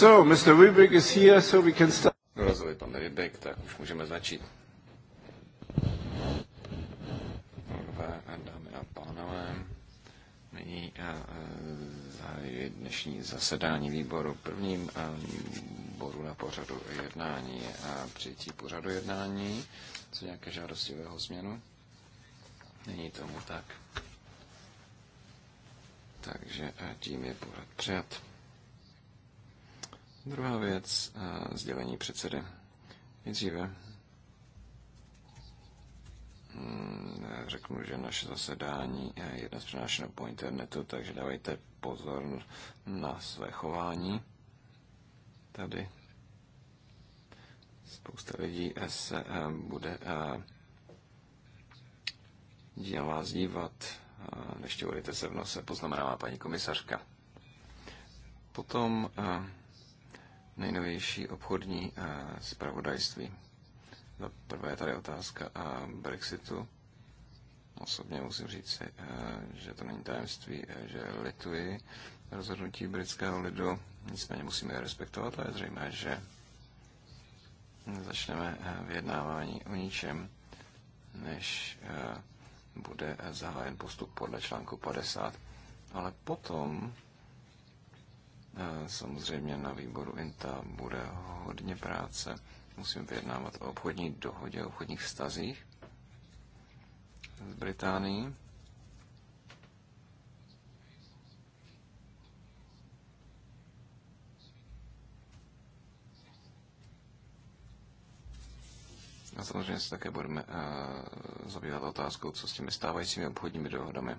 So, Mr. Rubik is here, so we can start. No, Dorazili pan Rybek, tak už můžeme začít. Pánové, dámy a pánové, nyní eh, zahajuji dnešní zasedání výboru. Prvním eh, bodu na pořadu jednání a eh, přijetí pořadu jednání. Co nějaké žádosti o jeho změnu? Není tomu tak. Takže tím je pořad přijat. Druhá věc, eh, sdělení předsedy. Nejdříve hmm, řeknu, že naše zasedání je dnes přenášeno po internetu, takže dávejte pozor na své chování. Tady spousta lidí se eh, bude na vás eh, dívat. Neštěvujte se v nose, poznamenává paní komisařka. Potom nejnovější obchodní eh, zpravodajství. Za no, prvé je tady otázka a eh, Brexitu. Osobně musím říct, eh, že to není tajemství, že lituji rozhodnutí britského lidu, nicméně musíme je respektovat a je zřejmé, že začneme vyjednávání o ničem, než bude zahájen postup podle článku 50. Ale potom Samozřejmě na výboru INTA bude hodně práce. Musíme vyjednávat o obchodní dohodě, o obchodních vztazích z Británii. A samozřejmě se také budeme uh, zabývat otázkou, co s těmi stávajícími obchodními dohodami.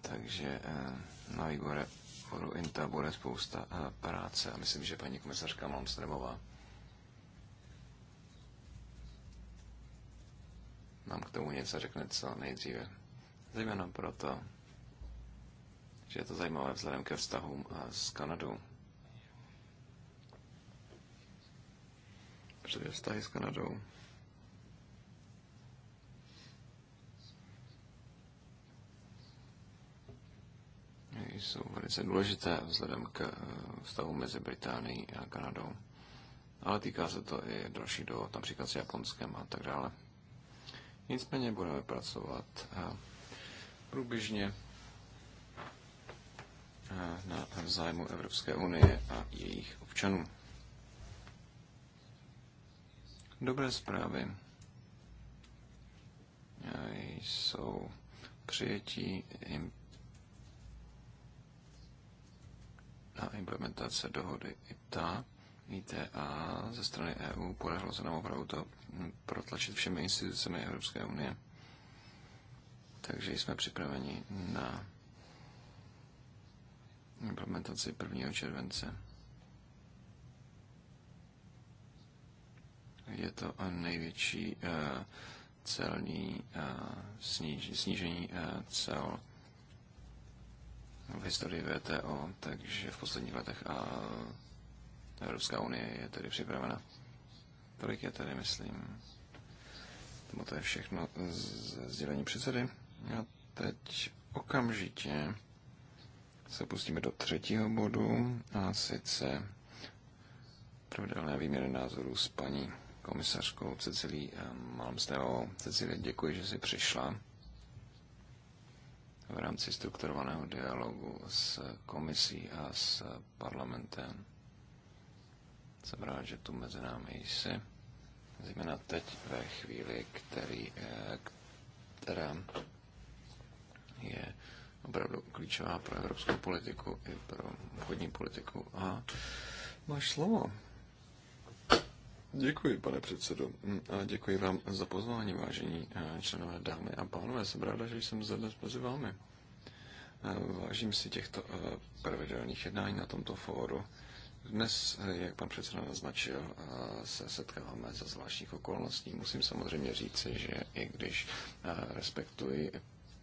Takže uh, na výbore foru INTA bude spousta eh, práce a myslím, že paní komisařka Malmstremová nám k tomu něco řekne co nejdříve. Zejména proto, že je to zajímavé vzhledem ke vztahům eh, s Kanadou. Protože vztahy s Kanadou jsou velice důležité vzhledem k eh, vztahu mezi Británií a Kanadou. Ale týká se to i další dohod, například s Japonskem a tak dále. Nicméně budeme pracovat eh, průběžně eh, na zájmu Evropské unie a jejich občanů. Dobré zprávy jsou přijetí na implementace dohody ITA, ITA ze strany EU. Podařilo se nám opravdu to hm, protlačit všemi institucemi Evropské unie. Takže jsme připraveni na implementaci 1. července. Je to největší eh, celní eh, snížení eh, cel v historii VTO, takže v posledních letech a Evropská unie je tedy připravena. Tolik je tedy, myslím, to je všechno z sdělení předsedy. A teď okamžitě se pustíme do třetího bodu a sice pravidelné výměny názorů s paní komisařkou Cecilí eh, Malmsteovou. Cecilie, děkuji, že jsi přišla v rámci strukturovaného dialogu s komisí a s parlamentem. Jsem rád, že tu mezi námi jsi, zejména teď ve chvíli, který, eh, která je opravdu klíčová pro evropskou politiku i pro obchodní politiku. A máš slovo. Děkuji, pane předsedo. Mm, a děkuji vám za pozvání, vážení eh, členové dámy a pánové. Jsem ráda, že jsem zde dnes mezi vámi. Eh, vážím si těchto eh, pravidelných jednání na tomto fóru. Dnes, jak pan předseda naznačil, se setkáváme za zvláštních okolností. Musím samozřejmě říci, že i když respektuji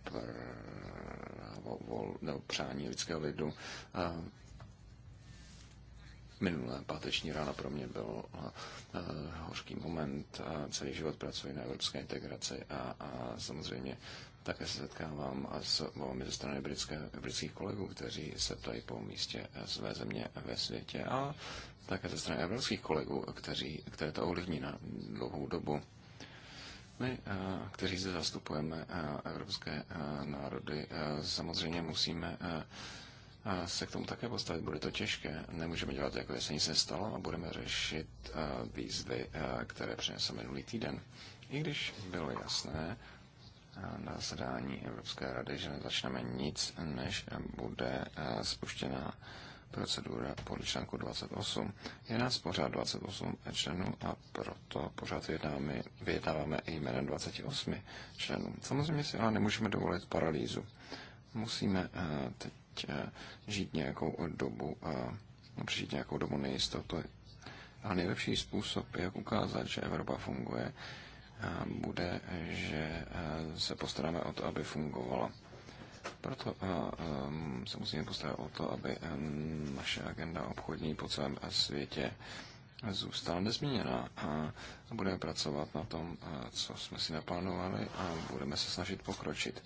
právo vol, nebo přání lidského lidu Minulé páteční ráno pro mě byl uh, hořký moment. Uh, celý život pracuji na evropské integraci a, a samozřejmě také se setkávám a s volami ze strany britské, britských kolegů, kteří se ptají po místě své země ve světě a také ze strany evropských kolegů, kteří, které to ovlivní na dlouhou dobu. My, eh, kteří zde zastupujeme evropské národy, samozřejmě musíme se k tomu také postavit. Bude to těžké. Nemůžeme dělat, jako jestli nic nestalo a budeme řešit eh, výzvy, eh, které přinesl minulý týden. I když bylo jasné eh, na zadání Evropské rady, že nezačneme nic, než bude spuštěna procedura podle článku 28. Je nás pořád 28 členů a proto pořád vyjednáváme, vyjednáváme i jménem 28 členů. Samozřejmě si ale nemůžeme dovolit paralýzu. Musíme teď Eh, žít nějakou dobu, eh, přežít nějakou dobu nejistotu. A nejlepší způsob, jak ukázat, že Evropa funguje, eh, bude, že se postaráme o to, aby fungovala. Proto se musíme postarat o to, aby naše agenda obchodní po celém světě zůstala nezměněná a budeme pracovat na tom, co jsme si naplánovali a budeme se snažit pokročit.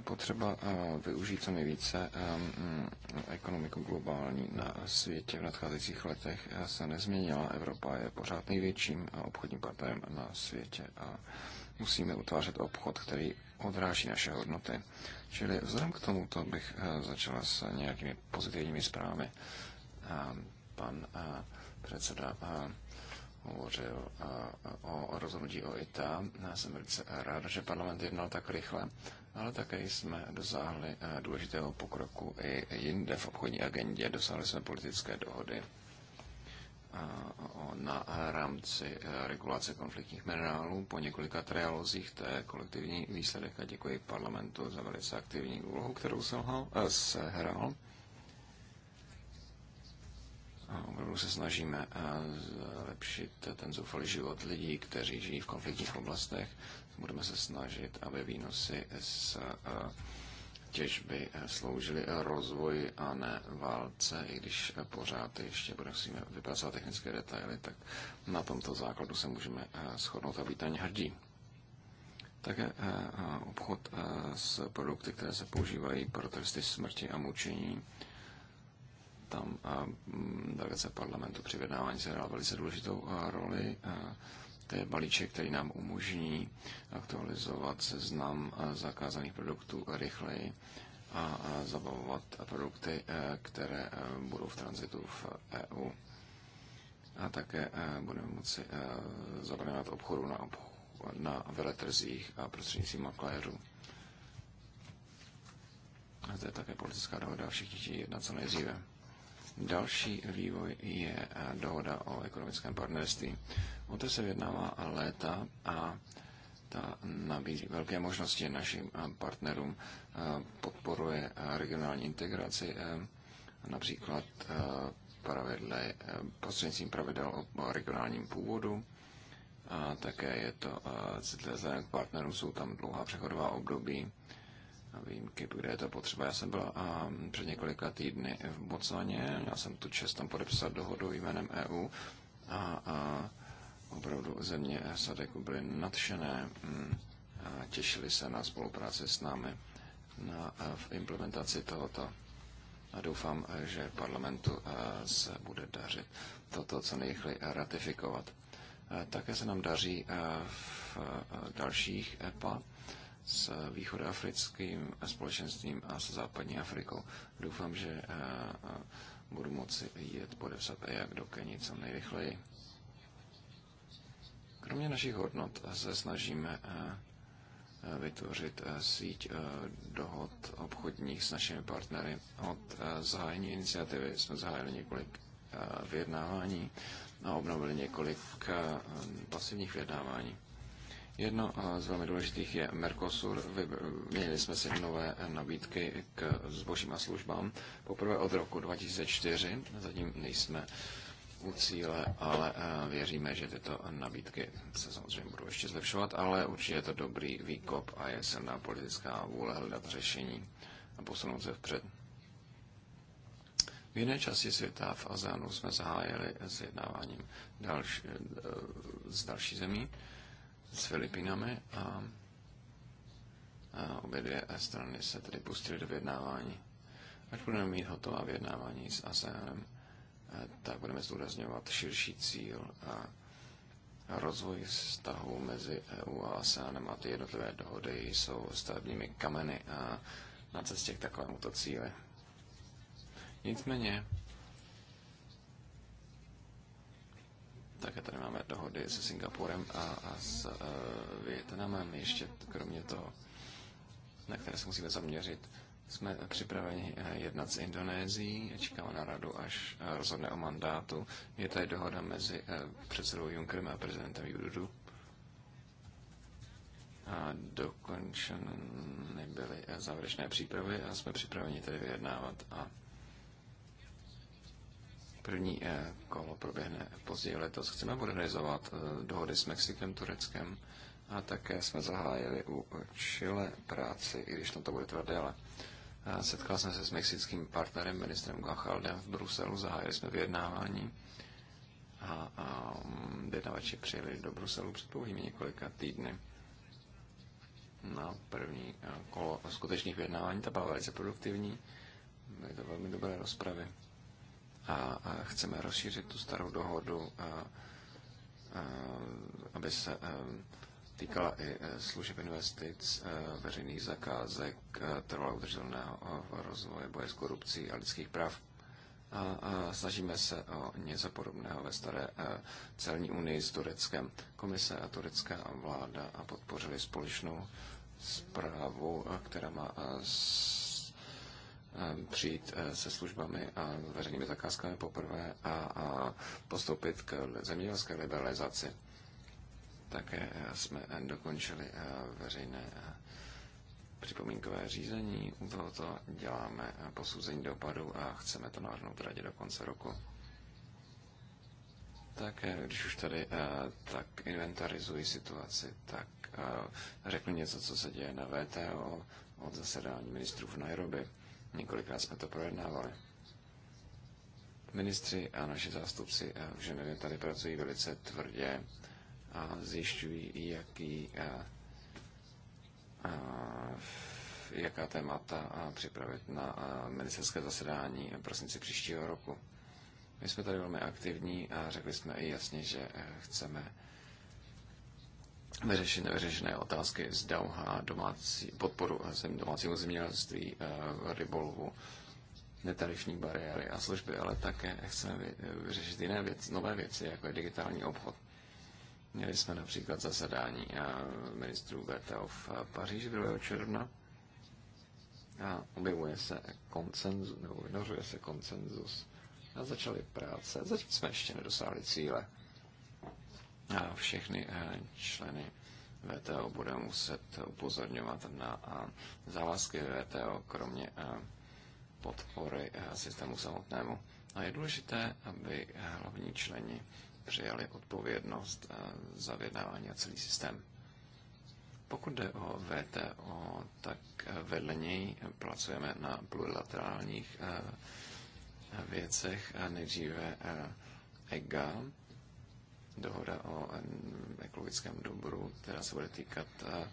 potřeba eh, využít co nejvíce eh, mm, ekonomiku globální na světě v nadcházejících letech eh, se nezměnila. Evropa je pořád největším obchodním partnerem na světě a musíme utvářet obchod, který odráží naše hodnoty. Čili vzhledem k tomuto bych začala s nějakými pozitivními zprávami. Pan předseda hovořil o rozhodnutí o ITA. Já jsem velice rád, že parlament jednal tak rychle ale také jsme dosáhli eh, důležitého pokroku i jinde v obchodní agendě. Dosáhli jsme politické dohody eh, na rámci eh, regulace konfliktních minerálů po několika trialozích. To je kolektivní výsledek a děkuji parlamentu za velice aktivní úlohu, kterou se hrál. Opravdu se snažíme zlepšit ten zoufalý život lidí, kteří žijí v konfliktních oblastech budeme se snažit, aby výnosy z eh, těžby eh, sloužily rozvoji a ne válce, i když eh, pořád ještě musíme vypracovat technické detaily, tak na tomto základu se můžeme shodnout a být na ně hrdí. Také obchod s produkty, které se používají pro tresty smrti a mučení, tam delegace parlamentu při vyjednávání se hrála velice důležitou roli. A, to je balíček, který nám umožní aktualizovat seznam eh, zakázaných produktů rychleji a zabavovat produkty, eh, které eh, budou v tranzitu v EU. A také budeme moci zabraňovat obchodu na, obchodu, na veletrzích a prostřednictvím makléřů. A to je také politická dohoda, všichni chtějí jednat co nejdříve. Další vývoj je eh, dohoda o ekonomickém partnerství. O to se vyjednává léta a ta nabízí velké možnosti našim eh, partnerům, eh, podporuje regionální integraci, například pravidle, prostřednictvím pravidel o regionálním původu. A také je to citlivé k partnerům, jsou tam dlouhá přechodová období výjimky, kde je to potřeba. Já jsem byl a, před několika týdny v Mocaně, měl jsem tu čest tam podepsat dohodu jménem EU a, a opravdu země Sadeku byly nadšené mm, a těšili se na spolupráci s námi na, v implementaci tohoto. A doufám, že parlamentu se bude dařit toto co nejrychleji ratifikovat. Také se nám daří v dalších EPA s východoafrickým společenstvím a s západní Afrikou. Doufám, že eh, eh, budu moci jet podepsat jak do Keni co nejrychleji. Kromě našich hodnot se snažíme eh, vytvořit síť dohod obchodních s našimi partnery. Od zahájení iniciativy jsme zahájili několik vyjednávání a obnovili několik pasivních vyjednávání. Jedno z velmi důležitých je Mercosur. Měli jsme si nové nabídky k zbožím a službám. Poprvé od roku 2004, zatím nejsme u cíle, ale eh, věříme, že tyto nabídky se samozřejmě budou ještě zlepšovat, ale určitě je to dobrý výkop a je silná politická vůle hledat řešení a posunout se vpřed. V jiné části světa v Azánu jsme zahájili s jednáváním další, eh, s další zemí s Filipinami a, a obě dvě strany se tedy pustily do vyjednávání. Až budeme mít hotová vyjednávání s ASEANem, eh, tak budeme zdůrazňovat širší cíl a rozvoj vztahu mezi EU a ASEANem a ty jednotlivé dohody jsou stavebními kameny a na cestě k to cíli. Nicméně Také tady máme dohody se Singapurem a, a s uh, eh, Větnamem. Ještě kromě toho, na které se musíme zaměřit, jsme připraveni eh, jednat s Indonésií, čekáme na radu, až eh, rozhodne o mandátu. Je tady dohoda mezi předsedou Junckerem a prezidentem Jududu. A dokončeny byly závěrečné přípravy a jsme připraveni tedy vyjednávat a První eh, kolo proběhne později letos. Chceme modernizovat eh, dohody s Mexikem, Tureckem a také jsme zahájili u Chile práci, i když tam to bude trvat déle. Eh, setkal jsem se s mexickým partnerem, ministrem Gachaldem v Bruselu, zahájili jsme vyjednávání a, a mm, vyjednavači přijeli do Bruselu před pouhými několika týdny na první kolo skutečných vyjednávání. Ta byla velice produktivní, byly to velmi dobré rozpravy a, a chceme rozšířit tu starou dohodu, a, a, aby se a, týkala i e, služeb investic, e, veřejných zakázek, e, trvalého udržitelného rozvoje, boje s korupcí a lidských práv. A, a snažíme se o něco podobného ve staré celní unii s Tureckem. Komise a turecká vláda a podpořili společnou zprávu, která má s Eh, přijít eh, se službami a veřejnými zakázkami poprvé a, a postoupit k zemědělské liberalizaci. Také eh, jsme dokončili veřejné připomínkové řízení. U tohoto děláme posouzení dopadu a chceme to navrhnout radě do konce roku. Tak když už tady tak inventarizuji situaci, tak řeknu něco, co se děje na VTO od zasedání ministrů v Nairobi. Několikrát jsme to projednávali. Ministři a naši zástupci eh, v Ženevě tady pracují velice tvrdě a zjišťují, jaký, eh, eh, jaká témata připravit na ministerské zasedání v prosinci příštího roku. My jsme tady velmi aktivní a řekli jsme i jasně, že chceme vyřešené, vyřešené otázky z Dauha, domácí, podporu zem, domácího zemědělství, eh, rybolovu, netarifní bariéry a služby, ale také chceme vyřešit jiné věci, nové věci, jako je digitální obchod. Měli jsme například zasedání eh, ministrů VTO v eh, Paříži 2. června a objevuje se koncenzus, nebo vynořuje se koncenzus a začaly práce. Zatím jsme ještě nedosáhli cíle všechny eh, členy VTO bude muset upozorňovat na eh, závazky VTO, kromě eh, podpory systému samotnému. A je důležité, aby hlavní členi přijali odpovědnost za vydávání a celý systém. Pokud jde o VTO, tak vedle něj pracujeme na plurilaterálních věcech, nejdříve EGA, dohoda o ekologickém dobru, která se bude týkat e,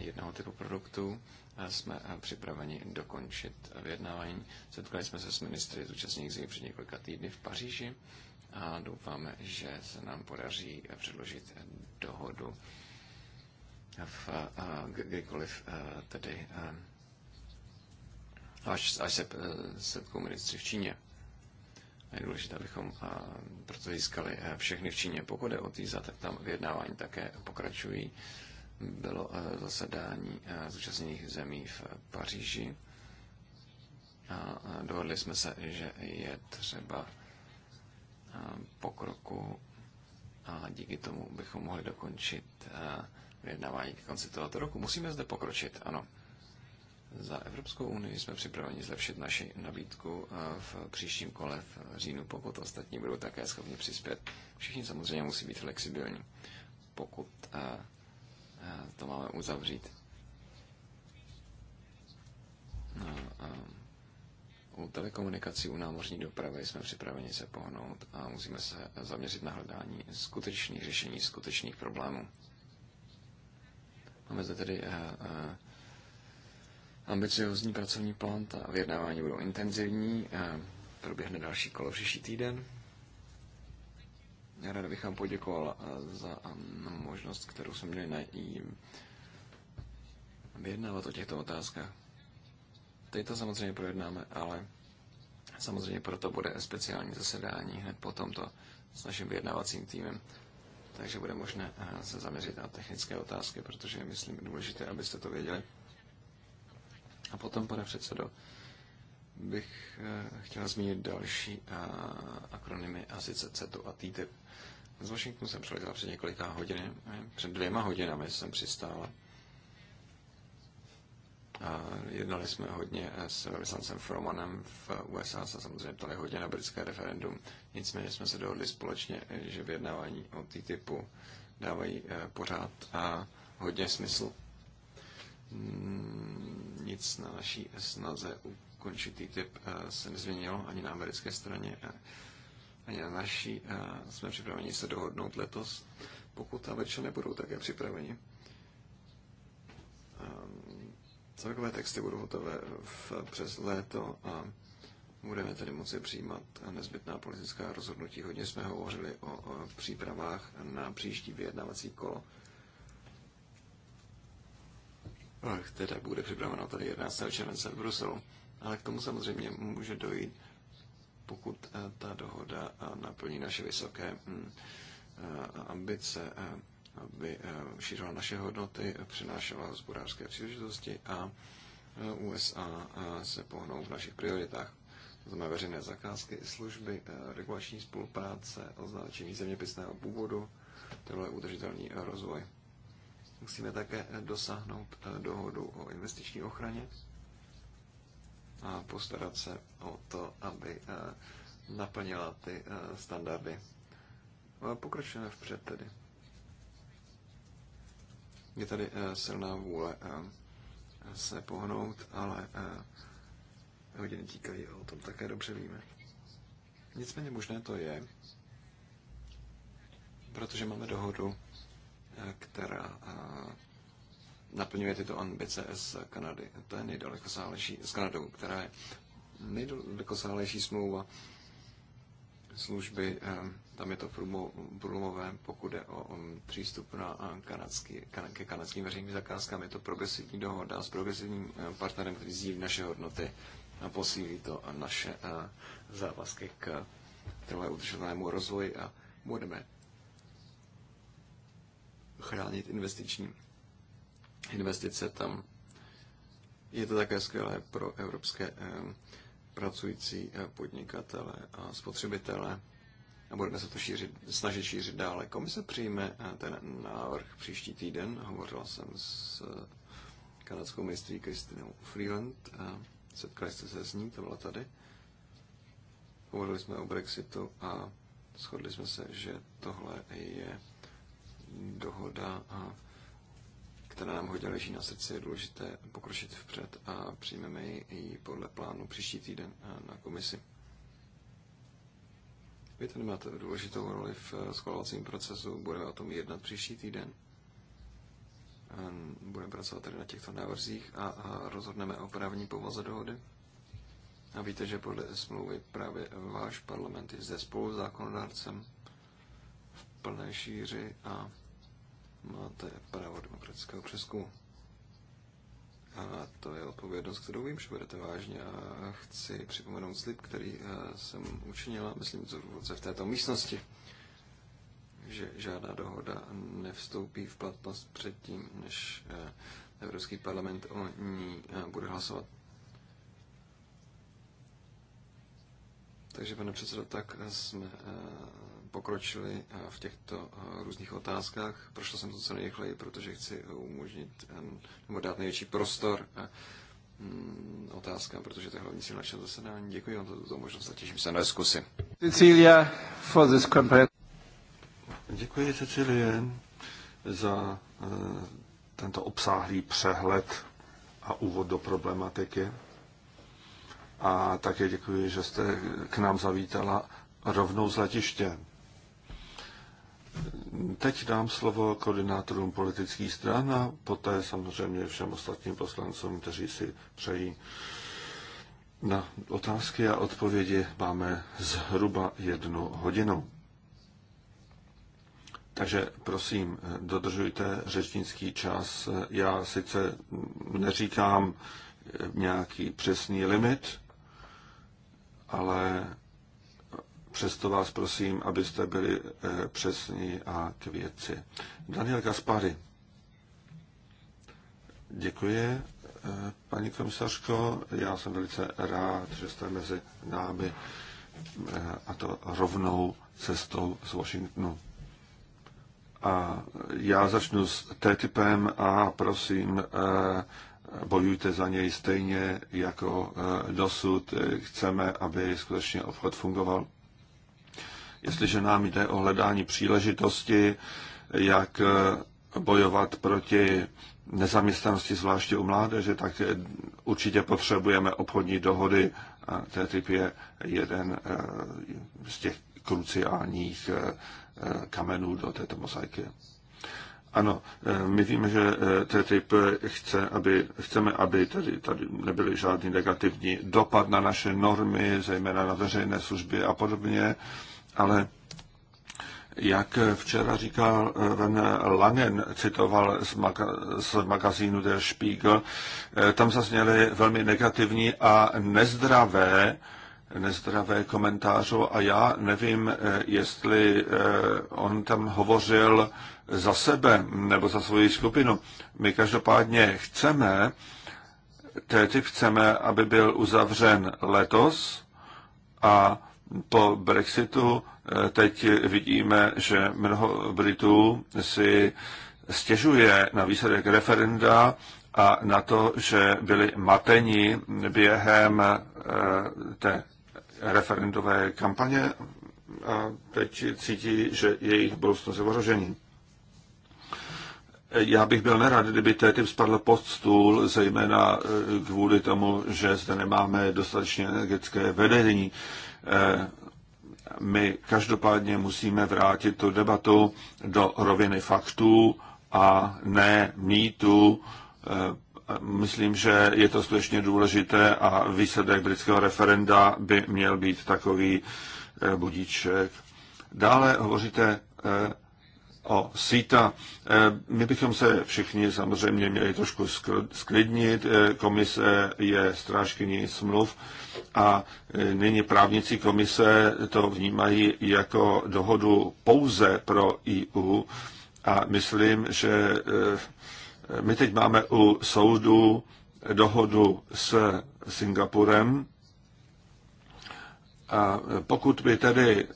jednoho typu produktů. Jsme e, připraveni dokončit vyjednávání. Setkali jsme se s ministry zúčastněných zemí před několika týdny v Paříži a doufáme, že se nám podaří předložit dohodu v, e, kdykoliv tedy až, až se setkou ministři v Číně je důležité, abychom proto získali e, všechny v Číně. Pokud je o TISA, tak tam vyjednávání také pokračují. Bylo e, zasedání e, zúčastněných zemí v Paříži a dohodli jsme se, že je třeba pokroku a díky tomu bychom mohli dokončit vyjednávání k konci tohoto roku. Musíme zde pokročit, ano. Za Evropskou unii jsme připraveni zlepšit naši nabídku v příštím kole v říjnu, pokud ostatní budou také schopni přispět. Všichni samozřejmě musí být flexibilní, pokud to máme uzavřít. No, u telekomunikací, u námořní dopravy jsme připraveni se pohnout a musíme se zaměřit na hledání skutečných řešení, skutečných problémů. Máme zde tedy uh, uh, ambiciozní pracovní plán. Ta vyjednávání budou intenzivní. Proběhne další kolo příští týden. rád bych vám poděkoval za možnost, kterou jsme měli najít vyjednávat o těchto otázkách. Teď to samozřejmě projednáme, ale samozřejmě proto bude speciální zasedání hned po tomto s naším vyjednávacím týmem. Takže bude možné se zaměřit na technické otázky, protože je, myslím, důležité, abyste to věděli. A potom, pane předsedo, bych eh, chtěla zmínit další eh, akronymy, a sice CETU a TTIP. Z Washingtonu jsem přiletěla před několika hodiny, eh, před dvěma hodinami jsem přistála. A jednali jsme hodně s velvyslancem Fromanem v USA, se samozřejmě ptali hodně na britské referendum. Nicméně jsme se dohodli společně, že vyjednávání o TTIPu dávají pořád a hodně smysl. Mm, nic na naší snaze ukončit TTIP eh, se nezměnilo ani na americké straně, eh, ani na naší. Eh, jsme připraveni se dohodnout letos, pokud američané nebudou také připraveni. Celkové texty budou hotové v, přes léto a budeme tedy moci přijímat nezbytná politická rozhodnutí. Hodně jsme hovořili o, o přípravách na příští vyjednávací kolo které bude připraveno tady 11. července v Bruselu. Ale k tomu samozřejmě může dojít, pokud eh, ta dohoda eh, naplní naše vysoké hm, eh, ambice, aby šířila naše hodnoty, přinášela hospodářské příležitosti a USA se pohnou v našich prioritách. To znamená veřejné zakázky, služby, regulační spolupráce, označení zeměpisného původu, tohle je udržitelný rozvoj. Musíme také dosáhnout eh, dohodu o investiční ochraně a postarat se o to, aby eh, naplnila ty eh, standardy. No pokračujeme vpřed tedy. Je tady silná vůle se pohnout, ale hodiny tíkají o tom také dobře víme. Nicméně možné to je, protože máme dohodu která eh, naplňuje tyto ambice z Kanady. To je nejdalekosálejší s Kanadou, která je nejdalekosálejší smlouva služby. Eh, tam je to průlomové, pokud je o přístup na eh, kanadský, kan, ke kanadským veřejným zakázkám. Je to progresivní dohoda s progresivním partnerem, který zjí naše hodnoty a posílí to naše závazky k trvalé udržitelnému rozvoji a budeme chránit investiční investice tam. Je to také skvělé pro evropské eh, pracující eh, podnikatele a spotřebitele a budeme se to šířit, snažit šířit dále. Komise přijme eh, ten návrh příští týden. Hovořila jsem s kanadskou ministrní Kristinou Freeland. Setkali jste se s ní, to byla tady. Hovořili jsme o Brexitu a shodli jsme se, že tohle je dohoda, a která nám hodně leží na srdci, je důležité pokročit vpřed a přijmeme ji i podle plánu příští týden na komisi. Vy tady máte důležitou roli v eh, schvalovacím procesu, budeme o tom jednat příští týden. Budeme pracovat tady na těchto návrzích a, a rozhodneme o právní povaze dohody. A víte, že podle smlouvy právě váš parlament je zde spolu zákonodárcem v plné šíři a máte právo demokratického přeskumu. A to je odpovědnost, kterou vím, že budete vážně a chci připomenout slib, který eh, jsem učinila, myslím, v této místnosti, že žádná dohoda nevstoupí v platnost předtím, než eh, Evropský parlament o ní eh, bude hlasovat. Takže, pane předsedo, tak jsme pokročili eh, v těchto eh, různých otázkách. Prošel jsem to co nejrychleji, protože chci umožnit eh, nebo dát největší prostor mm, otázkám, protože to je hlavní cíl našeho zasedání. Děkuji vám za tuto možnost a těším se na diskusi. Cecilia, for this Děkuji, Cecilie, za tento obsáhlý přehled a úvod do problematiky. A také děkuji, že jste k nám zavítala rovnou z letiště. Teď dám slovo koordinátorům politických stran a poté samozřejmě všem ostatním poslancům, kteří si přejí. Na otázky a odpovědi máme zhruba jednu hodinu. Takže prosím, dodržujte řečnický čas. Já sice neříkám nějaký přesný limit, ale Přesto vás prosím, abyste byli eh, přesní a k věci. Daniel Gaspary. Děkuji, eh, paní komisařko. Já jsem velice rád, že jste mezi námi eh, a to rovnou cestou z Washingtonu. A já začnu s TTIPem a prosím, bojujte za něj stejně jako dosud. Chceme, aby skutečně obchod fungoval jestliže nám jde o hledání příležitosti, jak eh, bojovat proti nezaměstnanosti, zvláště u mládeže, tak eh, určitě potřebujeme obchodní dohody. A TTIP je jeden eh, z těch kruciálních kamenů do této mozaiky. Ano, my víme, že TTIP chce, aby, chceme, aby tady, tady nebyly žádný negativní dopad na naše normy, zejména na veřejné služby a podobně. Ale jak včera říkal eh, Ven Langen, citoval z, maga- z magazínu Der Spiegel, eh, tam zazněly velmi negativní a nezdravé nezdravé komentářů a já nevím, eh, jestli on tam hovořil za sebe nebo za svoji skupinu. My každopádně chceme, TTIP chceme, aby byl uzavřen letos a po Brexitu eh, teď vidíme, že mnoho Britů si stěžuje na výsledek referenda a na to, že byli mateni během eh, té referendové kampaně a teď cítí, že jejich budoucnost je ohrožení. Já bych byl nerad, kdyby typ spadl pod stůl, zejména eh, kvůli tomu, že zde nemáme dostatečně energetické vedení. Eh, my každopádně musíme vrátit tu debatu do roviny faktů a ne mýtu. Eh, myslím, že je to skutečně důležité a výsledek britského referenda by měl být takový eh, budíček. Dále hovoříte o síta. Eh, my bychom se všichni samozřejmě měli trošku sklidnit. Eh, komise je strážkyní smluv a eh, nyní právníci komise to vnímají jako dohodu pouze pro EU a myslím, že my teď máme u soudu dohodu s Singapurem a pokud by tedy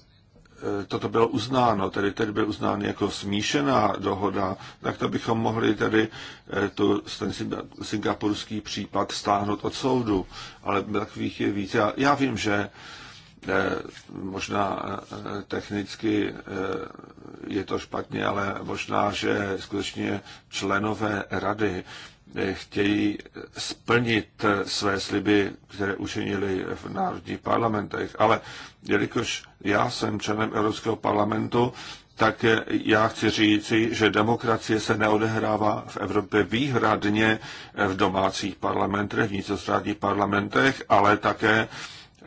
E, toto bylo uznáno, tedy tedy byl uznán jako smíšená dohoda, tak to bychom mohli tedy e, tu, ten singapurský případ stáhnout od soudu, ale takových je víc. Já, já vím, že e, možná technicky je to špatně, ale možná, že skutečně členové rady chtějí splnit své sliby, které učinili v národních parlamentech. Ale jelikož já jsem členem Evropského parlamentu, tak já chci říci, že demokracie se neodehrává v Evropě výhradně v domácích parlamentech, v vnitrostátních parlamentech, ale také eh,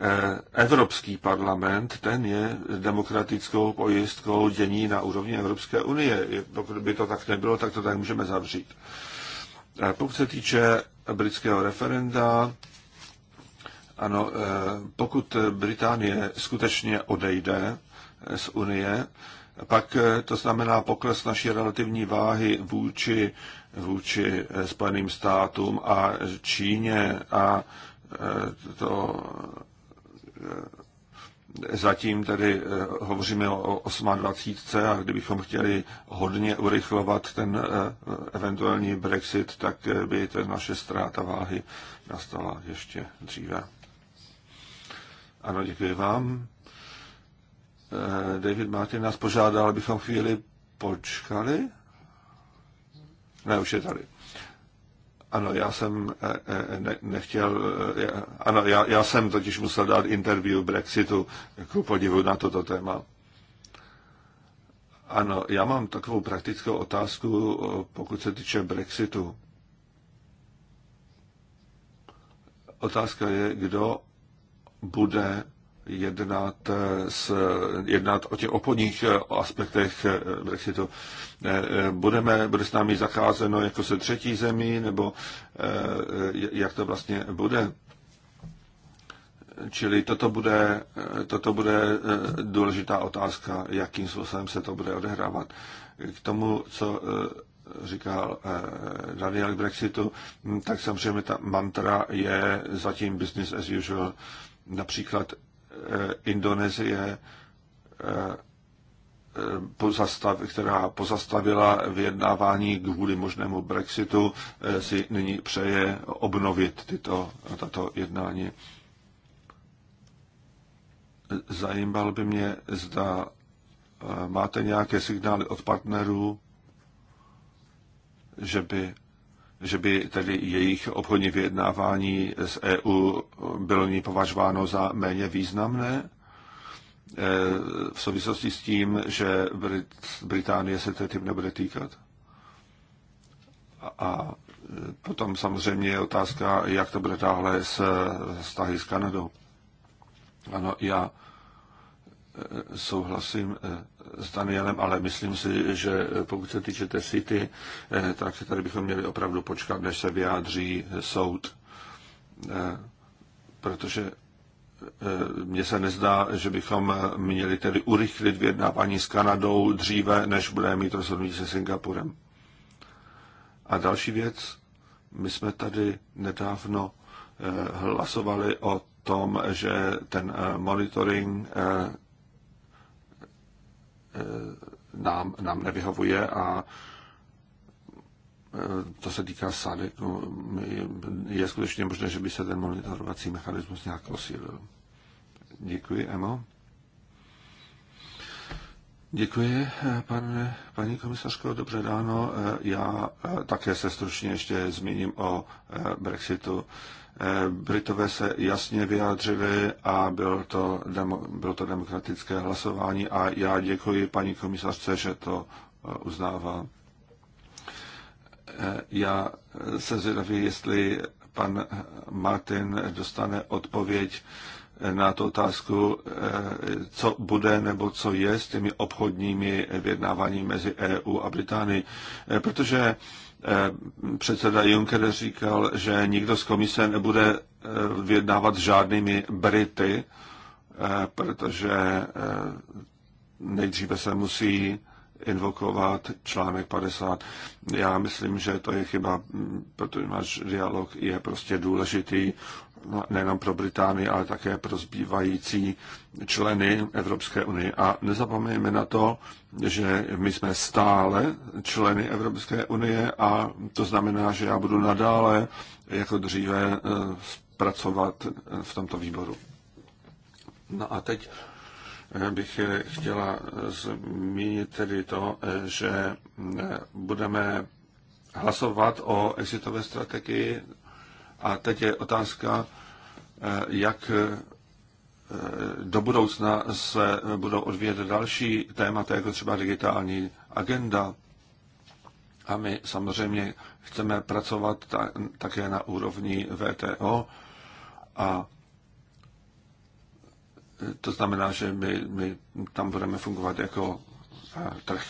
Evropský parlament, ten je demokratickou pojistkou dění na úrovni Evropské unie. Pokud by to tak nebylo, tak to tak můžeme zavřít. Pokud se týče britského referenda, ano, eh, pokud Británie skutečně odejde z Unie, pak eh, to znamená pokles naší relativní váhy vůči, vůči eh, Spojeným státům a Číně a to Zatím tedy eh, hovoříme o 28. a kdybychom chtěli hodně urychlovat ten eh, eventuální Brexit, tak eh, by ta naše ztráta váhy nastala ještě dříve. Ano, děkuji vám. David Martin nás požádal, abychom chvíli počkali. Ne, už je tady. Ano, já jsem eh, eh, ne, nechtěl, eh, ano, já, já jsem totiž musel dát interview Brexitu ku podivu na toto téma. Ano, já mám takovou praktickou otázku, pokud se týče Brexitu. Otázka je, kdo bude jednat, s, jednat o těch oponích eh, aspektech eh, Brexitu. Eh, budeme, bude s námi zacházeno jako se třetí zemí, nebo jak to vlastně bude? Čili toto bude, toto bude důležitá otázka, jakým způsobem se to bude odehrávat. K tomu, co říkal Daniel Brexitu, hm, tak samozřejmě ta mantra je zatím business as usual. Například Eh, Indonésie, eh, pozastav, která pozastavila vyjednávání kvůli možnému Brexitu, eh, si nyní přeje obnovit tyto, tato jednání. Zajímal by mě, zda máte nějaké signály od partnerů, že by že by tedy jejich obchodní vyjednávání s EU bylo ní považováno za méně významné e, v souvislosti s tím, že Brit, Británie se TTIP nebude týkat? A e, potom samozřejmě je otázka, jak to bude dále s vztahy s Kanadou. Ano, já souhlasím eh, s Danielem, ale myslím si, že eh, pokud se týče té City, eh, tak si tady bychom měli opravdu počkat, než se vyjádří soud. Protože mně se nezdá, že bychom měli tedy urychlit vyjednávání s Kanadou dříve, než budeme mít rozhodnutí se Singapurem. A další věc, my jsme tady nedávno hlasovali o tom, že ten monitoring Eh, nám, nám nevyhovuje a eh, to se týká SADEK, no, je skutečně možné, že by se ten monitorovací mechanismus nějak osílil. Děkuji, Emo. Děkuji, eh, pane, paní komisařko, dobře ráno. Já také se stručně ještě zmíním o Brexitu. Britové se jasně vyjádřili a bylo to, demo, bylo to demokratické hlasování a já děkuji paní komisařce, že to eh, uznává. Eh, já se zvědavý, jestli pan Martin dostane odpověď eh, na tu otázku, co bude nebo co je s těmi obchodními vyjednávání mezi EU a Británií. Protože Eh, předseda Juncker říkal, že nikdo z komise nebude eh, vyjednávat žádnými Brity, eh, protože nejdříve se musí invokovat článek 50. Já myslím, že to je chyba, mm, protože náš dialog je prostě důležitý No, nejenom pro Británii, ale také pro zbývající členy Evropské unie. A nezapomeňme na to, že my jsme stále členy Evropské unie a to znamená, že já budu nadále jako dříve eh, pracovat eh, v tomto výboru. No a teď eh, bych chtěla zmínit tedy to, že budeme hlasovat o exitové strategii a teď je otázka, eh, jak eh, do budoucna se budou odvíjet další témata, jako třeba digitální agenda. A my samozřejmě chceme pracovat také na úrovni VTO a eh, to znamená, že my, my tam budeme fungovat jako trh.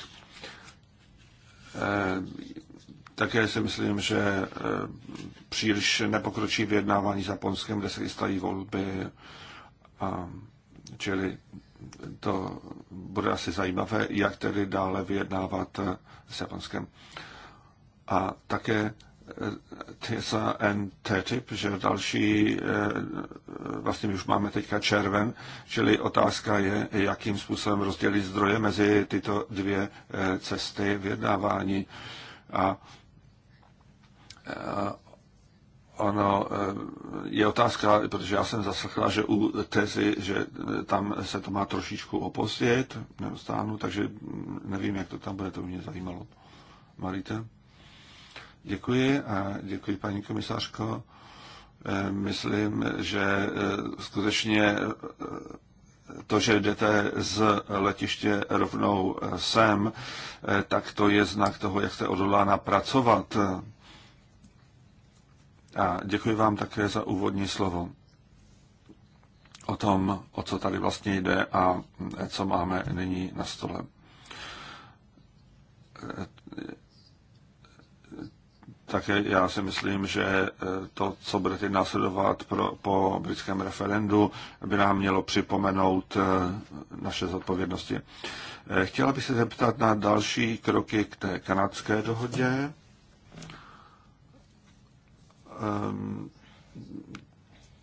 Také si myslím, že eh, příliš nepokročí vyjednávání s Japonskem, kde se chystají volby, a, čili to bude asi zajímavé, jak tedy dále vyjednávat eh, s Japonskem. A také eh, TSA and TTIP, že další, vlastně už máme teďka červen, čili otázka je, jakým způsobem rozdělit zdroje mezi tyto dvě cesty vyjednávání. A Eh, ono eh, je otázka, protože já jsem zaslechla, že u tezy, že tam se to má trošičku opozdět, nebo takže nevím, jak to tam bude, to mě zajímalo. Marita? Děkuji a děkuji, paní komisařko. Eh, myslím, že skutečně to, že jdete z letiště rovnou sem, tak to je znak toho, jak jste odhodlána pracovat a děkuji vám také za úvodní slovo o tom, o co tady vlastně jde a co máme nyní na stole. Také já si myslím, že to, co bude teď následovat pro, po britském referendu, by nám mělo připomenout naše zodpovědnosti. Chtěla bych se zeptat na další kroky k té kanadské dohodě. Ehm,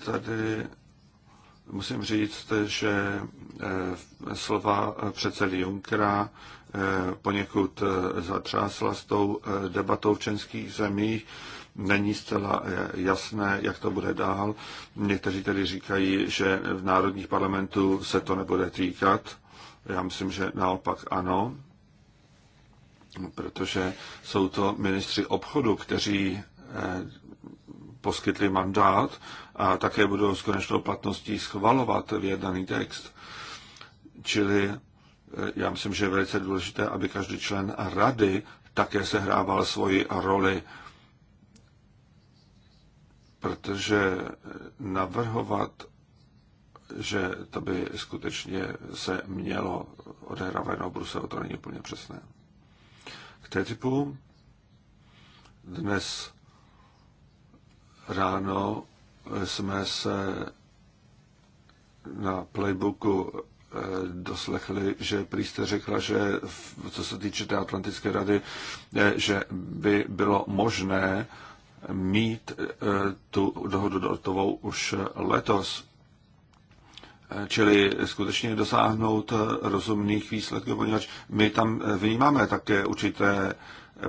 tady musím říct, že eh, slova předsedy Junkera eh, poněkud eh, zatřásla s tou debatou v českých zemích. Není zcela jasné, jak to bude dál. Někteří tedy říkají, že v národních parlamentů se to nebude týkat. Já myslím, že naopak ano, protože jsou to ministři obchodu, kteří poskytli mandát a také budou s konečnou platností schvalovat vyjednaný text. Čili eh, já myslím, že je velice důležité, aby každý člen rady také sehrával svoji roli, protože eh, navrhovat, že to by skutečně se mělo odehrávat jenom Bruselu, to není úplně přesné. K té typu dnes ráno jsme se na playbooku eh, doslechli, že prý jste řekla, že co se týče té Atlantické rady, eh, že by bylo možné mít eh, tu dohodu dotovou už letos. Čili skutečně dosáhnout rozumných výsledků, poněvadž my tam vnímáme také určité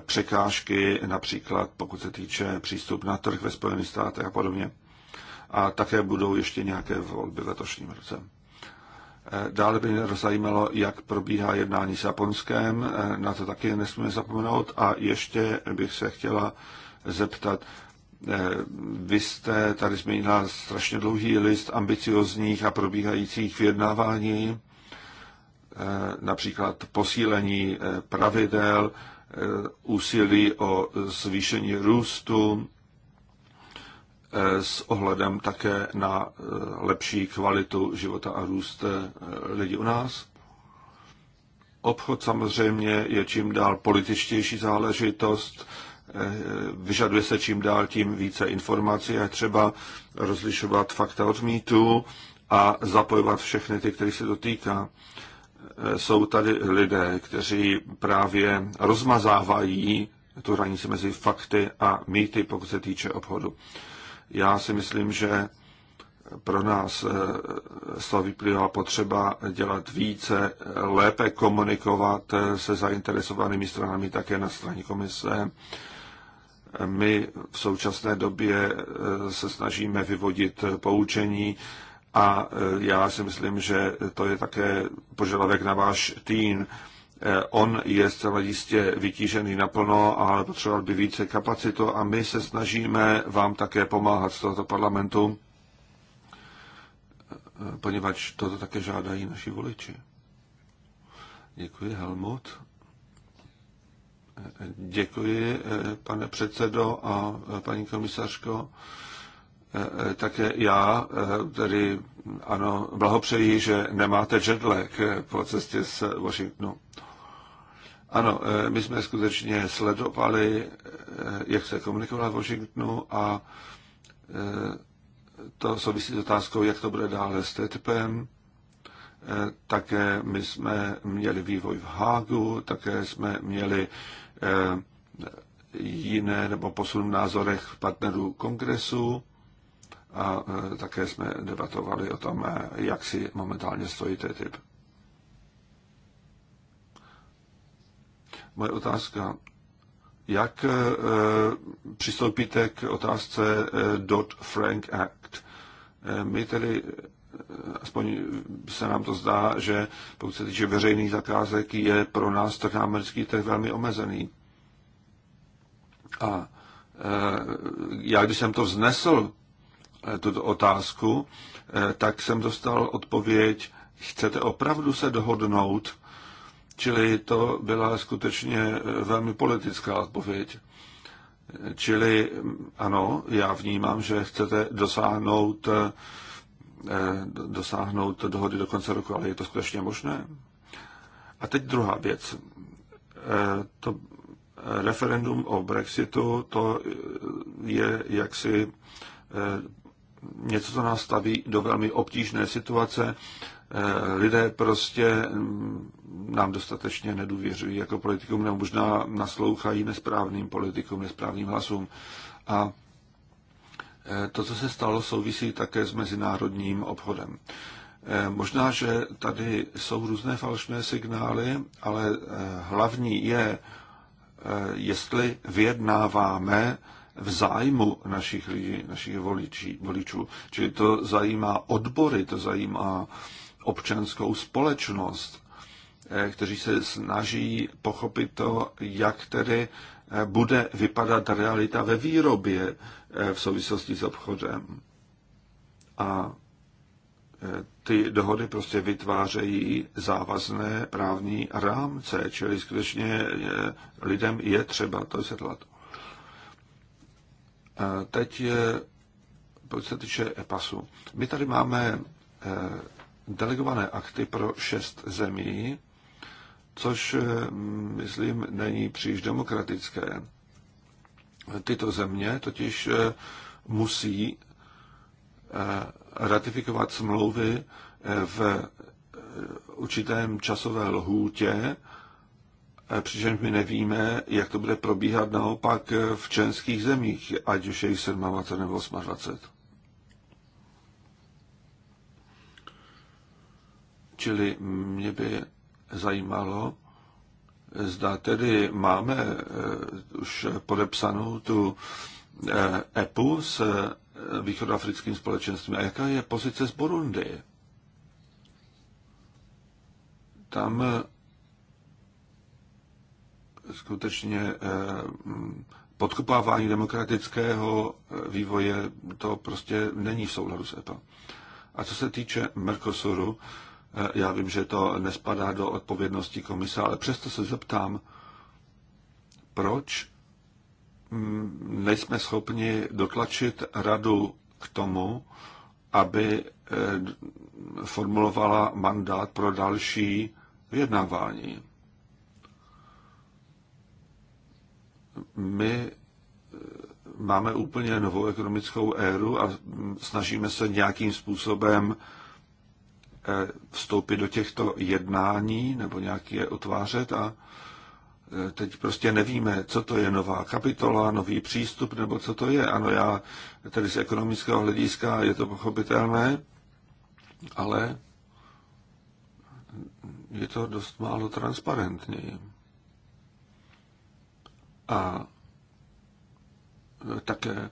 překážky, například pokud se týče přístup na trh ve Spojených státech a podobně. A také budou ještě nějaké volby v letošním roce. Eh, dále by mě zajímalo, jak probíhá jednání s Japonskem, eh, na to taky nesmíme zapomenout. A ještě bych se chtěla zeptat, eh, vy jste tady zmínila strašně dlouhý list ambiciozních a probíhajících vyjednávání, například posílení pravidel, Eh, úsilí o zvýšení růstu eh, s ohledem také na eh, lepší kvalitu života a růst lidí u nás. Obchod samozřejmě je čím dál političtější záležitost, vyžaduje se čím dál tím více informací a třeba rozlišovat fakta od mýtu a zapojovat všechny ty, kteří se dotýká. týká jsou tady lidé, kteří právě rozmazávají tu hranici mezi fakty a mýty, pokud se týče obchodu. Já si myslím, že pro nás eh, z toho vyplývá potřeba dělat více, lépe komunikovat eh, se zainteresovanými stranami také na straně komise. My v současné době eh, se snažíme vyvodit poučení a e, já si myslím, že to je také požadavek na váš tým. E, on je zcela jistě vytížený naplno, ale potřeboval by více kapacitu a my se snažíme vám také pomáhat z tohoto parlamentu, e, poněvadž toto také žádají naši voliči. Děkuji, Helmut. Děkuji, pane předsedo a paní komisařko. Eh, eh, také já, eh, tedy ano, blahopřeji, že nemáte jetlag po cestě z Washingtonu. Ano, my jsme skutečně sledovali, jak se komunikovala v Washingtonu a to souvisí s otázkou, jak to bude dále s TTIPem. Také my jsme měli vývoj v Hágu, také jsme měli jiné nebo posun v názorech partnerů kongresu a e, také jsme debatovali o tom, e, jak si momentálně stojí typ. Moje otázka. Jak e, přistoupíte k otázce Dodd-Frank Act? My tedy, aspoň se nám to zdá, že pokud se týče veřejných zakázek, je pro nás trh americký trh velmi omezený. A já, když jsem to vznesl, tuto otázku, eh, tak jsem dostal odpověď, chcete opravdu se dohodnout, čili to byla skutečně eh, velmi politická odpověď. Čili mm, ano, já vnímám, že chcete dosáhnout, eh, dosáhnout dohody do konce roku, ale je to skutečně možné? A teď druhá věc. To referendum o Brexitu, to je jaksi něco, co nás staví do velmi obtížné situace. Eh, lidé prostě mm, nám dostatečně nedůvěřují jako politikům, nebo možná naslouchají nesprávným politikům, nesprávným hlasům. A eh, to, co se stalo, souvisí také s mezinárodním obchodem. Eh, možná, že tady jsou různé falšné signály, ale hlavní je, jestli vyjednáváme v zájmu našich lidí, našich voličí, voličů. Čili to zajímá odbory, to zajímá občanskou společnost, eh, kteří se snaží pochopit to, jak tedy eh, bude vypadat realita ve výrobě eh, v souvislosti s obchodem. A ty dohody prostě vytvářejí závazné právní rámce, čili skutečně lidem je třeba to vysvětlovat. Teď, pokud se týče EPASu, my tady máme eh, delegované akty pro šest zemí, což, eh, myslím, není příliš demokratické. Tyto země totiž eh, musí ratifikovat smlouvy v určitém časové lhůtě přičemž my nevíme, jak to bude probíhat naopak v členských zemích, ať už je jich 27 nebo 28. Čili mě by zajímalo, zda tedy máme eh, už podepsanou tu EPU eh, e s eh, východoafrickým společenstvím. A jaká je pozice z Burundi? Tam skutečně eh, podkopávání demokratického eh, vývoje, to prostě není v souladu s EPA. A co se týče Mercosuru, eh, já vím, že to nespadá do odpovědnosti komise, ale přesto se zeptám, proč mm, nejsme schopni dotlačit radu k tomu, aby formulovala mandát pro další vyjednávání. my eh, máme úplně novou ekonomickou éru a mm, snažíme se nějakým způsobem eh, vstoupit do těchto jednání nebo nějak je otvářet a eh, teď prostě nevíme, co to je nová kapitola, nový přístup nebo co to je. Ano, já tedy z ekonomického hlediska je to pochopitelné, ale je to dost málo transparentní. A e, také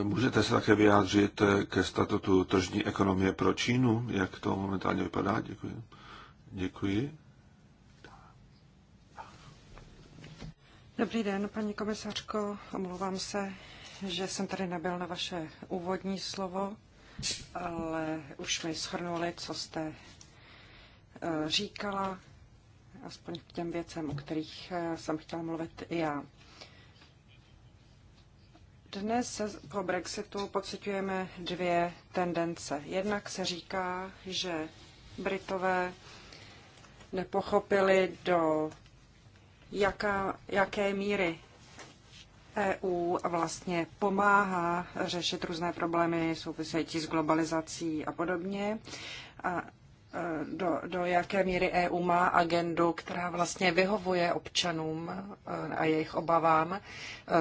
e, můžete se také vyjádřit e, ke statutu tržní ekonomie pro Čínu, jak to momentálně vypadá? Děkuji. Děkuji. Dobrý den, paní komisařko. Omlouvám se, že jsem tady nebyl na vaše úvodní slovo, ale už mi shrnuli, co jste říkala aspoň k těm věcem, o kterých eh, jsem chtěla mluvit i já. Dnes po Brexitu pocitujeme dvě tendence. Jednak se říká, že Britové nepochopili, do jaká, jaké míry EU vlastně pomáhá řešit různé problémy související s globalizací a podobně. A Eh, do, do jaké míry EU má agendu, která vlastně vyhovuje občanům eh, a jejich obavám. Eh,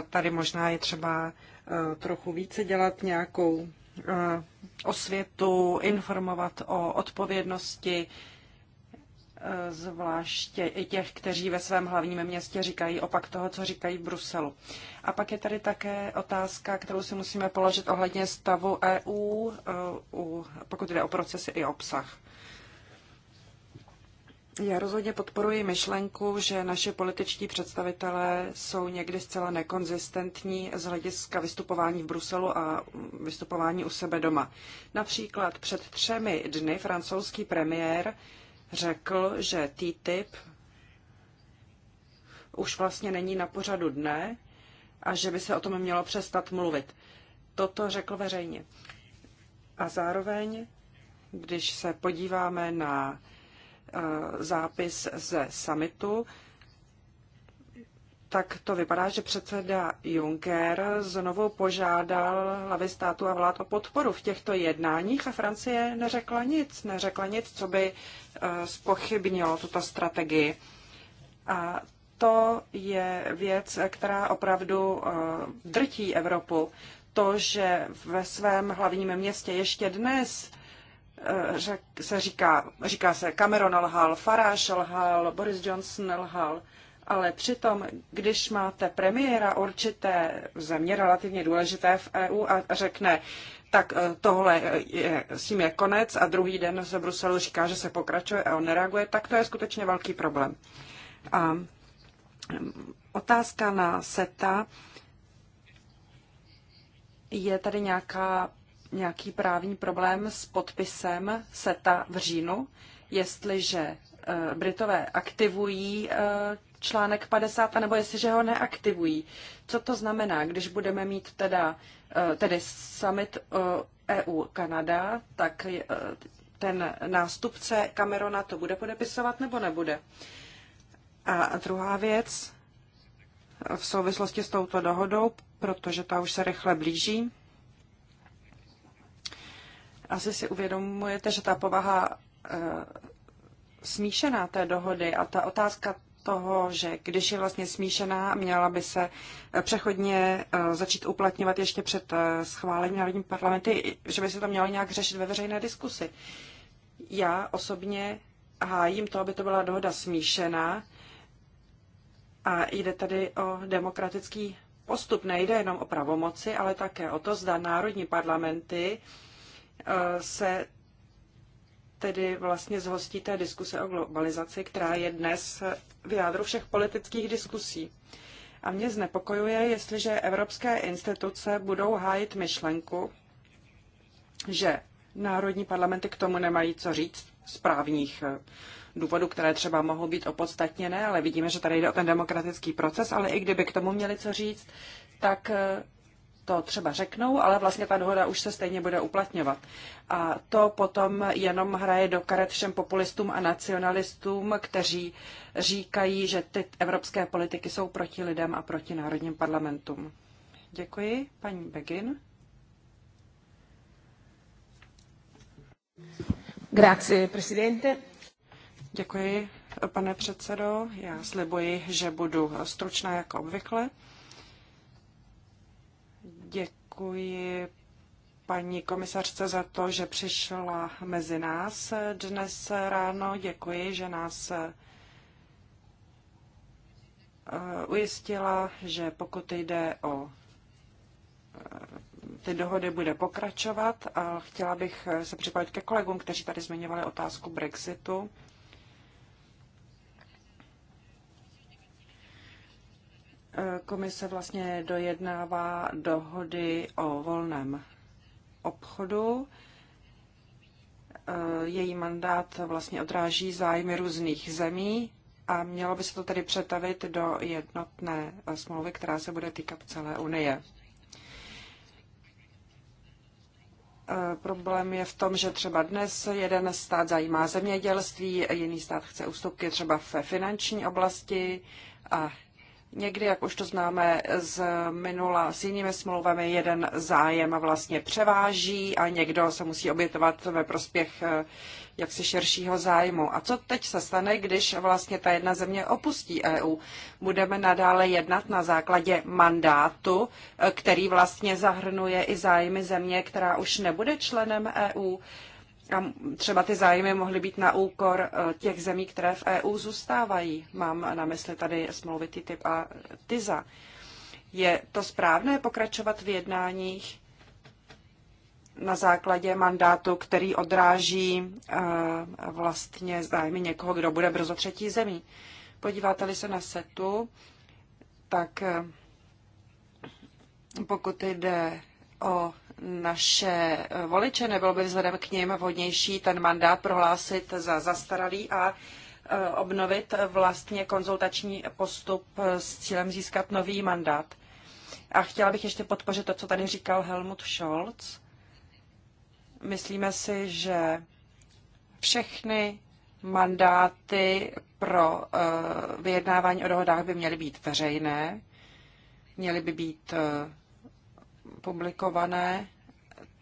tady možná je třeba trochu více dělat nějakou osvětu, informovat o odpovědnosti, zvláště i těch, kteří ve svém hlavním městě říkají opak toho, co říkají v Bruselu. A pak je tady také otázka, kterou si musíme položit ohledně stavu EU, pokud jde o procesy i obsah. Já rozhodně podporuji myšlenku, že naše političtí představitelé jsou někdy zcela nekonzistentní z hlediska vystupování v Bruselu a vystupování u sebe doma. Například před třemi dny francouzský premiér řekl, že TTIP už vlastně není na pořadu dne a že by se o tom mělo přestat mluvit. Toto řekl veřejně. A zároveň, když se podíváme na Eh, zápis ze summitu, tak to vypadá, že předseda Juncker znovu požádal hlavy státu a vlád o podporu v těchto jednáních a Francie neřekla nic, neřekla nic, co by eh, spochybnilo tuto strategii. A to je věc, která opravdu eh, drtí Evropu. To, že ve svém hlavním městě ještě dnes se říká, říká se Cameron lhal, Farage lhal, Boris Johnson lhal, ale přitom, když máte premiéra určité země relativně důležité v EU a řekne, tak eh, tohle je, s tím je konec a druhý den se Bruselu říká, že se pokračuje a on nereaguje, tak to je skutečně velký problém. A mm, otázka na SETA. Je tady nějaká nějaký právní problém s podpisem SETA v říjnu, jestliže eh, Britové aktivují eh, článek 50, anebo jestliže ho neaktivují. Co to znamená, když budeme mít teda, eh, tedy summit EU-Kanada, e tak ten nástupce Camerona to bude podepisovat nebo nebude? A druhá věc v souvislosti s touto dohodou, protože ta už se rychle blíží, asi si uvědomujete, že ta povaha eh, smíšená té dohody a ta otázka toho, že když je vlastně smíšená, měla by se eh, přechodně eh, začít uplatňovat ještě před schválením národní parlamenty, že by se to mělo nějak řešit ve veřejné diskusi. Já osobně hájím to, aby to byla dohoda smíšená a jde tady o demokratický postup. Nejde jenom o pravomoci, ale také o to, zda národní parlamenty Eh, se tedy vlastně zhostí té diskuse o globalizaci, která je dnes v jádru všech politických diskusí. A mě znepokojuje, jestliže evropské instituce budou hájit myšlenku, že národní parlamenty k tomu nemají co říct z právních eh, důvodů, které třeba mohou být opodstatněné, ale vidíme, že tady jde o ten demokratický proces, ale i kdyby k tomu měli co říct, tak eh, to třeba řeknou, ale vlastně ta dohoda už se stejně bude uplatňovat. A to potom jenom hraje do karet všem populistům a nacionalistům, kteří říkají, že ty evropské politiky jsou proti lidem a proti národním parlamentům. Děkuji, paní Begin. Grazie, presidente. Děkuji, pane předsedo. Já slibuji, že budu stručná jako obvykle. Děkuji paní komisařce za to, že přišla mezi nás dnes ráno. Děkuji, že nás eh, ujistila, že pokud jde o eh, ty dohody bude pokračovat a chtěla bych se připojit ke kolegům, kteří tady zmiňovali otázku Brexitu. komise vlastně dojednává dohody o volném obchodu. E, její mandát vlastně odráží zájmy různých zemí a mělo by se to tedy přetavit do jednotné smlouvy, která se bude týkat celé Unie. E, problém je v tom, že třeba dnes jeden stát zajímá zemědělství, jiný stát chce ústupky třeba ve finanční oblasti a Někdy, jak už to známe z minula s jinými smlouvami, jeden zájem vlastně převáží a někdo se musí obětovat ve prospěch eh, jaksi širšího zájmu. A co teď se stane, když vlastně ta jedna země opustí EU? Budeme nadále jednat na základě mandátu, eh, který vlastně zahrnuje i zájmy země, která už nebude členem EU a třeba ty zájmy mohly být na úkor eh, těch zemí, které v EU zůstávají. Mám na mysli tady smlouvy TTIP a TISA. Je to správné pokračovat v jednáních na základě mandátu, který odráží eh, vlastně zájmy někoho, kdo bude brzo třetí zemí? Podíváte-li se na setu, tak eh, pokud jde o naše voliče, nebylo by vzhledem k ním vhodnější ten mandát prohlásit za zastaralý a e, obnovit vlastně konzultační postup s cílem získat nový mandát. A chtěla bych ještě podpořit to, co tady říkal Helmut Scholz. Myslíme si, že všechny mandáty pro e, vyjednávání o dohodách by měly být veřejné, měly by být e, publikované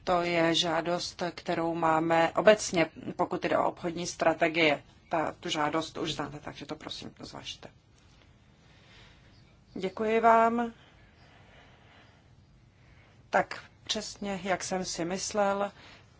to je žádost, kterou máme obecně, pokud jde o obchodní strategie. Ta, tu žádost už znáte, takže to prosím zvažte. Děkuji vám. Tak přesně, jak jsem si myslel,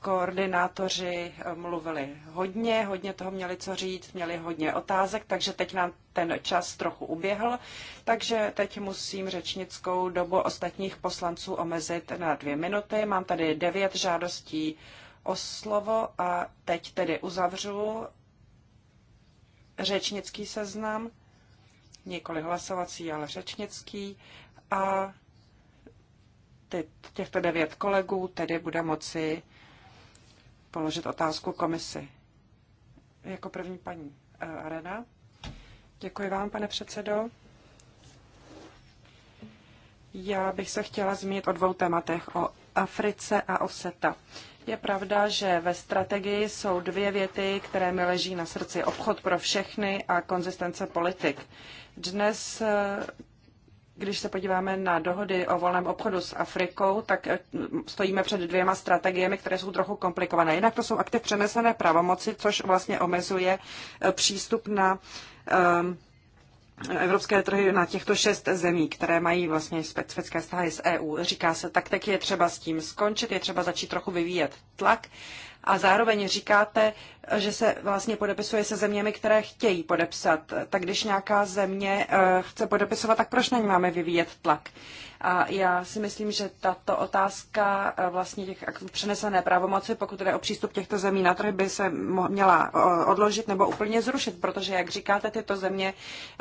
koordinátoři eh, mluvili hodně, hodně toho měli co říct, měli hodně otázek, takže teď nám ten čas trochu uběhl, takže teď musím řečnickou dobu ostatních poslanců omezit na dvě minuty. Mám tady devět žádostí o slovo a teď tedy uzavřu řečnický seznam, nikoli hlasovací, ale řečnický a těchto devět kolegů tedy bude moci položit otázku komisi. Jako první paní eh, Arena. Děkuji vám, pane předsedo. Já bych se chtěla zmínit o dvou tématech, o Africe a o SETA. Je pravda, že ve strategii jsou dvě věty, které mi leží na srdci. Obchod pro všechny a konzistence politik. Dnes eh, když se podíváme na dohody o volném obchodu s Afrikou, tak eh, stojíme před dvěma strategiemi, které jsou trochu komplikované. Jinak to jsou akty přenesené pravomoci, což vlastně omezuje eh, přístup na ehm, evropské trhy na těchto šest zemí, které mají vlastně specifické vztahy s EU. Říká se, tak teď je třeba s tím skončit, je třeba začít trochu vyvíjet tlak a zároveň říkáte, že se vlastně podepisuje se zeměmi, které chtějí podepsat. Tak když nějaká země eh, chce podepisovat, tak proč na ní máme vyvíjet tlak? A já si myslím, že tato otázka eh, vlastně těch přenesené pravomoci, pokud jde o přístup těchto zemí na trh, by se měla eh, odložit nebo úplně zrušit, protože, jak říkáte, tyto země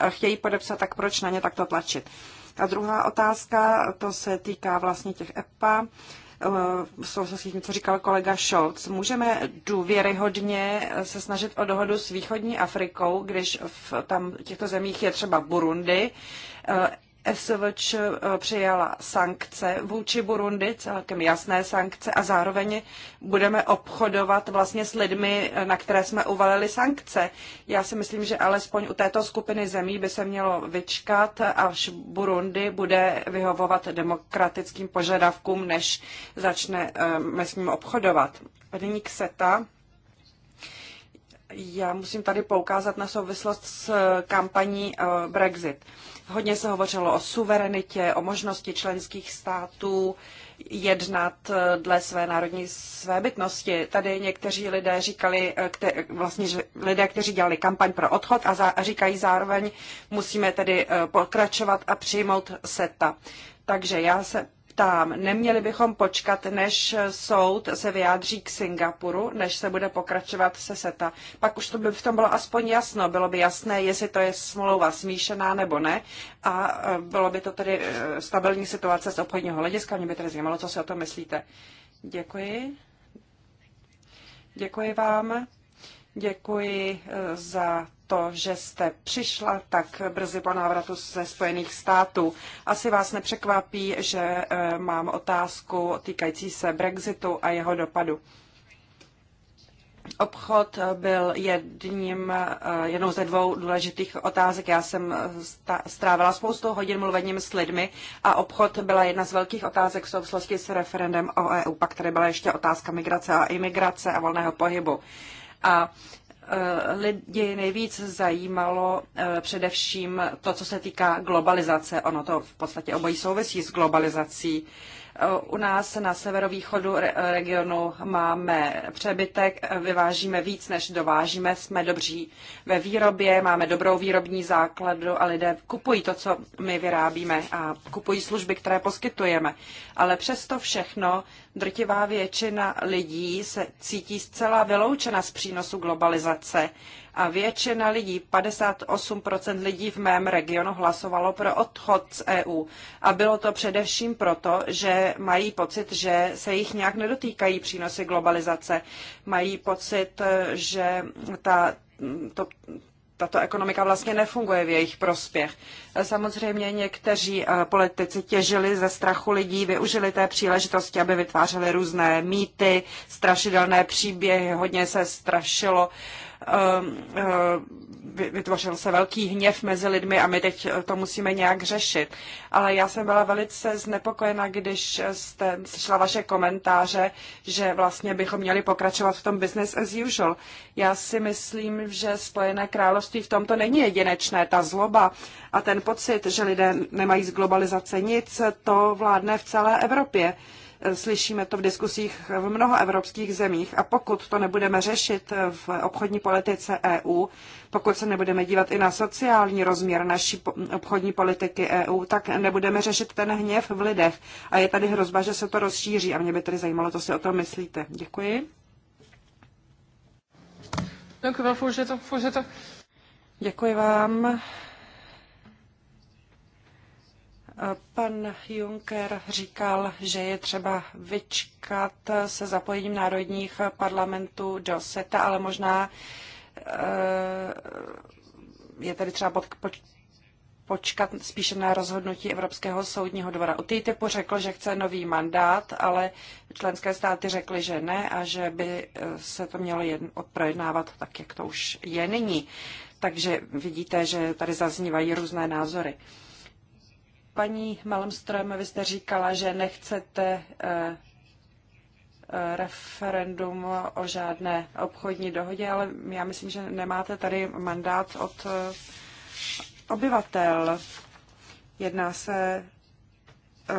chtějí podepsat, tak proč na ně takto tlačit? A druhá otázka, to se týká vlastně těch EPA. Eh, v souvislosti s tím, co říkal kolega Scholz. Můžeme důvěryhodně se snažit o dohodu s východní Afrikou, když v tam těchto zemích je třeba Burundi, eh, SVČ eh, přijala sankce vůči Burundi, celkem jasné sankce, a zároveň budeme obchodovat vlastně s lidmi, eh, na které jsme uvalili sankce. Já si myslím, že alespoň u této skupiny zemí by se mělo vyčkat, až Burundi bude vyhovovat demokratickým požadavkům, než začne eh, s ním obchodovat. Nyní Kseta. Já musím tady poukázat na souvislost s kampaní Brexit. Hodně se hovořilo o suverenitě, o možnosti členských států jednat eh, dle své národní svébytnosti. Tady někteří lidé říkali, eh, kte, vlastně že lidé, kteří dělali kampaň pro odchod a, za, a říkají zároveň, musíme tedy eh, pokračovat a přijmout SETA. Takže já se ptám, neměli bychom počkat, než soud se vyjádří k Singapuru, než se bude pokračovat se SETA. Pak už to by v tom bylo aspoň jasno, bylo by jasné, jestli to je smlouva smíšená nebo ne a e, bylo by to tedy e, stabilní situace z obchodního hlediska. Mě by tedy zajímalo, co si o tom myslíte. Děkuji. Děkuji vám. Děkuji e, za to, že jste přišla tak brzy po návratu ze Spojených států. Asi vás nepřekvapí, že eh, mám otázku týkající se Brexitu a jeho dopadu. Obchod byl jedním, eh, jednou ze dvou důležitých otázek. Já jsem eh, strávila spoustu hodin mluvením s lidmi a obchod byla jedna z velkých otázek v souvislosti s referendem o EU. Pak tady byla ještě otázka migrace a imigrace a volného pohybu. A Eh, lidi nejvíc zajímalo eh, především to, co se týká globalizace. Ono to v podstatě obojí souvisí s globalizací. U nás na severovýchodu regionu máme přebytek, vyvážíme víc, než dovážíme, jsme dobří ve výrobě, máme dobrou výrobní základu a lidé kupují to, co my vyrábíme a kupují služby, které poskytujeme. Ale přesto všechno drtivá většina lidí se cítí zcela vyloučena z přínosu globalizace a většina lidí, 58% lidí v mém regionu hlasovalo pro odchod z EU. A bylo to především proto, že mají pocit, že se jich nějak nedotýkají přínosy globalizace. Mají pocit, že ta, to, tato ekonomika vlastně nefunguje v jejich prospěch. Samozřejmě někteří eh, politici těžili ze strachu lidí, využili té příležitosti, aby vytvářeli různé mýty, strašidelné příběhy, hodně se strašilo uh, Ehm, ehm, vytvořil se velký hněv mezi lidmi a my teď to musíme nějak řešit. Ale já jsem byla velice znepokojena, když jste slyšela vaše komentáře, že vlastně bychom měli pokračovat v tom business as usual. Já si myslím, že Spojené království v tomto není jedinečné. Ta zloba a ten pocit, že lidé nemají z globalizace nic, to vládne v celé Evropě. Slyšíme to v diskusích v mnoha evropských zemích a pokud to nebudeme řešit v obchodní politice EU, pokud se nebudeme dívat i na sociální rozměr naší obchodní politiky EU, tak nebudeme řešit ten hněv v lidech. A je tady hrozba, že se to rozšíří. A mě by tedy zajímalo, co si o tom myslíte. Děkuji. Děkuji vám. Pan Juncker říkal, že je třeba vyčkat se zapojením národních parlamentů do SETA, ale možná eh, je tady třeba počkat spíše na rozhodnutí Evropského soudního dvora. U TTIPu e řekl, že chce nový mandát, ale členské státy řekly, že ne a že by eh, se to mělo projednávat tak, jak to už je nyní. Takže vidíte, že tady zaznívají různé názory. Paní Malmström, vy jste říkala, že nechcete eh, eh, referendum o žádné obchodní dohodě, ale já myslím, že nemáte tady mandát od eh, obyvatel. Jedná se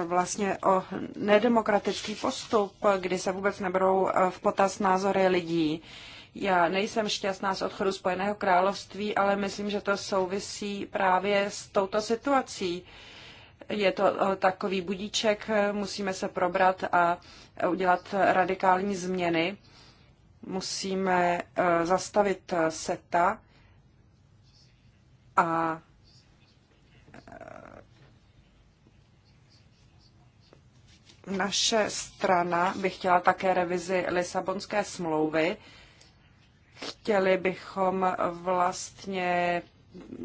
vlastně o nedemokratický postup, kdy se vůbec neberou v potaz názory lidí. Já nejsem šťastná z odchodu Spojeného království, ale myslím, že to souvisí právě s touto situací je to eh, takový budíček, eh, musíme se probrat a eh, udělat radikální změny. Musíme zastavit SETA a naše strana by chtěla také revizi Lisabonské smlouvy. Chtěli bychom vlastně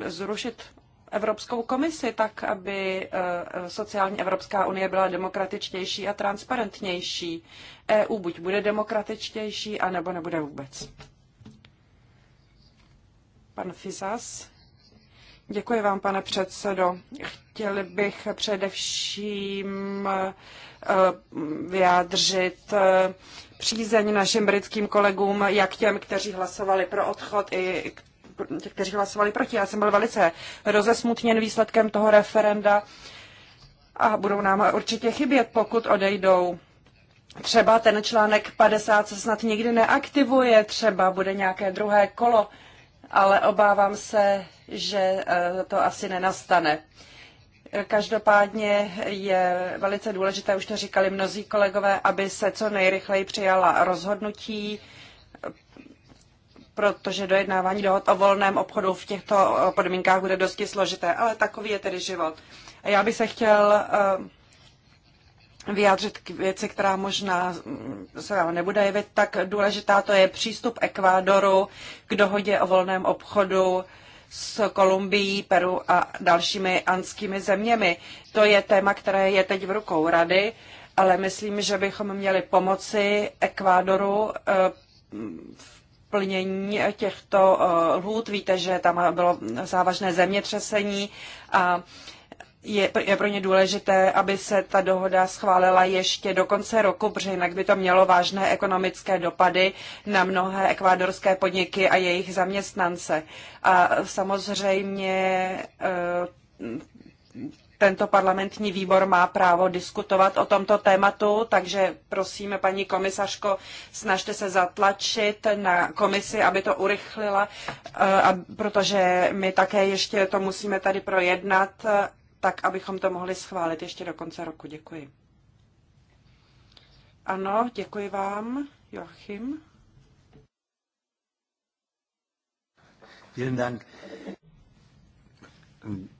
zrušit Evropskou komisi tak, aby eh, sociální Evropská unie byla demokratičtější a transparentnější. EU buď bude demokratičtější, anebo nebude vůbec. Pan Fizas. Děkuji vám, pane předsedo. Chtěl bych především eh, vyjádřit eh, přízeň našim britským kolegům, jak těm, kteří hlasovali pro odchod, i těch, kteří hlasovali proti. Já jsem byl velice rozesmutněn výsledkem toho referenda a budou nám určitě chybět, pokud odejdou. Třeba ten článek 50 se snad nikdy neaktivuje, třeba bude nějaké druhé kolo, ale obávám se, že eh, to asi nenastane. Každopádně je velice důležité, už to říkali mnozí kolegové, aby se co nejrychleji přijala rozhodnutí, protože dojednávání dohod o volném obchodu v těchto eh, podmínkách bude dosti složité, ale takový je tedy život. A já bych se chtěl eh, vyjádřit k věci, která možná mm, se vám nebude jevit tak důležitá, to je přístup Ekvádoru k dohodě o volném obchodu s Kolumbií, Peru a dalšími anskými zeměmi. To je téma, které je teď v rukou rady, ale myslím, že bychom měli pomoci Ekvádoru v eh, plnění těchto eh, lhůt. Víte, že tam bylo závažné zemětřesení a je, je pro ně důležité, aby se ta dohoda schválila ještě do konce roku, protože jinak by to mělo vážné ekonomické dopady na mnohé ekvádorské podniky a jejich zaměstnance. A samozřejmě eh, tento parlamentní výbor má právo diskutovat o tomto tématu, takže prosím, paní komisařko, snažte se zatlačit na komisi, aby to urychlila, eh, protože my také ještě to musíme tady projednat, eh, tak abychom to mohli schválit ještě do konce roku. Děkuji. Ano, děkuji vám, Joachim.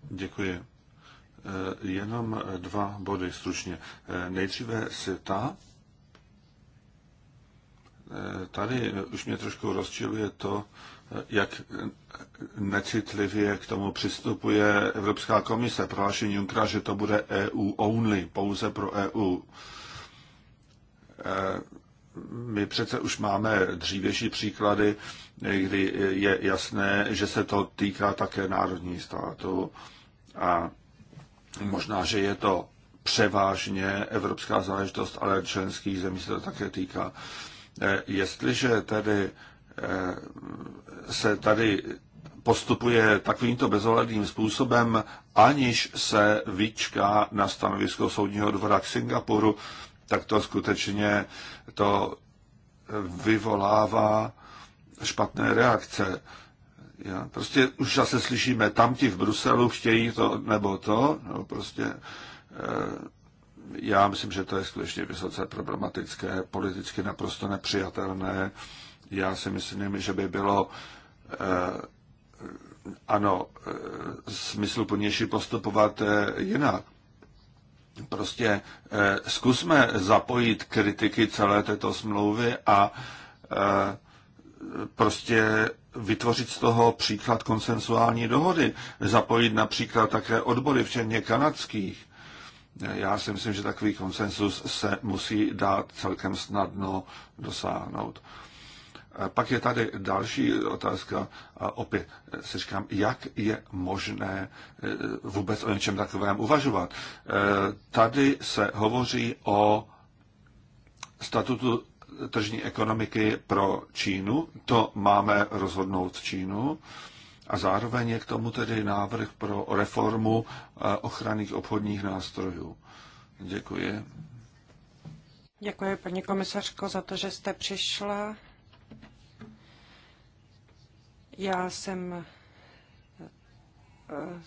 Děkuji. Eh, jenom eh, dva body stručně. Eh, nejdříve ta. Tady už mě trošku rozčiluje to, jak necitlivě k tomu přistupuje Evropská komise. Prohlášení Junckera, že to bude EU only, pouze pro EU. My přece už máme dřívější příklady, kdy je jasné, že se to týká také národní státu a Možná, že je to převážně evropská záležitost, ale členských zemí se to také týká. E, jestliže tedy e, se tady postupuje takovýmto bezohledným způsobem, aniž se vyčká na stanovisko soudního dvora k Singapuru, tak to skutečně to vyvolává špatné reakce. Já, prostě už zase slyšíme, tam ti v Bruselu chtějí to nebo to, no prostě e, já myslím, že to je skutečně vysoce problematické, politicky naprosto nepřijatelné. Já si myslím, že by bylo e, ano, eh, plnější postupovat jinak. Prostě zkusme zapojit kritiky celé této smlouvy a prostě vytvořit z toho příklad konsensuální dohody, zapojit například také odbory, včetně kanadských. Já si myslím, že takový konsensus se musí dát celkem snadno dosáhnout. Pak je tady další otázka, a opět si říkám, jak je možné e, vůbec o něčem takovém uvažovat. E, tady se hovoří o statutu tržní ekonomiky pro Čínu, to máme rozhodnout Čínu. A zároveň je k tomu tedy návrh pro reformu eh, ochranných obchodních nástrojů. Děkuji. Děkuji, paní komisařko, za to, že jste přišla. Já jsem eh,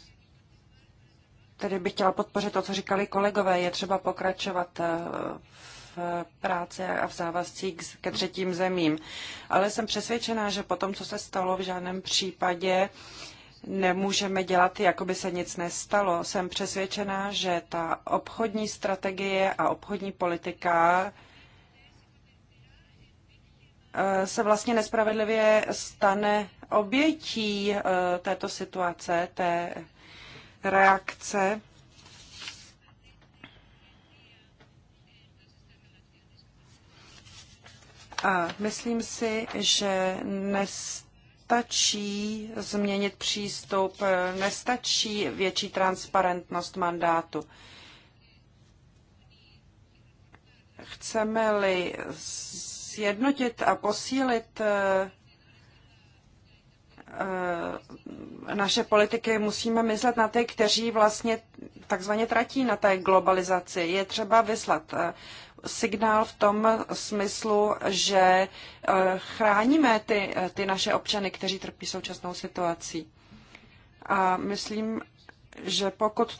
tedy bych chtěla podpořit to, co říkali kolegové. Je třeba pokračovat v eh, práci a v závazcích ke třetím zemím. Ale jsem přesvědčená, že po tom, co se stalo, v žádném případě nemůžeme dělat, jako by se nic nestalo. Jsem přesvědčená, že ta obchodní strategie a obchodní politika eh, se vlastně nespravedlivě stane obětí eh, této situace, té reakce A myslím si, že nestačí změnit přístup, nestačí větší transparentnost mandátu. Chceme-li sjednotit a posílit eh, eh, naše politiky musíme myslet na ty, kteří vlastně takzvaně tratí na té globalizaci. Je třeba vyslat eh, signál v tom smyslu, že eh, chráníme ty, eh, ty naše občany, kteří trpí současnou situací. A myslím, že pokud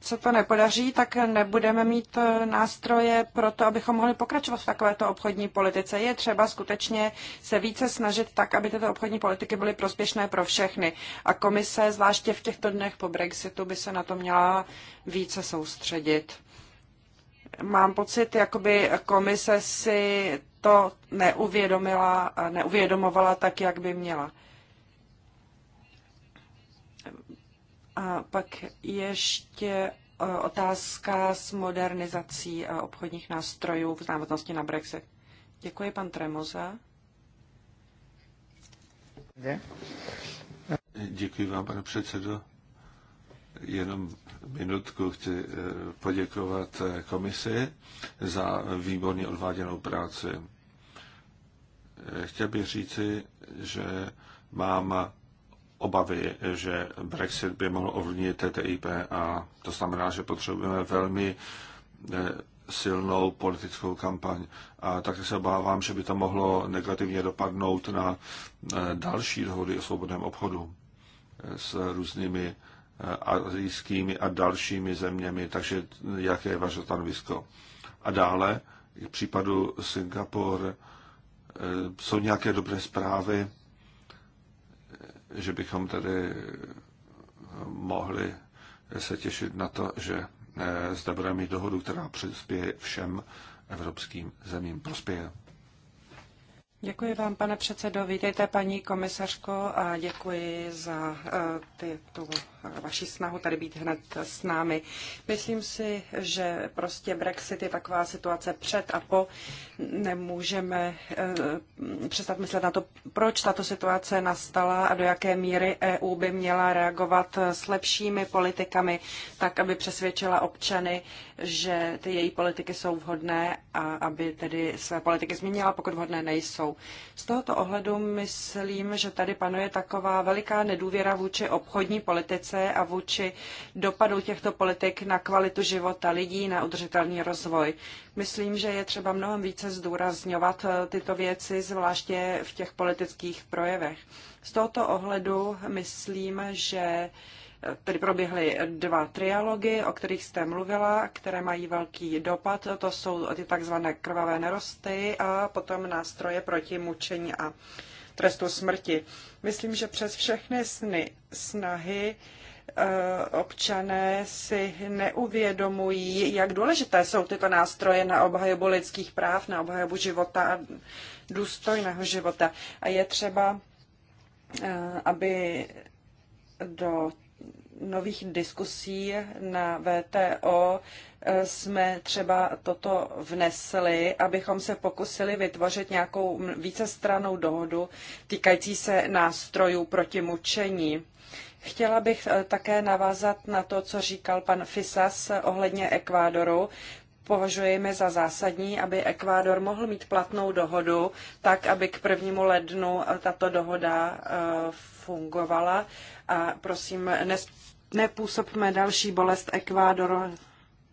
se to nepodaří, tak nebudeme mít eh, nástroje pro to, abychom mohli pokračovat v takovéto obchodní politice. Je třeba skutečně se více snažit tak, aby tyto obchodní politiky byly prospěšné pro všechny. A komise, zvláště v těchto dnech po Brexitu, by se na to měla více soustředit mám pocit, jakoby komise si to neuvědomila, neuvědomovala tak, jak by měla. A pak ještě e, otázka s modernizací e, obchodních nástrojů v návaznosti na Brexit. Děkuji, pan Tremoza. Děkuji vám, pane předsedo. Jenom minutku chci eh, poděkovat eh, komisi za výborně odváděnou práci. Eh, chtěl bych říci, že mám obavy, že Brexit by mohl ovlivnit TTIP a to znamená, že potřebujeme velmi silnou politickou kampaň. A také se obávám, že by to mohlo negativně dopadnout na další dohody o svobodném obchodu s různými Eh, azijskými a dalšími zeměmi, takže jaké je vaše stanovisko. A dále, v případu Singapur, eh, jsou nějaké dobré zprávy, eh, že bychom tedy mohli se těšit na to, že zde budeme mít dohodu, která přispěje všem evropským zemím. Prospěje. Děkuji vám, pane předsedo. Vítejte, paní komisařko, a děkuji za e, ty, tu e, vaši snahu tady být hned s námi. Myslím si, že prostě Brexit je taková situace před a po. Nemůžeme e, přestat myslet na to, proč tato situace nastala a do jaké míry EU by měla reagovat s lepšími politikami, tak aby přesvědčila občany, že ty její politiky jsou vhodné a aby tedy své politiky změnila, pokud vhodné nejsou otázkou. Z tohoto ohledu myslím, že tady panuje taková veliká nedůvěra vůči obchodní politice a vůči dopadu těchto politik na kvalitu života lidí, na udržitelný rozvoj. Myslím, že je třeba mnohem více zdůrazňovat eh, tyto věci, zvláště v těch politických projevech. Z tohoto ohledu myslím, že Tedy proběhly dva trialogy, o kterých jste mluvila, které mají velký dopad. To jsou ty takzvané krvavé nerosty a potom nástroje proti mučení a trestu smrti. Myslím, že přes všechny sny, snahy eh, občané si neuvědomují, jak důležité jsou tyto nástroje na obhajobu lidských práv, na obhajobu života a důstojného života. A je třeba, eh, aby do nových diskusí na VTO eh, jsme třeba toto vnesli, abychom se pokusili vytvořit nějakou vícestranou dohodu týkající se nástrojů proti mučení. Chtěla bych eh, také navázat na to, co říkal pan Fisas ohledně Ekvádoru. Považujeme za zásadní, aby Ekvádor mohl mít platnou dohodu, tak aby k prvnímu lednu eh, tato dohoda fungovala a prosím, nepůsobme další bolest Ekvádor,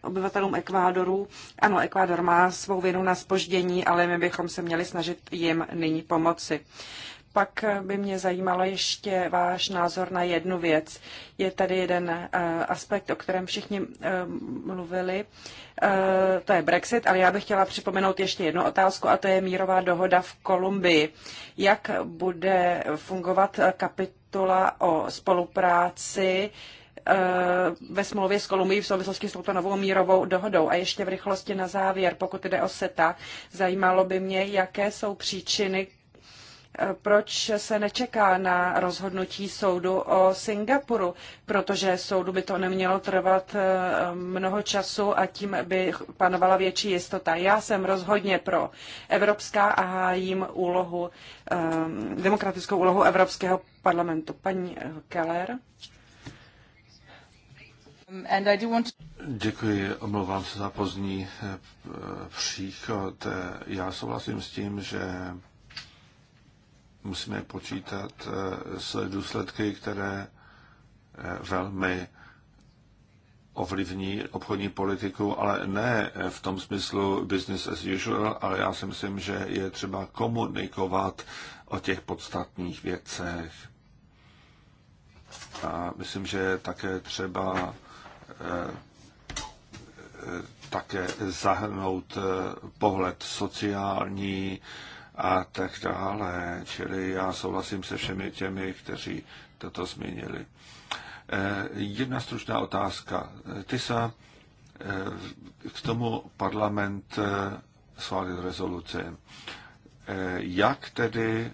obyvatelům Ekvádoru. Ano, Ekvádor má svou vinu na spoždění, ale my bychom se měli snažit jim nyní pomoci. Pak by mě zajímalo ještě váš názor na jednu věc. Je tady jeden eh, aspekt, o kterém všichni eh, mluvili. Eh, to je Brexit, ale já bych chtěla připomenout ještě jednu otázku a to je mírová dohoda v Kolumbii. Jak bude fungovat kapit kapitola o spolupráci eh, ve smlouvě s Kolumbií v souvislosti s touto novou mírovou dohodou. A ještě v rychlosti na závěr, pokud jde o SETA, zajímalo by mě, jaké jsou příčiny proč se nečeká na rozhodnutí soudu o Singapuru, protože soudu by to nemělo trvat eh, mnoho času a tím by panovala větší jistota. Já jsem rozhodně pro evropská a hájím úlohu, eh, demokratickou úlohu Evropského parlamentu. Paní eh, Keller. Děkuji, omlouvám se za pozdní příchod. Já souhlasím s tím, že musíme počítat eh, s důsledky, které eh, velmi ovlivní obchodní politiku, ale ne eh, v tom smyslu business as usual, ale já si myslím, že je třeba komunikovat o těch podstatných věcech. A myslím, že také třeba také zahrnout pohled sociální, a tak dále. Čili já souhlasím se všemi těmi, kteří toto zmínili. Eh, jedna stručná otázka. Tysa, eh, k tomu parlament eh, schválil rezoluci. Jak tedy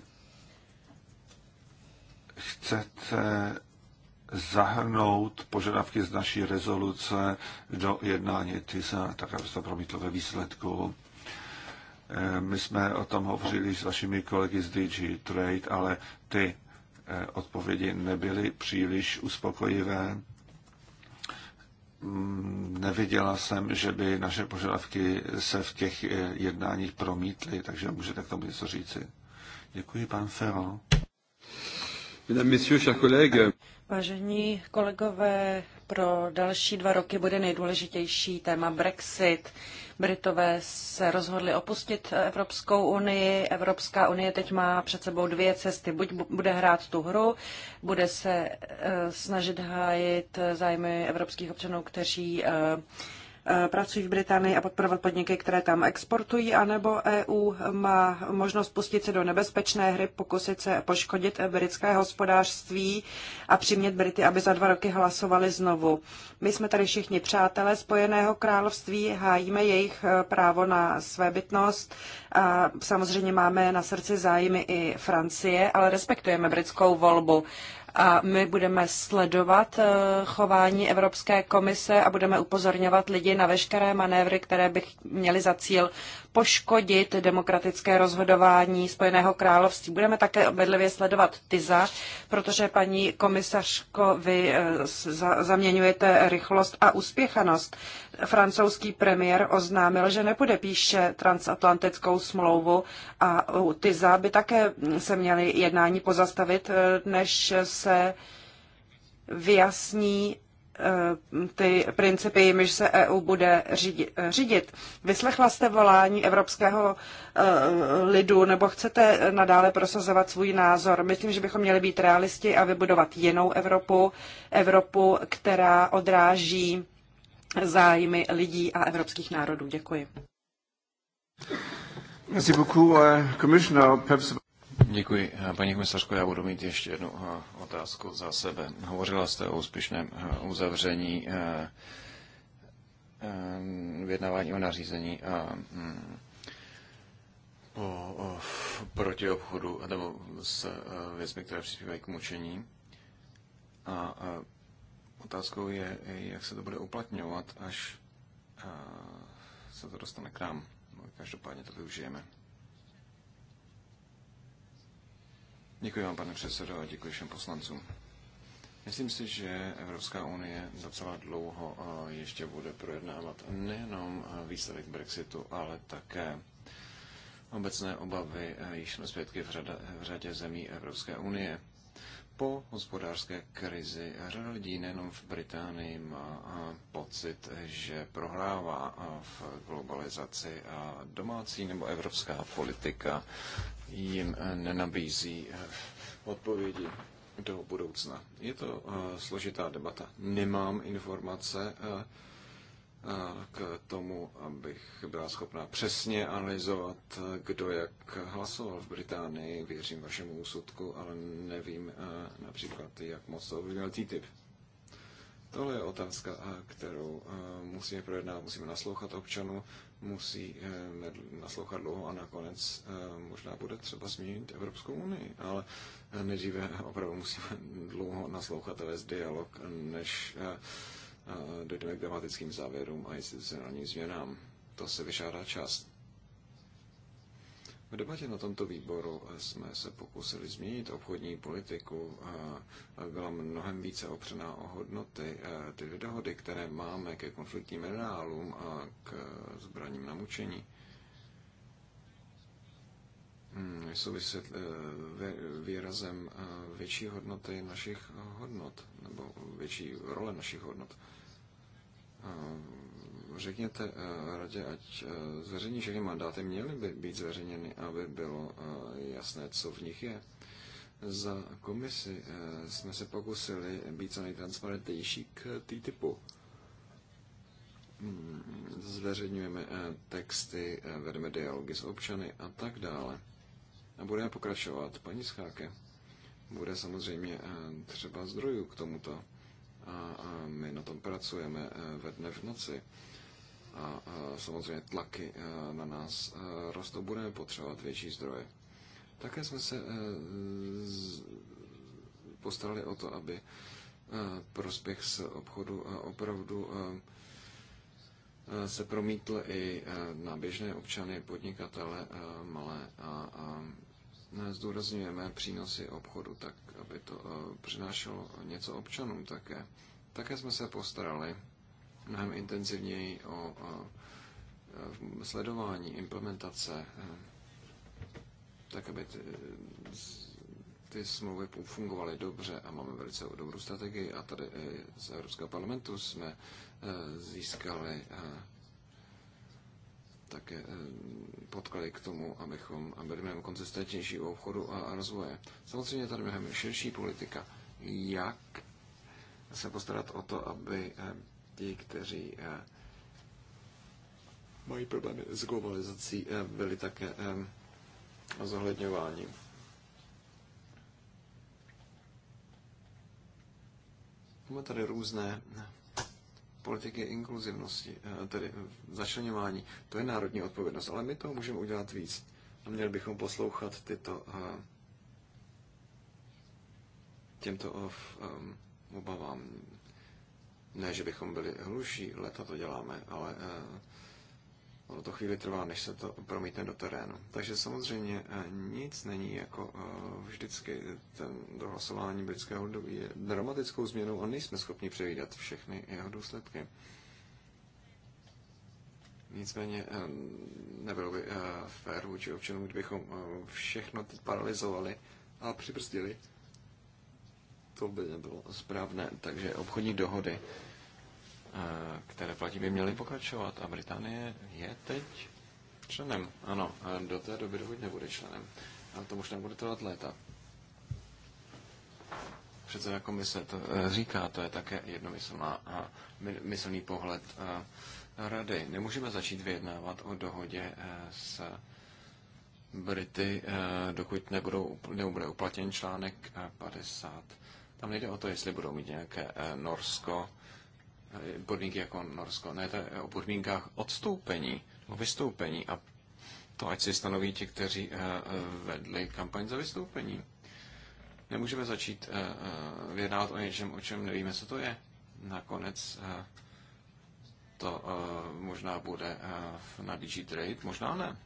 chcete zahrnout požadavky z naší rezoluce do jednání TISA, tak aby se to promítlo ve výsledku? Eh, my jsme o tom hovořili s vašimi kolegy z DG Trade, ale ty eh, odpovědi nebyly příliš uspokojivé. Mm, neviděla jsem, že by naše požadavky se v těch eh, jednáních promítly, takže můžete k tomu něco říci. Děkuji, pan Ferro. Vážení kolegové, pro další dva roky bude nejdůležitější téma Brexit. Britové se rozhodli opustit Evropskou unii. Evropská unie teď má před sebou dvě cesty. Buď bude hrát tu hru, bude se eh, snažit hájit eh, zájmy evropských občanů, kteří eh, Eh, pracují v Británii a podporovat podniky, které tam exportují, anebo EU má možnost pustit se do nebezpečné hry, pokusit se poškodit britské hospodářství a přimět Brity, aby za dva roky hlasovali znovu. My jsme tady všichni přátelé Spojeného království, hájíme jejich eh, právo na svébytnost a samozřejmě máme na srdci zájmy i Francie, ale respektujeme britskou volbu a my budeme sledovat eh, chování Evropské komise a budeme upozorňovat lidi na veškeré manévry, které by měly za cíl poškodit demokratické rozhodování Spojeného království. Budeme také obedlivě sledovat TISA, protože paní komisařko, vy eh, zaměňujete rychlost a uspěchanost. Francouzský premiér oznámil, že nepodepíše transatlantickou smlouvu a u TISA by také se měly jednání pozastavit, eh, než se vyjasní Eh, ty principy, jimiž se EU bude eh, řídit. Vyslechla jste volání evropského eh, lidu, nebo chcete nadále prosazovat svůj názor? Myslím, že bychom měli být realisti a vybudovat jinou Evropu, Evropu, která odráží zájmy lidí a evropských národů. Děkuji. Merci beaucoup, uh, Commissioner. Perhaps... Děkuji. Eh, paní komisařko, já budu mít ještě jednu eh, otázku za sebe. Hovořila jste o úspěšném eh, uzavření vyjednávání o nařízení a mm, o, proti obchodu nebo s věcmi, které přispívají k mučení. A, otázkou je, jak se to bude uplatňovat, až se to dostane k nám. No, každopádně to využijeme. Děkuji vám, pane předsedo, a děkuji všem poslancům. Myslím si, že Evropská unie docela dlouho eh, ještě bude projednávat nejenom eh, výsledek Brexitu, ale také obecné obavy, eh, již jsme zpětky v, řada, v řadě zemí Evropské unie. Po hospodářské krizi řada lidí nejenom v Británii má pocit, že prohrává v globalizaci a domácí nebo evropská politika jim eh, nenabízí eh, odpovědi do budoucna. Je to eh, složitá debata. Nemám informace k tomu, abych byla schopná přesně analyzovat, kdo jak hlasoval v Británii. Věřím vašemu úsudku, ale nevím například, jak moc to ovlivnil TTIP. Tohle je otázka, kterou musíme projednat, musíme naslouchat občanů, musí eh, naslouchat dlouho a nakonec eh, možná bude třeba změnit Evropskou unii. Ale eh, nejdříve opravdu musíme dlouho naslouchat a vést dialog, než dojdeme k dramatickým závěrům a institucionálním změnám. To se vyžádá čas. V debatě na tomto výboru jsme se pokusili změnit obchodní politiku, aby byla mnohem více opřená o hodnoty. E, ty dohody, které máme ke konfliktním minerálům a k zbraním na mučení, mm, jsou e, výrazem e, větší hodnoty našich hodnot, nebo větší role našich hodnot řekněte eh, radě, ať eh, zveřejní všechny mandáty, měly by být zveřejněny, aby bylo eh, jasné, co v nich je. Za komisi jsme se pokusili být co nejtransparentnější k typu. Hmm, zveřejňujeme texty, vedeme dialogy s občany a tak dále. A budeme pokračovat. Paní Scháke, bude samozřejmě třeba zdrojů k tomuto a my na tom pracujeme ve dne v noci a samozřejmě tlaky na nás rostou, budeme potřebovat větší zdroje. Také jsme se e, postarali o to, aby e, prospěch z obchodu e, opravdu se promítl i na běžné občany, podnikatele, malé a zdůrazňujeme přínosy obchodu tak, aby to přinášelo něco občanům také. Také jsme se postarali mnohem intenzivněji o sledování, implementace, eh, tak aby ty, ty smlouvy fungovaly dobře a máme velice dobrou strategii. A tady eh, z Evropského parlamentu jsme eh, získali také podklady k tomu, abychom byli mnohem konzistentnější u obchodu a rozvoje. Samozřejmě tady mnohem širší politika, jak se postarat o to, aby ti, kteří eh, mají problémy s globalizací, eh, byli také eh, zohledňováni. Máme tady různé politiky inkluzivnosti, tedy začlenování. To je národní odpovědnost, ale my toho můžeme udělat víc. A měli bychom poslouchat tyto těmto obavám. Ne, že bychom byli hluší, leta to děláme, ale eh, ono to chvíli trvá, než se to promítne do terénu. Takže samozřejmě eh, nic není jako eh, vždycky. Ten dohlasování britského období je dramatickou změnou a nejsme schopni převídat všechny jeho důsledky. Nicméně nebylo by fér vůči občanům, kdybychom všechno teď paralizovali a přibrzdili to by nebylo správné. Takže obchodní dohody, eh, které platí, by měly pokračovat. A Británie je teď členem. Ano, a do té doby, dohody nebude členem. A to možná bude trvat léta. Předseda komise to eh, říká, to je také jednomyslná a myslný pohled eh, rady. Nemůžeme začít vyjednávat o dohodě s Brity, dokud nebudou, nebude uplatněn článek 50 tam nejde o to, jestli budou mít nějaké eh, Norsko, eh, podmínky jako Norsko. Ne, to je o podmínkách odstoupení, o vystoupení a to ať si stanoví ti, kteří eh, vedli kampaň za vystoupení. Nemůžeme začít vyjednávat o něčem, o čem nevíme, co to je. Nakonec to možná bude na Trade, možná ne.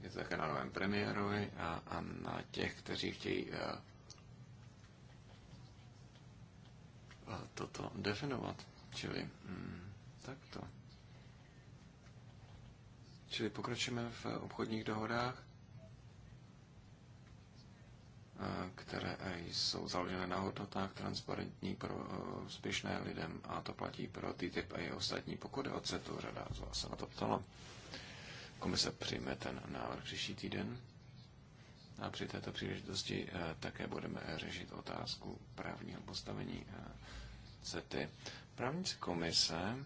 Je to také na novém premiérovi a, a na těch, kteří chtějí toto definovat. Čili hmm, takto. Čili pokročíme v obchodních dohodách, eh, které jsou založené na hodnotách transparentní pro eh, úspěšné lidem a to platí pro TTIP a i ostatní. Pokud je o CETu, řada z vás se na to ptala. Komise přijme ten návrh příští týden a při této příležitosti eh, také budeme řešit otázku právního postavení CETY. Právníci komise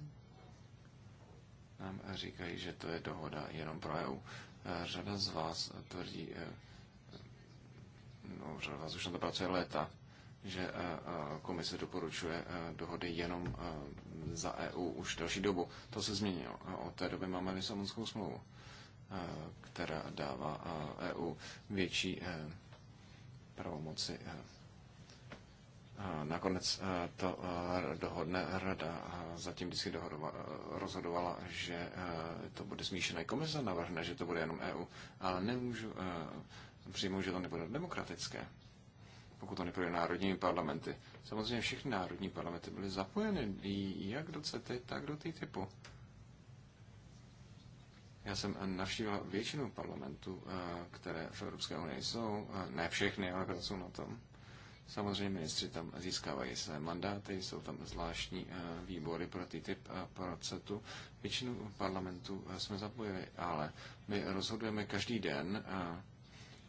nám říkají, že to je dohoda jenom pro EU. Řada z vás tvrdí, eh, no, řada vás už na to pracuje léta, že eh, eh, komise doporučuje dohody jenom za EU už další dobu. To se změnilo. Od té doby máme Lisabonskou smlouvu, která dává EU e větší pravomoci Nakonec eh, to eh, dohodne rada. Zatím vždycky rozhodovala, že eh, to bude smíšené. Komise navrhne, že to bude jenom EU, ale nemůžu přijmout, že to nebude demokratické, pokud to neprojde národními parlamenty. Samozřejmě všechny národní parlamenty byly zapojeny jak do CET, tak do TTIPu. Já jsem navštívil většinu parlamentů, které v Evropské unii jsou, ne všechny, ale jsou na tom. Samozřejmě ministři tam získávají své mandáty, jsou tam zvláštní eh, výbory pro TTIP a pro CETu. Většinu parlamentu eh, jsme zapojili, ale my rozhodujeme každý den eh,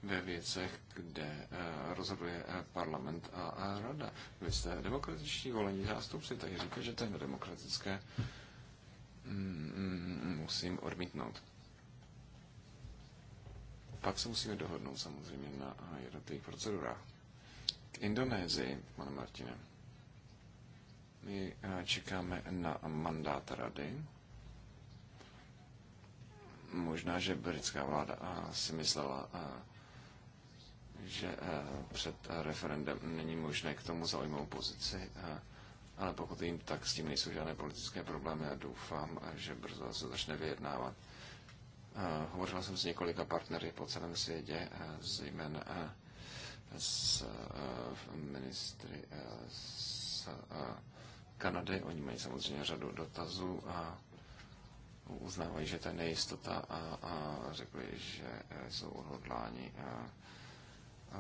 ve věcech, kde rozhoduje parlament a rada. Vy jste demokratičtí volení zástupci, takže říkám, že to je demokratické. Mm, mm, mm, musím odmítnout. Pak se musíme dohodnout samozřejmě na jednotlivých procedurách. K Indonésii, pane Martine. My eh, čekáme na mandát rady. Možná, že britská vláda eh, si myslela, eh, že před referendem není možné k tomu zaujmout pozici, ale pokud jim tak s tím nejsou žádné politické problémy a doufám, že brzo se začne vyjednávat. Hovořila jsem s několika partnery po celém světě, zejména s eh, ministry z eh, eh, Kanady. Oni mají samozřejmě řadu dotazů a uznávají, že to je nejistota a, a řekli, že jsou odhodláni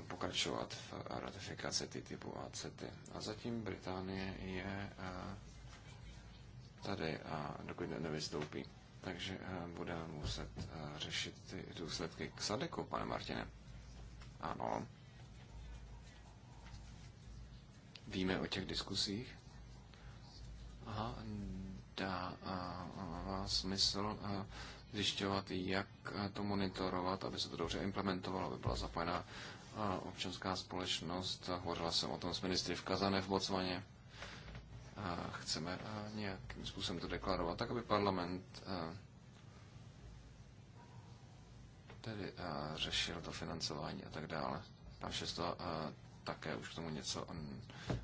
pokračovat v ratifikaci ty typu ACT. A zatím Británie je tady a dokud nevystoupí. Takže budeme muset řešit ty důsledky k Sadeku, pane Martine. Ano. Víme o těch diskusích? A dá a, smysl a, zjišťovat, jak to monitorovat, aby se to dobře implementovalo, aby byla zapojená občanská společnost. Hovořila jsem o tom s ministry v Kazane v Botswaně. Chceme nějakým způsobem to deklarovat, tak aby parlament tedy řešil to financování a tak dále. Pan Šesto také už k tomu něco eh,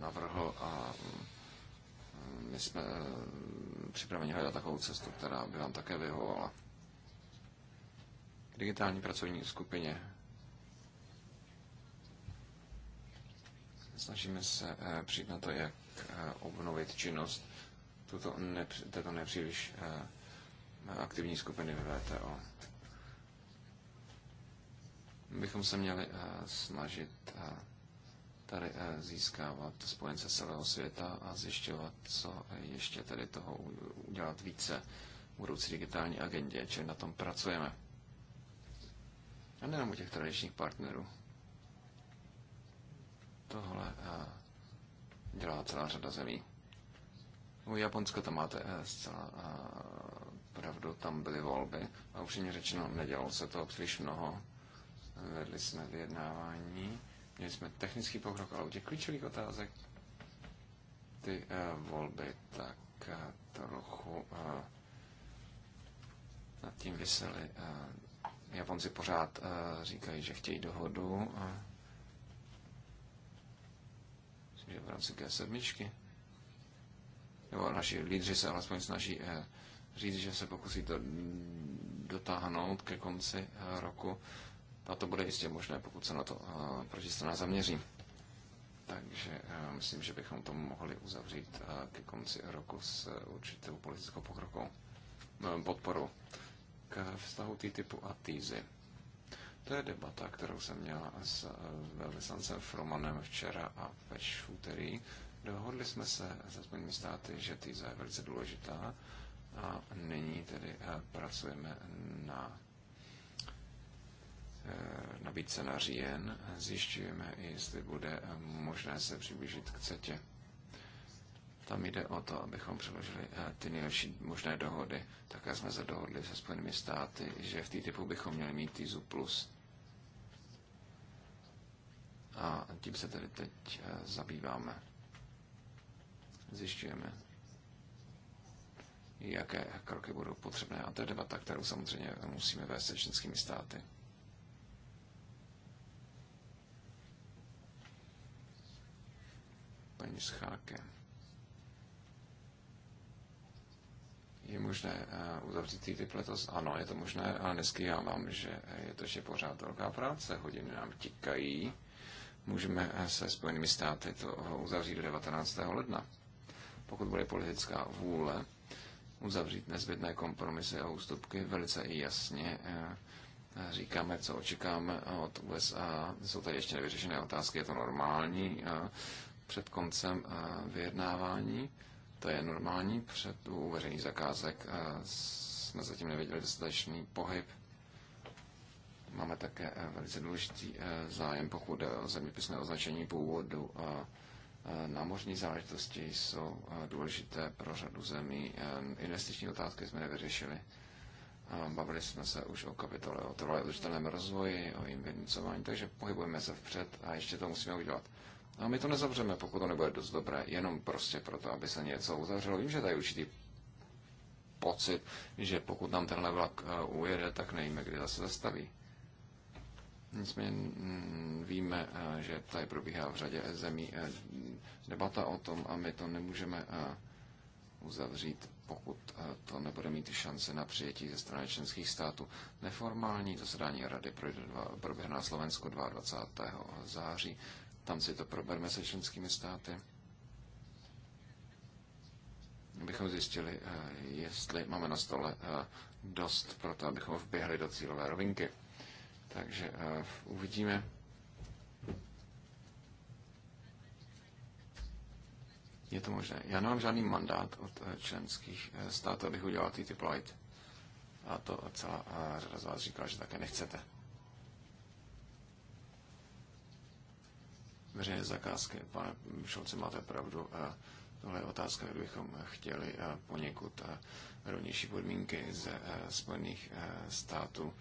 navrhl a eh, my jsme eh, připraveni hledat takovou cestu, která by vám také vyhovovala. Digitální pracovní skupině snažíme se přijít na to, jak obnovit činnost tuto nepř- této nepříliš aktivní skupiny VTO bychom se měli eh, snažit eh, tady eh, získávat spojence celého světa a zjišťovat, co ještě tady toho udělat více v budoucí digitální agendě, čili na tom pracujeme. A nejenom u těch tradičních partnerů. Tohle dělá celá řada zemí. U Japonska tam máte zcela pravdu, tam byly volby a upřímně řečeno nedělalo se to příliš mnoho vedli jsme vyjednávání, měli jsme technický pokrok, ale u těch klíčových otázek ty uh, volby tak uh, trochu uh, nad tím vysely. Uh, Japonci pořád uh, říkají, že chtějí dohodu. Uh, myslím, že v rámci G7. Nebo naši lídři se alespoň snaží uh, říct, že se pokusí to dotáhnout ke konci roku. A no, to bude jistě možné, pokud se na to eh, protistrana zaměří. Takže eh, myslím, že bychom to mohli uzavřít eh, ke konci roku s určitou politickou pokrokou, podporu k vztahu TTIPu a týzy. To je debata, kterou jsem měla s velvyslancem Fromanem včera a ve úterý. Dohodli jsme se se Spojenými státy, že týza je velice důležitá a nyní tedy pracujeme na Eh, nabídce na říjen. Zjišťujeme, jestli bude eh, možné se přiblížit k CETě. Tam jde o to, abychom přeložili eh, ty nejlepší možné dohody. Také jsme se dohodli se Spojenými státy, že v té typu bychom měli mít TISU plus. A tím se tedy teď zabýváme. Zjišťujeme, jaké kroky budou potřebné. A to je debata, kterou samozřejmě musíme vést se čínskými státy. paní Scháke. Je možné eh, uzavřít ty letos? Ano, je to možné, ale neskývám, že eh, je to že pořád velká práce. Hodiny nám tikají. Můžeme eh, se Spojenými státy to uzavřít do 19. ledna. Pokud bude politická vůle uzavřít nezbytné kompromisy a ústupky, velice i jasně říkáme, co očekáme od USA. Jsou tady ještě nevyřešené otázky, je to normální před koncem eh, vyjednávání. To je normální. Před uveřejný zakázek eh, jsme zatím nevěděli dostatečný pohyb. Máme také eh, velice důležitý zájem, pokud jde o zeměpisné označení původu. Námořní záležitosti jsou důležité pro řadu zemí. Investiční otázky jsme nevyřešili. Bavili jsme se už o kapitole o trvalém udržitelném rozvoji, o vynucování, takže pohybujeme se vpřed a ještě to musíme udělat. A my to nezavřeme, pokud to nebude dost dobré, jenom prostě proto, aby se něco uzavřelo. Vím, že tady je určitý pocit, že pokud nám tenhle vlak eh, ujede, tak nevíme, kdy zase zastaví. Nicméně mm, víme, eh, že tady probíhá v řadě zemí eh, debata o tom a my to nemůžeme uzavřít, pokud to nebude mít šance na přijetí ze strany členských států. Neformální zasedání rady proběhne na Slovensku 22. září. Tam si to probereme se členskými státy. Abychom zjistili, eh, jestli máme na stole eh, dost pro to, abychom vběhli do cílové rovinky. Takže eh, uvidíme. Je to možné. Já nemám žádný mandát od členských států, abych udělal TTIP Light. A to celá řada z vás říkala, že také nechcete. veřejné zakázky. Pane Šolci, máte pravdu. Tohle je otázka, kdybychom chtěli poněkud rovnější podmínky ze e, Spojených e, států.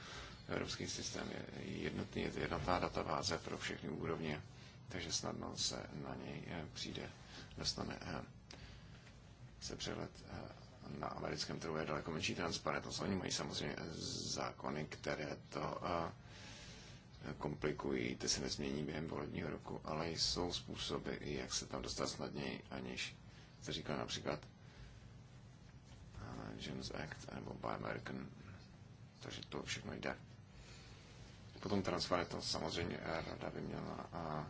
Evropský systém je jednotný, je to jednotná databáze pro všechny úrovně, takže snadno se na něj e, přijde, dostane se přehled na americkém trhu je daleko menší transparentnost. Oni mají samozřejmě zákony, které to komplikují, ty se nezmění během volebního roku, ale jsou způsoby, jak se tam dostat snadněji, aniž se říká například Jones eh, Act nebo Buy American, takže to všechno jde. Potom transparentnost samozřejmě eh, rada by měla a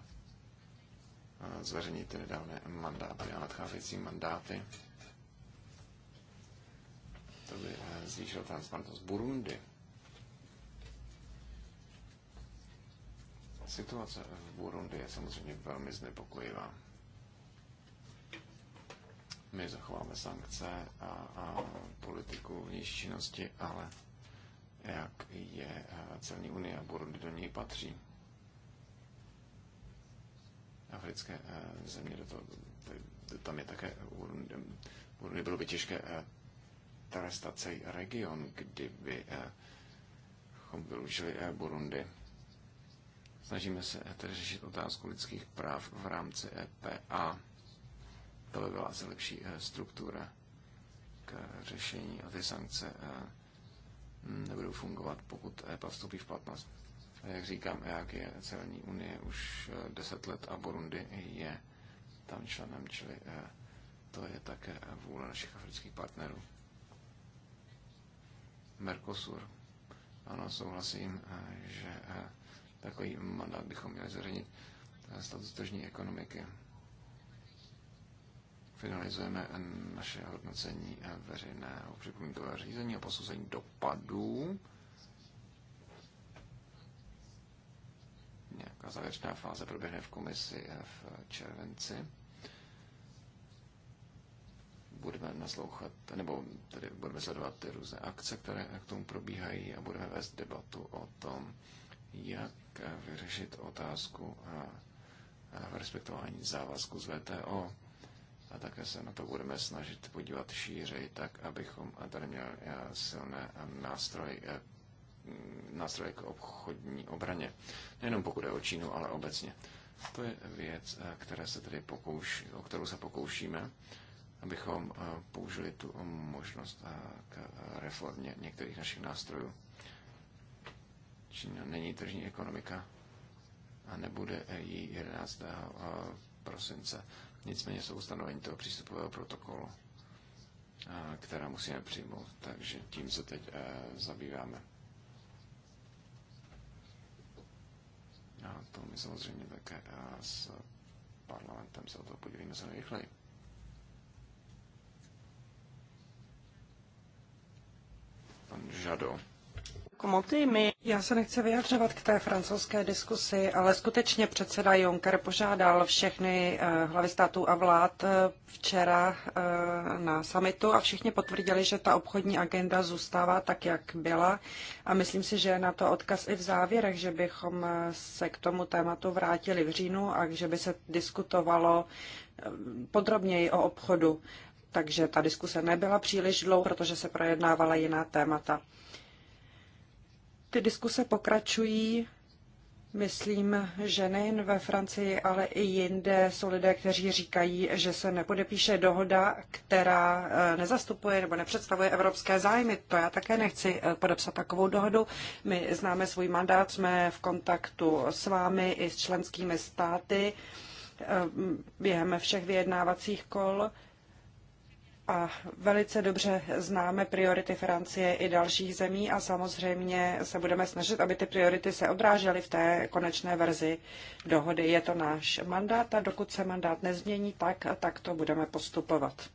eh, zveřejnit ty nedávné mandáty a nadcházející mandáty. To by zvýšilo transparentnost Burundi. Situace v Burundi je samozřejmě velmi znepokojivá. My zachováme sankce a, a politiku vnější činnosti, ale jak je celní unie a Burundi do něj patří. Africké země do toho, tam je také Burundi, Burundi bylo by těžké trestat celý region, kdyby bychom vylučili Burundi Snažíme se tedy řešit otázku lidských práv v rámci EPA. To by byla asi lepší eh, struktura k řešení a ty sankce eh, nebudou fungovat, pokud EPA vstoupí v platnost. jak říkám, jak e je celní unie už 10 eh, let a Burundi je tam členem, čili to je také vůle našich afrických partnerů. Mercosur. Ano, souhlasím, že Takový mandát bychom měli zařadit status tržní ekonomiky. Finalizujeme naše hodnocení veřejného připomínkového řízení a posouzení dopadů. Nějaká závěrečná fáze proběhne v komisi v červenci budeme naslouchat, nebo tedy budeme sledovat ty různé akce, které k tomu probíhají a budeme vést debatu o tom, jak Eh, vyřešit otázku a, respektování závazku z VTO. A také se na to budeme snažit podívat šířej, tak abychom tady měli eh, silné nástroje, eh, nástroj k obchodní obraně. Nejenom pokud je o Čínu, ale obecně. To je věc, které se tedy pokouší, o kterou se pokoušíme, abychom použili tu možnost k reformě některých našich nástrojů. Čína není tržní ekonomika a nebude jí 11. Eh, prosince. Nicméně jsou ustanovení toho přístupového protokolu, eh, která musíme přijmout, takže tím se teď eh, zabýváme. A to my samozřejmě také s parlamentem se o to podívíme se nejrychleji. Pan Žado. Já se nechci vyjadřovat k té francouzské diskusi, ale skutečně předseda Juncker požádal všechny eh, hlavy států a vlád eh, včera eh, na summitu a všichni potvrdili, že ta obchodní agenda zůstává tak, jak byla. A myslím si, že je na to odkaz i v závěrech, že bychom se k tomu tématu vrátili v říjnu a že by se diskutovalo podrobněji o obchodu. Takže ta diskuse nebyla příliš dlouhá, protože se projednávala jiná témata. Ty diskuse pokračují, myslím, že nejen ve Francii, ale i jinde jsou lidé, kteří říkají, že se nepodepíše dohoda, která eh, nezastupuje nebo nepředstavuje evropské zájmy. To já také nechci eh, podepsat takovou dohodu. My známe svůj mandát, jsme v kontaktu s vámi i s členskými státy eh, během všech vyjednávacích kol a velice dobře známe priority Francie i dalších zemí a samozřejmě se budeme snažit, aby ty priority se odrážely v té konečné verzi dohody. Je to náš mandát a dokud se mandát nezmění, tak, tak to budeme postupovat.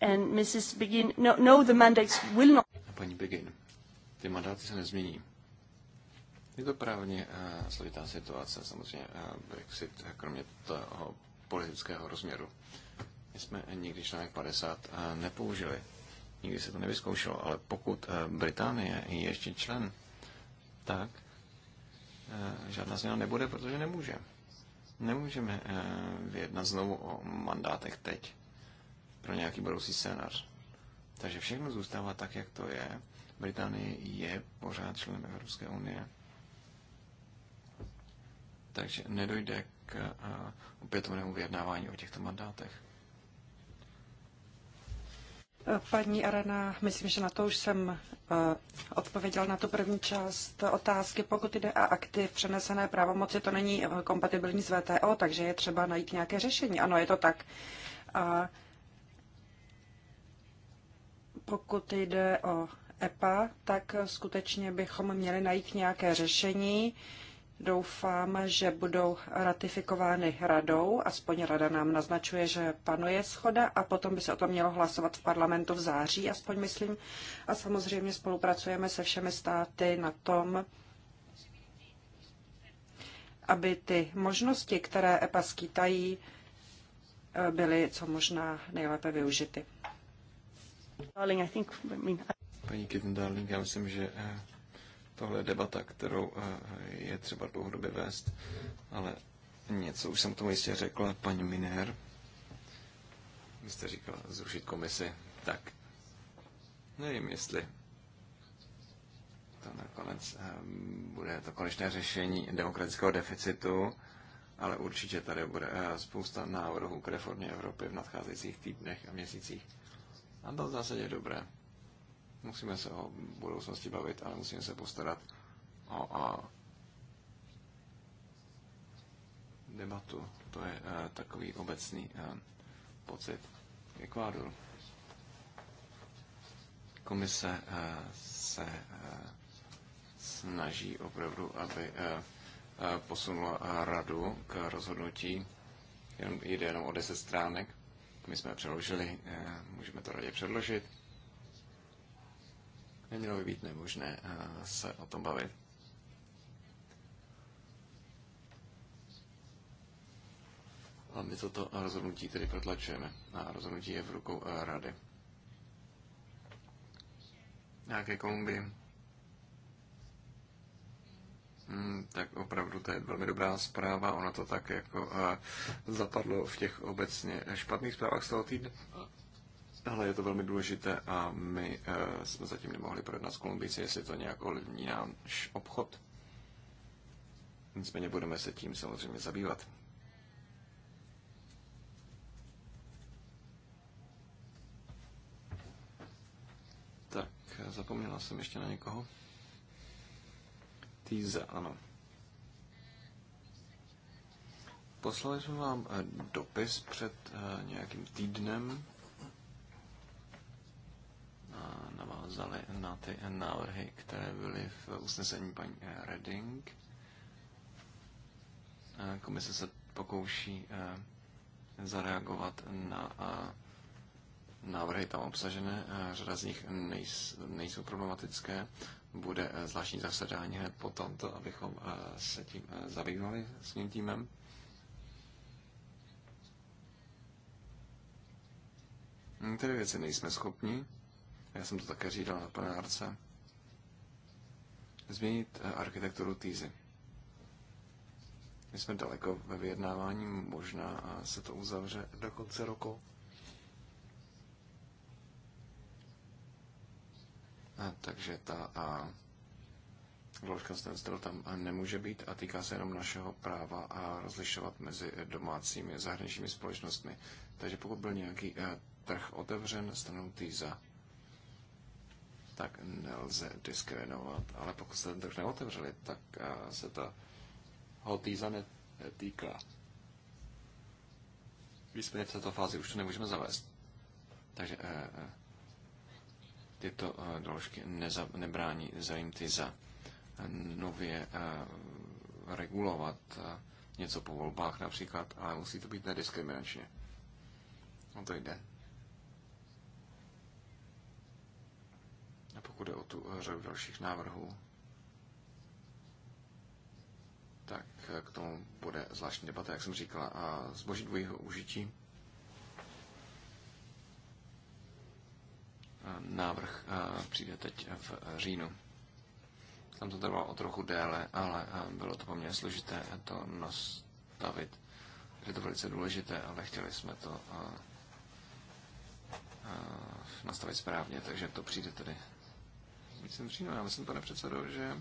And Mrs. Begin, no, no, the mandates will not... Paní Begin, ty mandáty se nezmění. Je to právně uh, složitá situace, samozřejmě uh, Brexit, kromě toho politického rozměru. My jsme nikdy článek 50 eh, nepoužili. Nikdy se to nevyzkoušelo, ale pokud eh, Británie je ještě člen, tak eh, žádná změna nebude, protože nemůže. Nemůžeme vyjednat znovu o mandátech teď pro nějaký budoucí scénář. Takže všechno zůstává tak, jak to je. Británie je pořád členem Evropské unie. Takže nedojde k opětovnému vyjednávání o těchto mandátech. Paní Arena, myslím, že na to už jsem eh, odpověděl na tu první část otázky. Pokud jde a aktiv přenesené pravomoci, to není kompatibilní s VTO, takže je třeba najít nějaké řešení. Ano, je to tak. A pokud jde o EPA, tak skutečně bychom měli najít nějaké řešení. Uh, Doufám, že budou ratifikovány radou, aspoň rada nám naznačuje, že panuje schoda a potom by se o tom mělo hlasovat v parlamentu v září, aspoň myslím. A samozřejmě spolupracujeme se všemi státy na tom, aby ty možnosti, které EPA skýtají, byly co možná nejlépe využity. Paní Kitten Darling, já myslím, že eh, Tohle je debata, kterou eh, je třeba dlouhodobě vést, ale něco už jsem k tomu jistě řekl, paní Minér. Vy jste říkala zrušit komisi. Tak, nevím, jestli to nakonec eh, bude to konečné řešení demokratického deficitu, ale určitě tady bude eh, spousta návrhů k reformě Evropy v nadcházejících týdnech a měsících. A to v zásadě je dobré. Musíme se o budoucnosti bavit, ale musíme se postarat o, o debatu. To je uh, takový obecný uh, pocit. Ekvádor. Komise uh, se uh, snaží opravdu, aby uh, posunula radu k rozhodnutí. Jen, jde jenom o 10 stránek. My jsme přeložili, můžeme to radě předložit nemělo by být nemožné eh, se o tom bavit. A my toto rozhodnutí tedy protlačujeme. A rozhodnutí je v rukou eh, rady. Nějaké kombi? Hmm, tak opravdu to je velmi dobrá zpráva. Ono to tak jako eh, zapadlo v těch obecně špatných zprávách z toho týdne. Ale je to velmi důležité a my uh, jsme zatím nemohli projednat s Kolumbijci, jestli to nějak ovlivní náš obchod. Nicméně budeme se tím samozřejmě zabývat. Tak, zapomněla jsem ještě na někoho. Týze, ano. Poslali jsme vám eh, dopis před eh, nějakým týdnem odkázali na ty návrhy, které byly v usnesení paní Redding. Komise se pokouší eh, zareagovat na eh, návrhy tam obsažené. Eh, řada z nich nejsou problematické. Bude zvláštní zasedání hned po tomto, abychom se tím zabývali s tím týmem. Některé věci nejsme schopni já jsem to také říkal na plenárce, změnit eh, architekturu týzy. My jsme daleko ve vyjednávání, možná a se to uzavře do konce roku. A, takže ta a, vložka standstill tam nemůže být a týká se jenom našeho práva a rozlišovat mezi domácími a zahraničními společnostmi. Takže pokud byl nějaký a, eh, trh otevřen stranou za tak nelze diskriminovat. Ale pokud jste ten trh neotevřeli, tak eh, se ta hotýza netýká. Nicméně v této fázi už to nemůžeme zavést. Takže eh, eh, tyto doložky neza, nebrání zájem za nově regulovat něco po volbách například, ale musí to být nediskriminačně. No to jde. A pokud jde o tu řadu dalších návrhů, tak k tomu bude zvláštní debata, jak jsem říkala, a zboží dvojího užití. Návrh přijde teď v říjnu. Tam to trvalo o trochu déle, ale bylo to poměrně složité to nastavit. Je to velice důležité, ale chtěli jsme to nastavit správně, takže to přijde tedy myslím října. No, já myslím, pane předsedo, že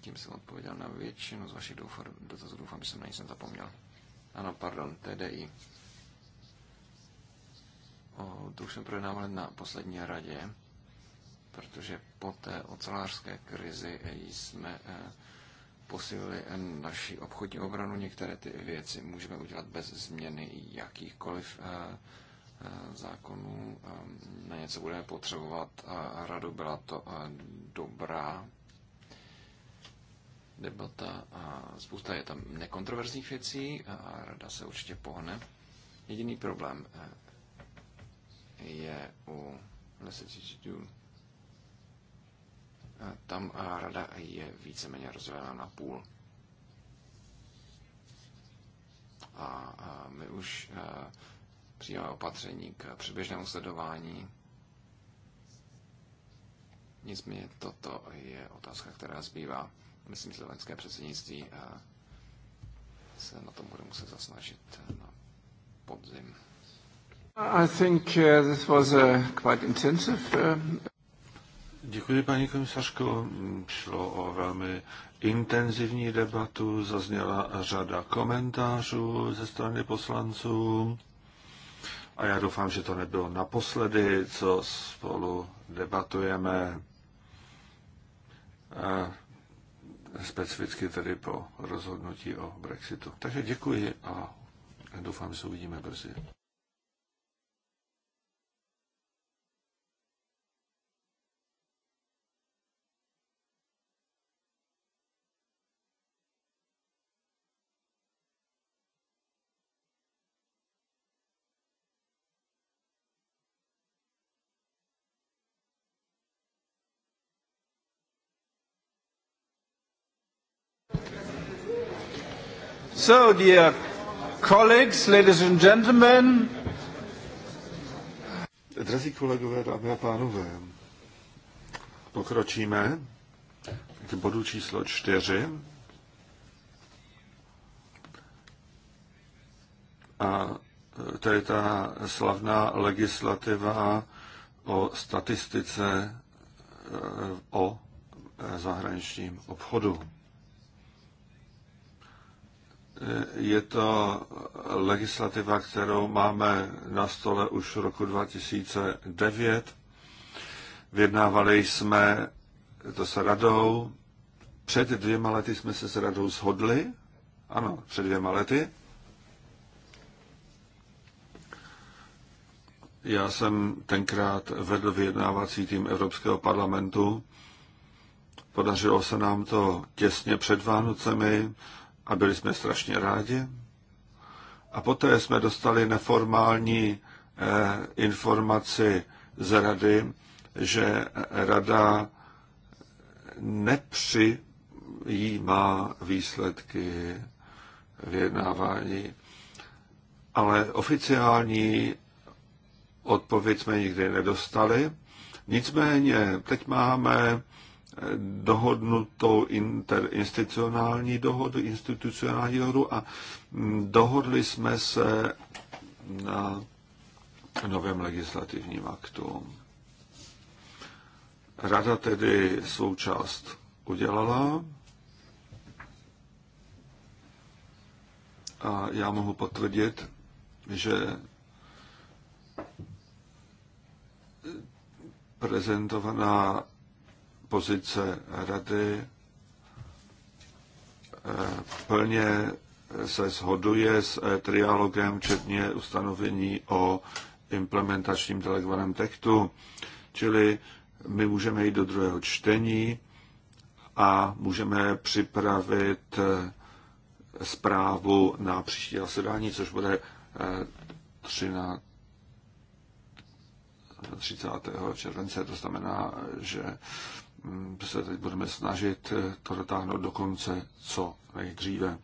tím jsem odpověděl na většinu z vašich dotazů. Doufám, že jsem na nic nezapomněl. Ano, pardon, TDI. O, to už jsem projednával na poslední radě, protože po té ocelářské krizi jsme eh, posílili naši obchodní obranu. Některé ty věci můžeme udělat bez změny jakýchkoliv eh, zákonů ehm, na něco budeme potřebovat. a Rado byla to eh, dobrá debata a spousta je tam nekontroverzních věcí a rada se určitě pohne. Jediný problém eh, je u lesečitů. Eh, tam rada je víceméně rozdělena na půl. A my už přijímá opatření k předběžnému sledování. Nicméně toto je otázka, která zbývá. Myslím, že slovenské předsednictví eh, se na tom bude muset zasnažit eh, na podzim. I think eh, this was a quite intensive. Děkuji, paní komisařko. Šlo o velmi intenzivní debatu, zazněla řada komentářů ze strany poslanců. A já doufám, že to nebylo naposledy, co spolu debatujeme specificky tedy po rozhodnutí o Brexitu. Takže děkuji a doufám, že se uvidíme brzy. So, dear colleagues, ladies and gentlemen. Drazí kolegové, dámy a pánové, pokročíme k bodu číslo čtyři. A to je ta slavná legislativa o statistice eh, o eh, zahraničním obchodu. Je to legislativa, kterou máme na stole už roku 2009. Vyjednávali jsme to s radou. Před dvěma lety jsme se s radou shodli. Ano, před dvěma lety. Já jsem tenkrát vedl vyjednávací tým Evropského parlamentu. Podařilo se nám to těsně před Vánocemi a byli jsme strašně rádi. A poté jsme dostali neformální eh, informaci z rady, že rada nepřijímá výsledky vyjednávání. Ale oficiální odpověď jsme nikdy nedostali. Nicméně teď máme dohodnutou interinstitucionální dohodu, institucionální dohodu a dohodli jsme se na novém legislativním aktu. Rada tedy svou část udělala a já mohu potvrdit, že prezentovaná pozice rady eh, plně se shoduje s eh, trialogem, včetně ustanovení o implementačním delegovaném textu. Čili my můžeme jít do druhého čtení a můžeme připravit eh, zprávu na příští zasedání, což bude 13. 30. července. To znamená, že Mm, se teď budeme snažit eh, to dotáhnout do konce co nejdříve.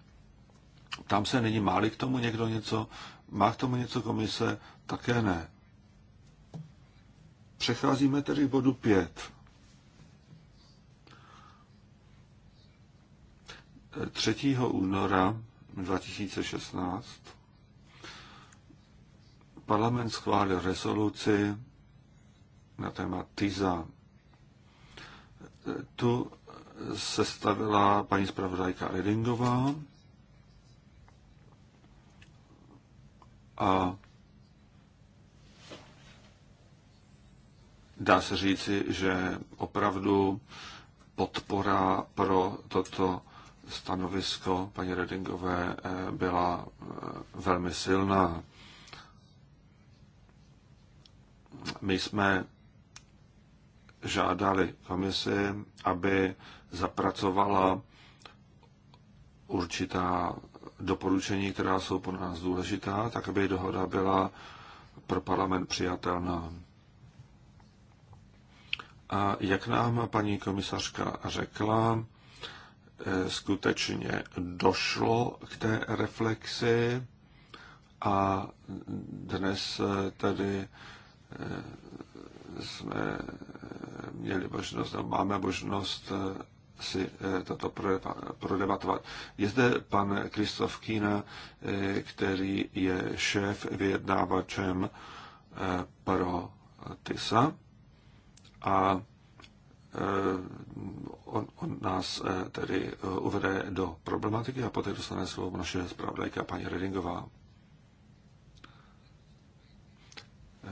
Tam se není máli k tomu někdo něco? Má k tomu něco komise? Také ne. Přecházíme tedy k bodu 5. Eh, třetího února 2016 parlament schválil rezoluci na téma TISA tu sestavila paní zpravodajka Redingová a dá se říci, že opravdu podpora pro toto stanovisko paní Redingové eh, byla eh, velmi silná. My jsme žádali komisi, aby zapracovala určitá doporučení, která jsou pro nás důležitá, tak aby dohoda byla pro parlament přijatelná. A jak nám paní komisařka řekla, eh, skutečně došlo k té reflexi a dnes tedy eh, jsme měli možnost, máme možnost eh, si eh, toto prodebatovat. Je zde pan Kristof Kína, eh, který je šéf vyjednávačem pro TISA a on, on nás tedy uvede do problematiky a poté dostane slovo naše zpravodajka paní Redingová.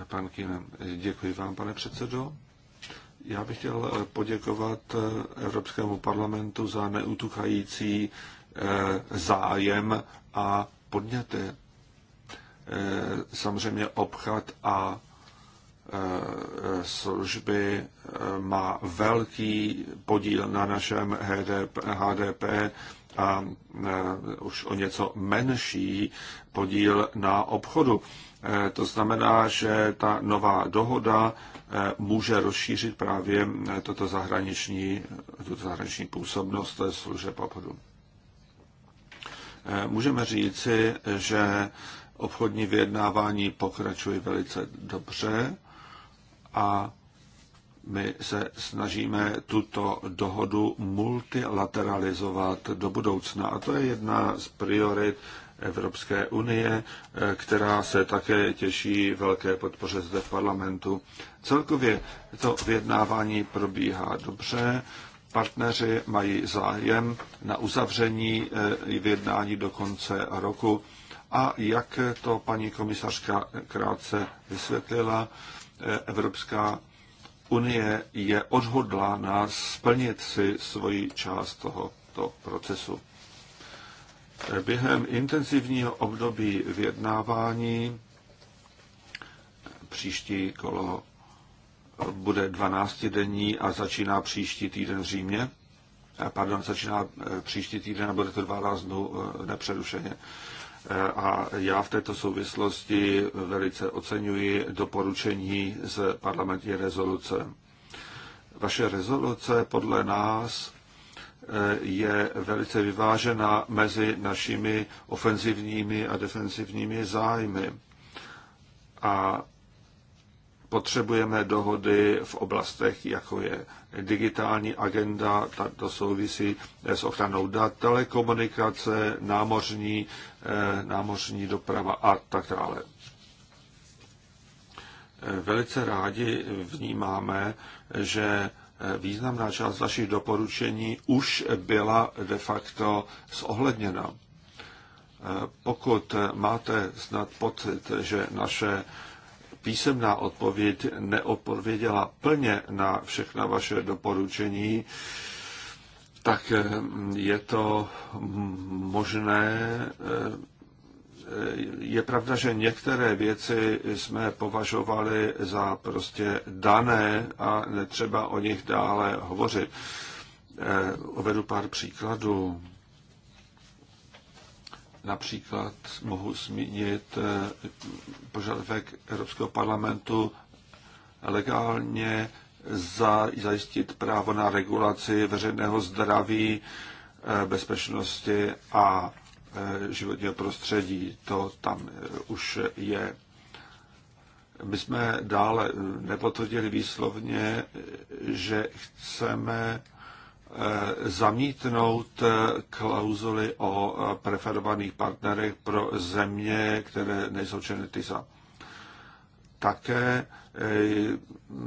Pan Kínem, děkuji vám, pane předsedo. Já bych chtěl eh, poděkovat eh, Evropskému parlamentu za neutuchající eh, zájem a podněty. Samozřejmě obchod a služby má velký podíl na našem HDP a už o něco menší podíl na obchodu. Eh, to znamená, že ta nová dohoda eh, může rozšířit právě eh, toto zahraniční, tuto zahraniční působnost služeb obchodu. Můžeme říci, že obchodní vyjednávání pokračují velice dobře a my se snažíme tuto dohodu multilateralizovat do budoucna. A to je jedna z priorit Evropské unie, eh, která se také těší velké podpoře zde v parlamentu. Celkově to vyjednávání probíhá dobře. Partneři mají zájem na uzavření eh, vyjednání do konce roku. A jak to paní komisařka krátce vysvětlila, eh, Evropská unie je odhodlána splnit si svoji část tohoto procesu. Během intenzivního období vyjednávání příští kolo bude 12 denní a začíná příští týden v Římě. Eh, pardon, začíná eh, příští týden a bude to 12 dnů eh, nepřerušeně. A já v této souvislosti velice oceňuji doporučení z parlamentní rezoluce. Vaše rezoluce podle nás je velice vyvážená mezi našimi ofenzivními a defensivními zájmy. A potřebujeme dohody v oblastech, jako je digitální agenda, to souvisí s ochranou dat, telekomunikace, námořní, eh, námořní doprava a tak dále. Eh, velice rádi vnímáme, že významná část vašich doporučení už byla de facto zohledněna. Pokud máte snad pocit, že naše písemná odpověď neodpověděla plně na všechna vaše doporučení, tak je to možné je pravda, že některé věci jsme považovali za prostě dané a netřeba o nich dále hovořit. Eh, uvedu pár příkladů. Například mohu zmínit eh, požadavek Evropského parlamentu legálně zajistit právo na regulaci veřejného zdraví, eh, bezpečnosti a Eh, životního prostředí. To tam eh, už je. My jsme dále eh, nepotvrdili výslovně, že chceme zamítnout klauzuly o preferovaných partnerech pro země, které nejsou členy TISA. Také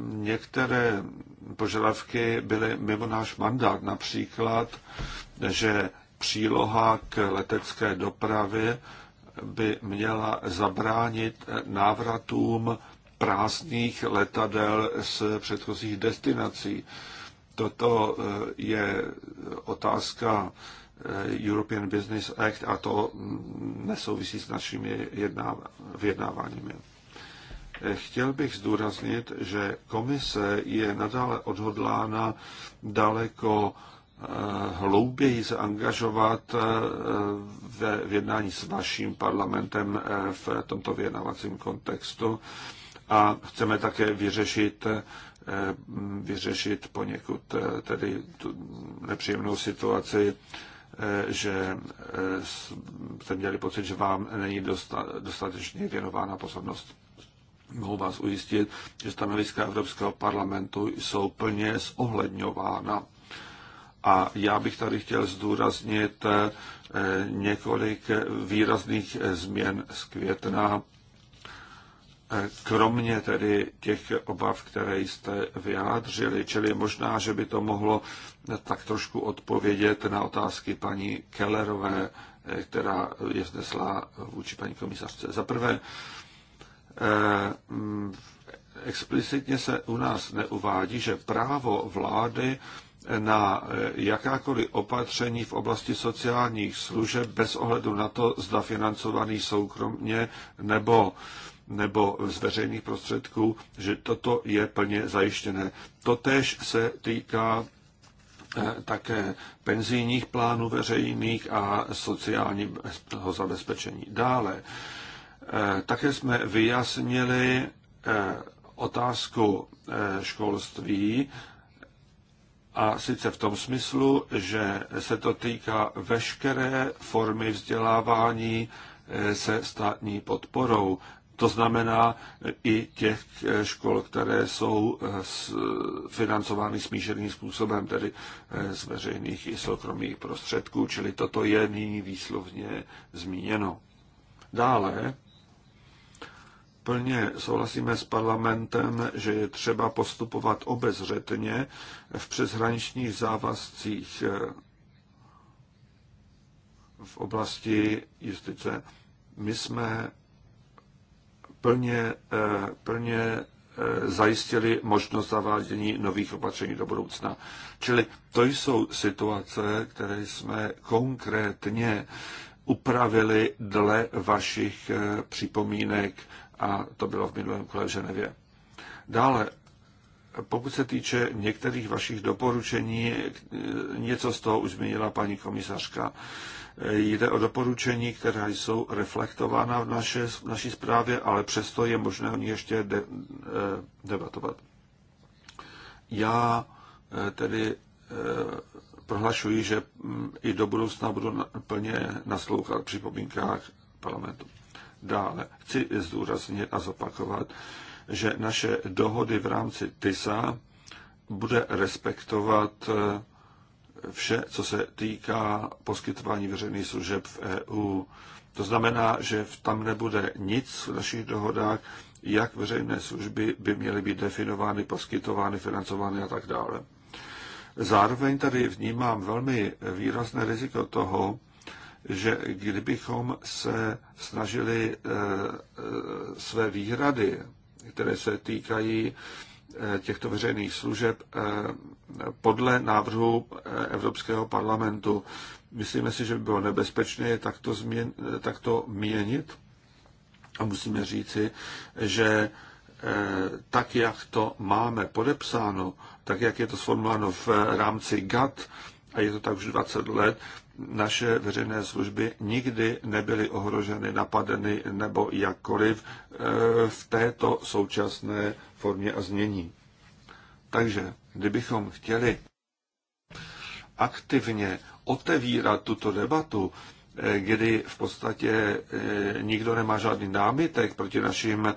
některé požadavky byly mimo náš mandát, například, že příloha k letecké dopravě by měla zabránit návratům prázdných letadel z předchozích destinací. Toto eh, je otázka eh, European Business Act a to mm, nesouvisí s našimi vyjednáváními. Eh, chtěl bych zdůraznit, že komise je nadále odhodlána daleko hlouběji zaangažovat eh, ve jednání s vaším parlamentem eh, v tomto vyjednávacím kontextu a chceme také vyřešit eh, vyřešit poněkud tedy tu nepříjemnou situaci, že jste měli pocit, že vám není dostatečně věnována pozornost. Mohu vás ujistit, že stanoviska Evropského parlamentu jsou plně zohledňována a já bych tady chtěl zdůraznit eh, několik výrazných eh, změn z května, eh, kromě tedy těch obav, které jste vyjádřili, čili možná, že by to mohlo tak trošku odpovědět na otázky paní Kellerové, která je vznesla vůči paní komisařce. Za prvé, explicitně se u nás neuvádí, že právo vlády na eh, jakákoliv opatření v oblasti sociálních služeb bez ohledu na to, zda financovaný soukromně nebo nebo z veřejných prostředků, že toto je plně zajištěné. Totež se týká eh, také penzijních plánů veřejných a sociálního zabezpečení. Dále, eh, také jsme vyjasnili otázku školství a sice v tom smyslu, že se to týká veškeré formy vzdělávání eh, se státní podporou. To znamená i těch eh, škol, které jsou eh, financovány smíšeným způsobem, tedy z veřejných i soukromých prostředků, čili toto je nyní výslovně zmíněno. Dále plně souhlasíme s parlamentem, že je třeba postupovat obezřetně v přeshraničních závazcích eh, v oblasti justice. My jsme plně, eh, plně eh, zajistili možnost zavádění nových opatření do budoucna. Čili to jsou situace, které jsme konkrétně upravili dle vašich připomínek a to bylo v minulém kole v Ženevě. Dále, pokud se týče některých vašich doporučení, něco z toho už zmínila paní komisařka, jde o doporučení, která jsou reflektována v, naše, v naší zprávě, ale přesto je možné o ní ještě de, eh, debatovat. Já eh, tedy eh, prohlašuji, že mm, i do budoucna budu plně naslouchat připomínkách parlamentu. Dále chci zdůraznit a zopakovat, že naše dohody v rámci TISA bude respektovat eh, vše, co se týká poskytování veřejných služeb v EU. To znamená, že tam nebude nic v našich dohodách, jak veřejné služby by měly být definovány, poskytovány, financovány a tak dále. Zároveň tady vnímám velmi výrazné riziko toho, že kdybychom se snažili eh, eh, své výhrady, které se týkají eh, těchto veřejných služeb podle návrhu Evropského parlamentu. Myslíme si, že by bylo nebezpečné takto, změn, takto měnit a musíme říci, že tak, jak to máme podepsáno, tak, jak je to sformulováno v rámci GATT, a je to tak už 20 let, naše veřejné služby nikdy nebyly ohroženy, napadeny nebo jakkoliv eh, v této současné formě a změní. Takže kdybychom chtěli aktivně otevírat tuto debatu, eh, kdy v podstatě eh, nikdo nemá žádný námitek proti našim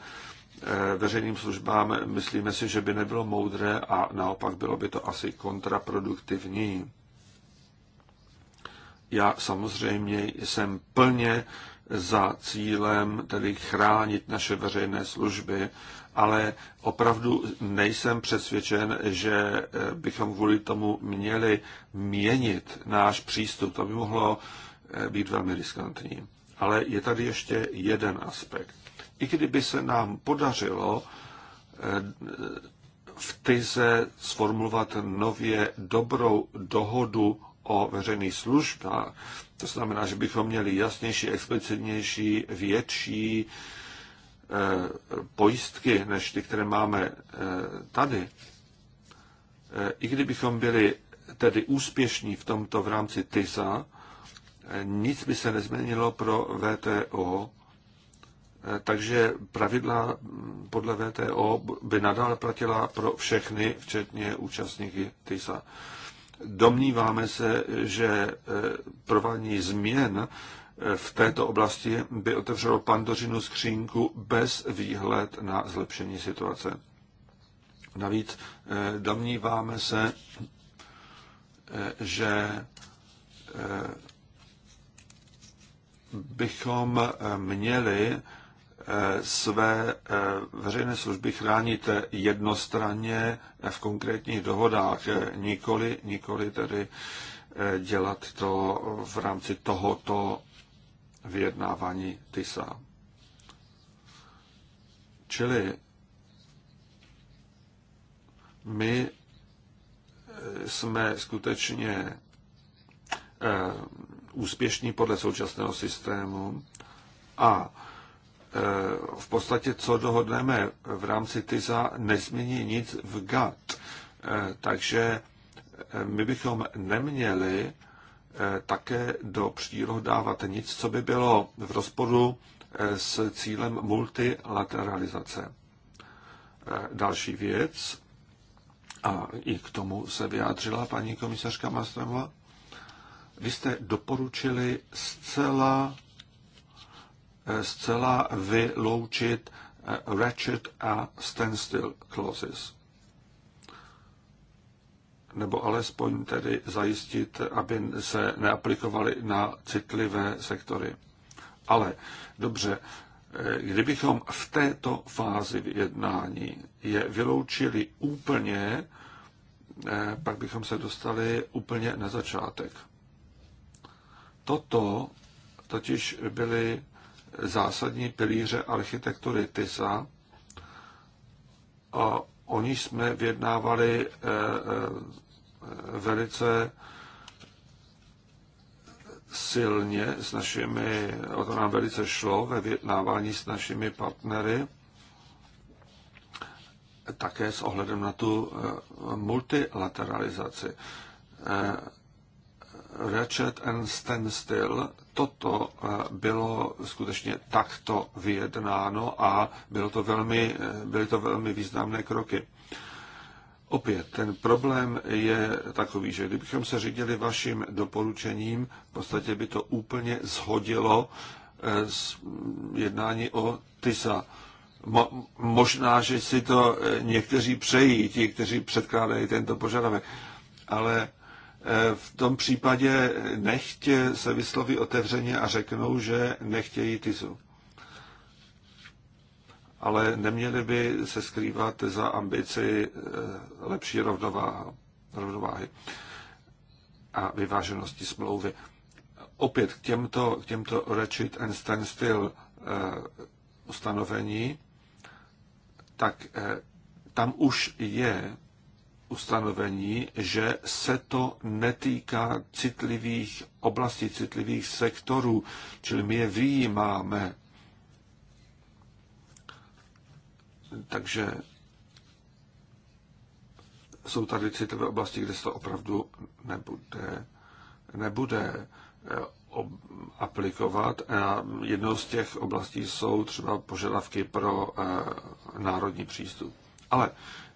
veřejným službám, myslíme si, že by nebylo moudré a naopak bylo by to asi kontraproduktivní. Já samozřejmě jsem plně za cílem tedy chránit naše veřejné služby, ale opravdu nejsem přesvědčen, že eh, bychom kvůli tomu měli měnit náš přístup. To by mohlo eh, být velmi riskantní. Ale je tady ještě jeden aspekt. I kdyby se nám podařilo eh, v Tyze sformulovat nově dobrou dohodu o veřejných službách, to znamená, že bychom měli jasnější, explicitnější, větší eh, pojistky než ty, které máme eh, tady, eh, i kdybychom byli tedy úspěšní v tomto v rámci TISA, nic by se nezměnilo pro VTO, takže pravidla mm, podle VTO by nadále platila pro všechny, včetně účastníky TISA. Domníváme se, že e, provádění změn e, v této oblasti by otevřelo pandořinu skřínku bez výhled na zlepšení situace. Navíc e, domníváme se, že bychom měli své eh, veřejné služby chráníte jednostranně v konkrétních dohodách, nikoli, nikoli tedy eh, dělat to v rámci tohoto vyjednávání TISA. Čili my eh, jsme skutečně úspěšní podle současného systému a v podstatě, co dohodneme v rámci TISA, nezmění nic v GATT. Eh, takže eh, my bychom neměli eh, také do příloh dávat nic, co by bylo v rozporu s cílem multilateralizace. Další věc, a i k tomu se vyjádřila paní komisařka Mastrova, vy jste doporučili zcela zcela vyloučit eh, ratchet a standstill clauses. Nebo alespoň tedy zajistit, aby se neaplikovaly na citlivé sektory. Ale dobře, eh, kdybychom v této fázi jednání je vyloučili úplně, eh, pak bychom se dostali úplně na začátek. Toto totiž byly zásadní pilíře architektury TISA a o jsme vyjednávali eh, eh, velice silně s našimi, o to nám velice šlo ve vyjednávání s našimi partnery, také s ohledem na tu eh, multilateralizaci. Ratchet and Standstill, toto eh, bylo skutečně takto vyjednáno a bylo to velmi, eh, byly to velmi významné kroky. Opět, ten problém je takový, že kdybychom se řídili vaším doporučením, v podstatě by to úplně zhodilo eh, mm, jednání o TISA. Mo, možná, že si to někteří přejí, ti, kteří předkládají tento požadavek, ale v tom případě nechť se vysloví otevřeně a řeknou, že nechtějí TISu. Ale neměli by se skrývat za ambici eh, lepší rovnováhy a vyváženosti smlouvy. Opět k těmto, k těmto ratchet and standstill eh, ustanovení, tak eh, tam už je ustanovení, že se to netýká citlivých oblastí, citlivých sektorů, čili my je vyjímáme. Takže jsou tady citlivé oblasti, kde se to opravdu nebude, nebude eh, aplikovat. A jednou z těch oblastí jsou třeba požadavky pro eh, národní přístup. Ale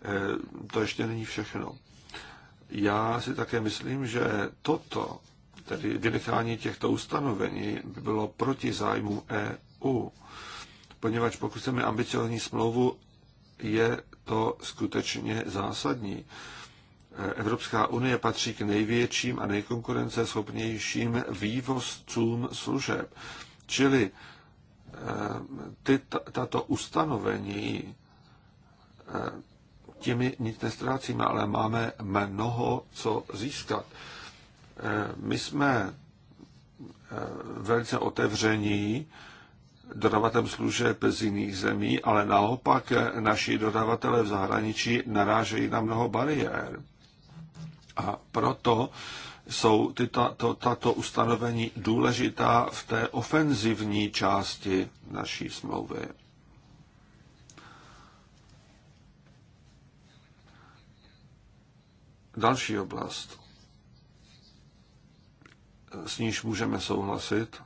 Eh, to ještě není všechno. Já si také myslím, že toto, tedy vynechání těchto ustanovení, by bylo proti zájmu EU, poněvadž pokud chceme ambiciozní smlouvu, je to skutečně zásadní. Eh, Evropská unie patří k největším a nejkonkurenceschopnějším vývozcům služeb. Čili eh, ty, tato ustanovení Těmi nic nestrácíme, ale máme mnoho co získat. Eh, my jsme eh, velice otevření dodavatelům služeb z jiných zemí, ale naopak eh, naši dodavatelé v zahraničí narážejí na mnoho bariér. A proto jsou tato, tato ustanovení důležitá v té ofenzivní části naší smlouvy. Další oblast, s níž můžeme souhlasit,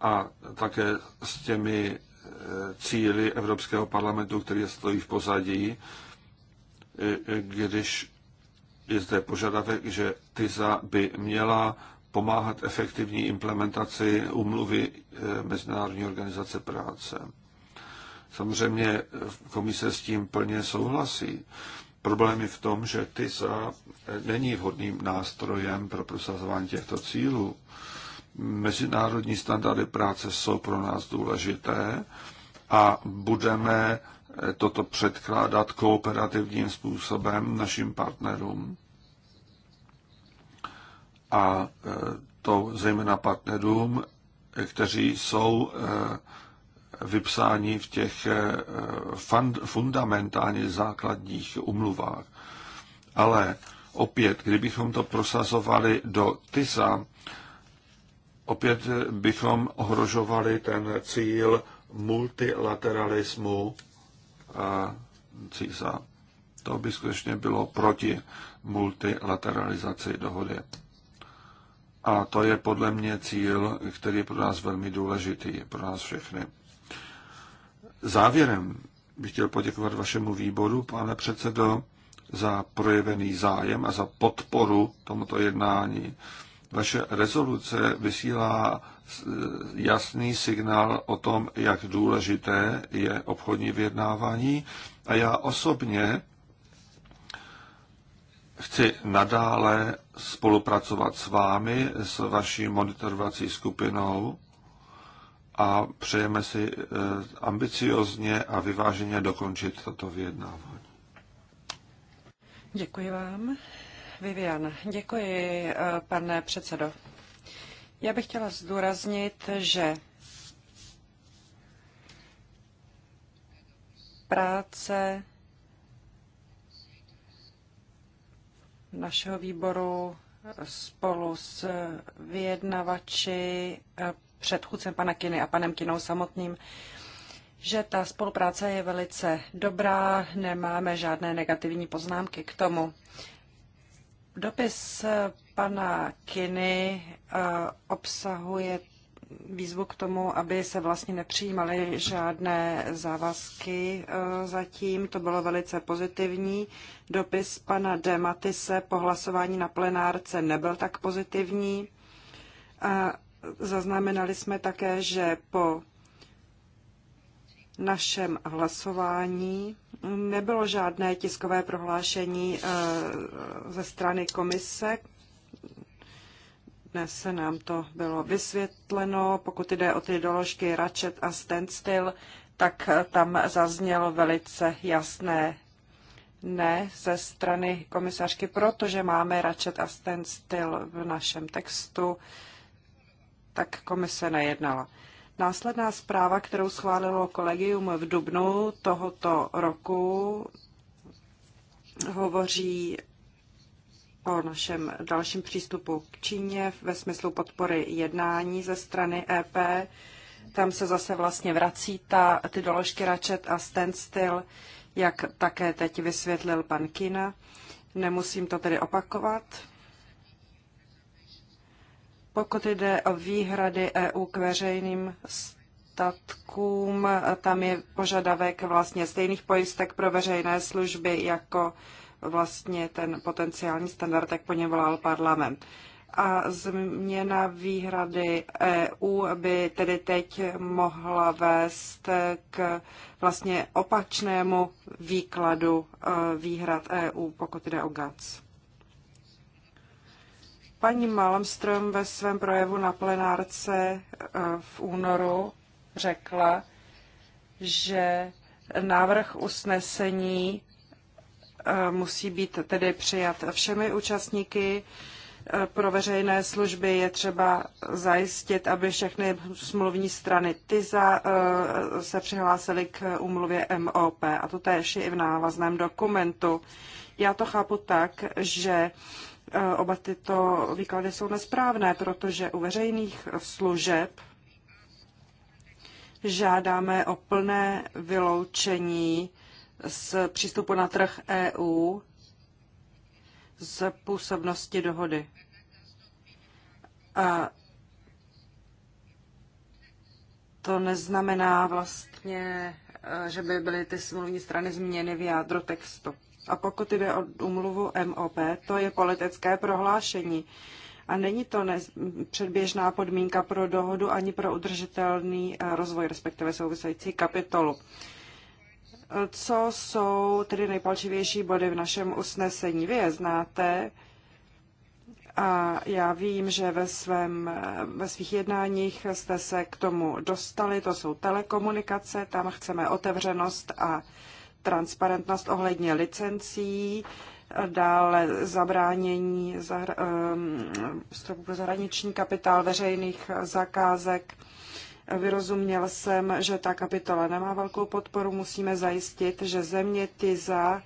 a také s těmi e, cíly Evropského parlamentu, který stojí v pozadí, e, e, když je zde požadavek, že TISA by měla pomáhat efektivní implementaci umluvy Mezinárodní organizace práce. Samozřejmě komise s tím plně souhlasí, Problém je v tom, že TISA není vhodným nástrojem pro prosazování těchto cílů. Mezinárodní standardy práce jsou pro nás důležité a budeme toto předkládat kooperativním způsobem našim partnerům. A e, to zejména partnerům, kteří jsou e, vypsání v těch eh, fundamentálně základních umluvách. Ale opět, kdybychom to prosazovali do TISA, opět bychom ohrožovali ten cíl multilateralismu eh, CISA. To by skutečně bylo proti multilateralizaci dohody. A to je podle mě cíl, který je pro nás velmi důležitý, pro nás všechny. Závěrem bych chtěl poděkovat vašemu výboru, pane předsedo, za projevený zájem a za podporu tomuto jednání. Vaše rezoluce vysílá jasný signál o tom, jak důležité je obchodní vyjednávání a já osobně chci nadále spolupracovat s vámi, s vaší monitorovací skupinou a přejeme si eh, ambiciozně a vyváženě dokončit toto vyjednávání. Děkuji vám. Vivian, děkuji, eh, pane předsedo. Já bych chtěla zdůraznit, že práce našeho výboru spolu s vyjednavači eh, předchůdcem pana Kiny a panem Kinou samotným, že ta spolupráce je velice dobrá, nemáme žádné negativní poznámky k tomu. Dopis pana Kiny eh, obsahuje výzvu k tomu, aby se vlastně nepřijímaly žádné závazky eh, zatím. To bylo velice pozitivní. Dopis pana Dematise po hlasování na plenárce nebyl tak pozitivní. Eh, Zaznamenali jsme také, že po našem hlasování nebylo žádné tiskové prohlášení eh, ze strany komise. Dnes se nám to bylo vysvětleno. Pokud jde o ty doložky Ratchet a Standstill, tak eh, tam zaznělo velice jasné ne ze strany komisařky, protože máme Ratchet a Standstill v našem textu. Uh, tak komise nejednala. Následná zpráva, kterou schválilo kolegium v dubnu tohoto roku, hovoří o našem dalším přístupu k Číně ve smyslu podpory jednání ze strany EP. Tam se zase vlastně vrací ta, ty doložky račet a standstill, jak také teď vysvětlil pan Kina. Nemusím to tedy opakovat. Pokud jde o výhrady EU k veřejným statkům, tam je požadavek vlastně stejných pojistek pro veřejné služby jako vlastně ten potenciální standard, jak po něm volal parlament. A změna výhrady EU by tedy teď mohla vést k vlastně opačnému výkladu e, výhrad EU, pokud jde o GATS. Paní Malmström ve svém projevu na plenárce e, v únoru řekla, že návrh usnesení e, musí být tedy přijat všemi účastníky. E, pro veřejné služby je třeba zajistit, aby všechny smluvní strany TISA se přihlásily k umluvě MOP a to též i v návazném dokumentu. Já to chápu tak, že Eh, oba tyto výklady jsou nesprávné, protože u veřejných služeb žádáme o plné vyloučení z přístupu na trh EU z působnosti dohody. A to neznamená vlastně, eh, že by byly ty smluvní strany změny v jádro textu. A pokud jde o umluvu MOP, to je politické prohlášení. A není to ne- předběžná podmínka pro dohodu ani pro udržitelný eh, rozvoj, respektive související kapitolu. Co jsou tedy nejpalčivější body v našem usnesení? Vy je znáte a já vím, že ve, svém, eh, ve svých jednáních jste se k tomu dostali. To jsou telekomunikace, tam chceme otevřenost a transparentnost ohledně licencí, dále zabránění zahr- ehm, vstupu pro zahraniční kapitál veřejných zakázek. Vyrozuměl jsem, že ta kapitola nemá velkou podporu. Musíme zajistit, že země TISA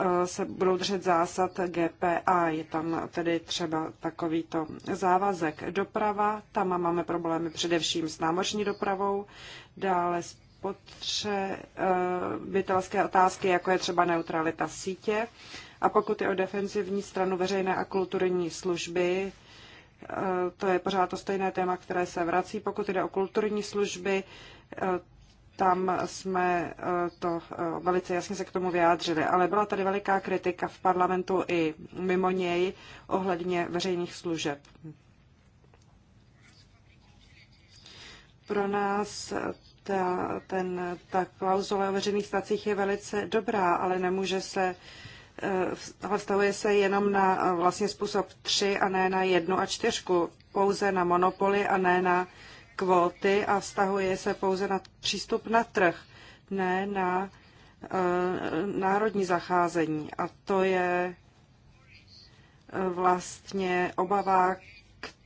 eh, se budou držet zásad GPA. Je tam tedy třeba takovýto závazek. Doprava, tam máme problémy především s námořní dopravou, dále s spotřebitelské otázky, jako je třeba neutralita sítě. A pokud je o defenzivní stranu veřejné a kulturní služby, eh, to je pořád to stejné téma, které se vrací. Pokud jde o kulturní služby, eh, tam jsme eh, to velice jasně se k tomu vyjádřili, ale byla tady veliká kritika v parlamentu i mimo něj ohledně veřejných služeb. Pro nás ta, ten, ta klauzule o veřejných stacích je velice dobrá, ale nemůže se, eh, ale vztahuje se jenom na eh, vlastně způsob 3 a ne na jednu a čtyřku, pouze na monopoly a ne na kvóty a vztahuje se pouze na přístup na trh, ne na eh, národní zacházení. A to je vlastně obava,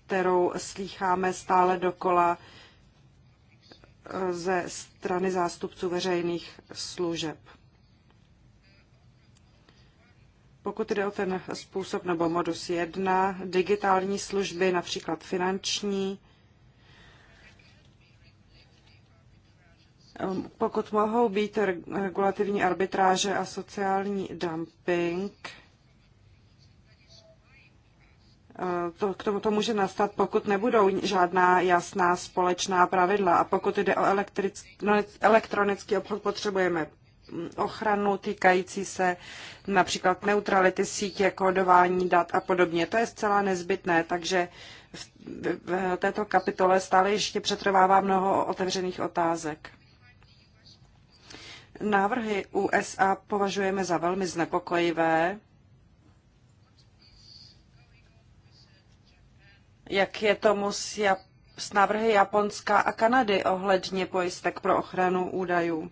kterou slýcháme stále dokola ze strany zástupců veřejných služeb. Pokud jde o ten způsob nebo modus 1, digitální služby, například finanční, um, pokud mohou být regulativní arbitráže a sociální dumping, Eh, to, k tomu to může nastat, pokud nebudou žádná jasná společná pravidla. A pokud jde o elektronický obchod, potřebujeme mm, ochranu týkající se například neutrality sítě, kódování dat a podobně. To je zcela nezbytné, takže v, v této kapitole stále ještě přetrvává mnoho otevřených otázek. Návrhy USA považujeme za velmi znepokojivé jak je tomu s, ja- s návrhy Japonska a Kanady ohledně pojistek pro ochranu údajů.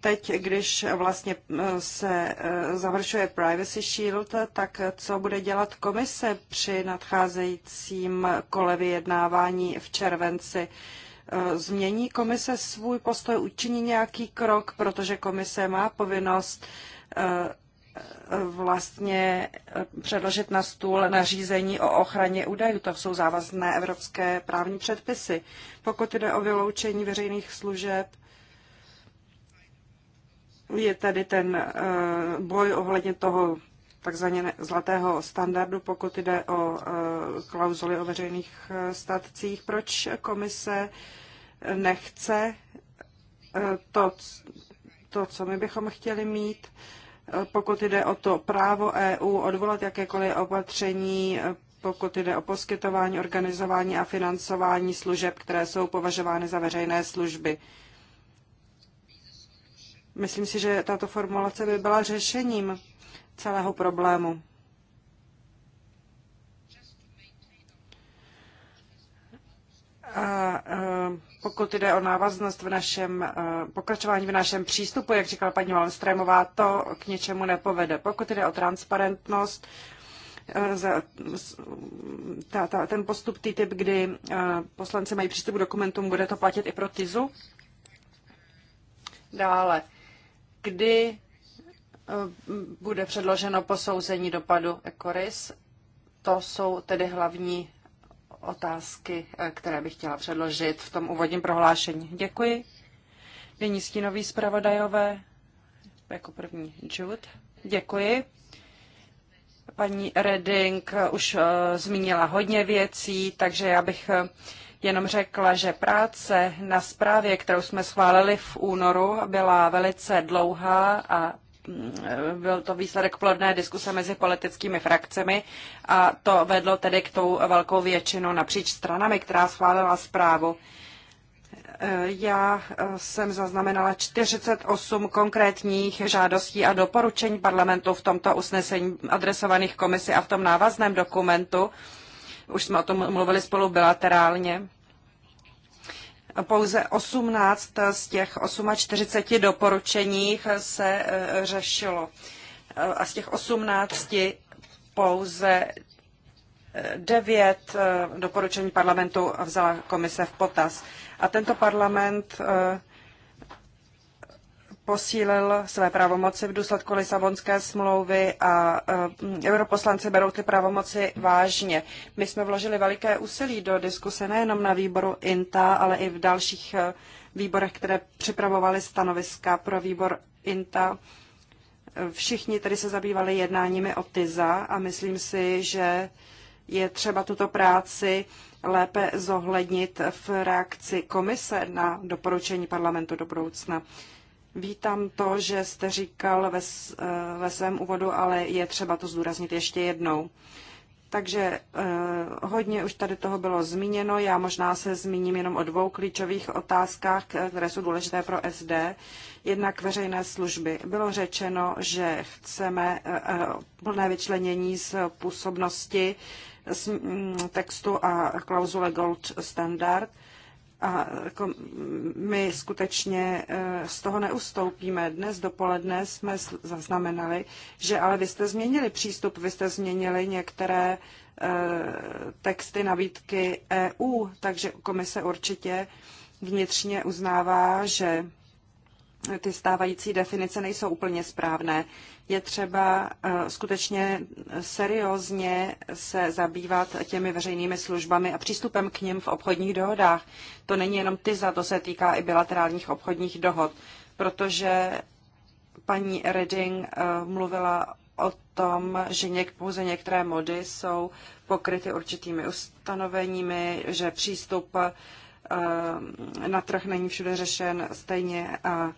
Teď, když vlastně eh, se eh, završuje Privacy Shield, tak co bude dělat komise při nadcházejícím kole vyjednávání v červenci? Eh, změní komise svůj postoj, učiní nějaký krok, protože komise má povinnost vlastně eh, předložit na stůl nařízení o ochraně údajů. To jsou závazné evropské právní předpisy. Pokud jde o vyloučení veřejných služeb, je tady ten eh, boj ohledně toho takzvaně zlatého standardu, pokud jde o eh, klauzuly o veřejných statcích. Proč komise nechce to, to co my bychom chtěli mít? pokud jde o to právo EU odvolat jakékoliv opatření, pokud jde o poskytování, organizování a financování služeb, které jsou považovány za veřejné služby. Myslím si, že tato formulace by byla řešením celého problému. Eh, pokud jde o návaznost v našem eh, pokračování v našem přístupu, jak říkala paní Malmstrémová, to k něčemu nepovede. Pokud jde o transparentnost, eh, ta, ta, ten postup TTIP, kdy poslanci mají přístup k dokumentům, bude to platit i pro TIZu. Dále, kdy bude předloženo posouzení dopadu ECORIS, to jsou tedy hlavní otázky, eh, které bych chtěla předložit v tom úvodním prohlášení. Děkuji. Nyní stínový zpravodajové, jako první Jude. Děkuji. Paní Redding eh, už eh, zmínila hodně věcí, takže já bych jenom řekla, že práce na zprávě, kterou jsme schválili v únoru, byla velice dlouhá a Eh, byl to výsledek plodné diskuse mezi politickými frakcemi a to vedlo tedy k tou velkou většinu napříč stranami, která schválila zprávu. Eh, já eh, jsem zaznamenala 48 konkrétních žádostí a doporučení parlamentu v tomto usnesení adresovaných komisi a v tom návazném dokumentu. Už jsme o tom mluvili spolu bilaterálně pouze 18 z těch 48 doporučení se e, řešilo. E, a z těch 18 pouze 9 e, doporučení parlamentu vzala komise v potaz. A tento parlament posílil své pravomoci v důsledku Lisabonské smlouvy a eh, europoslanci berou ty pravomoci vážně. My jsme vložili veliké úsilí do diskuse nejenom na výboru INTA, ale i v dalších eh, výborech, které připravovaly stanoviska pro výbor INTA. Eh, všichni tedy se zabývali jednáními o TISA a myslím si, že je třeba tuto práci lépe zohlednit v reakci komise na doporučení parlamentu do budoucna. Vítám to, že jste říkal ve, eh, ve svém úvodu, ale je třeba to zdůraznit ještě jednou. Takže eh, hodně už tady toho bylo zmíněno. Já možná se zmíním jenom o dvou klíčových otázkách, které jsou důležité pro SD. Jednak veřejné služby. Bylo řečeno, že chceme eh, plné vyčlenění z působnosti mm, textu a klauzule Gold Standard – a jako my skutečně eh, z toho neustoupíme. Dnes dopoledne jsme zaznamenali, že ale vy jste změnili přístup, vy jste změnili některé eh, texty, nabídky EU, takže komise určitě vnitřně uznává, že ty stávající definice nejsou úplně správné je třeba eh, skutečně seriózně se zabývat těmi veřejnými službami a přístupem k nim v obchodních dohodách. To není jenom ty, za to se týká i bilaterálních obchodních dohod, protože paní Redding eh, mluvila o tom, že něk- pouze některé mody jsou pokryty určitými ustanoveními, že přístup eh, na trh není všude řešen stejně a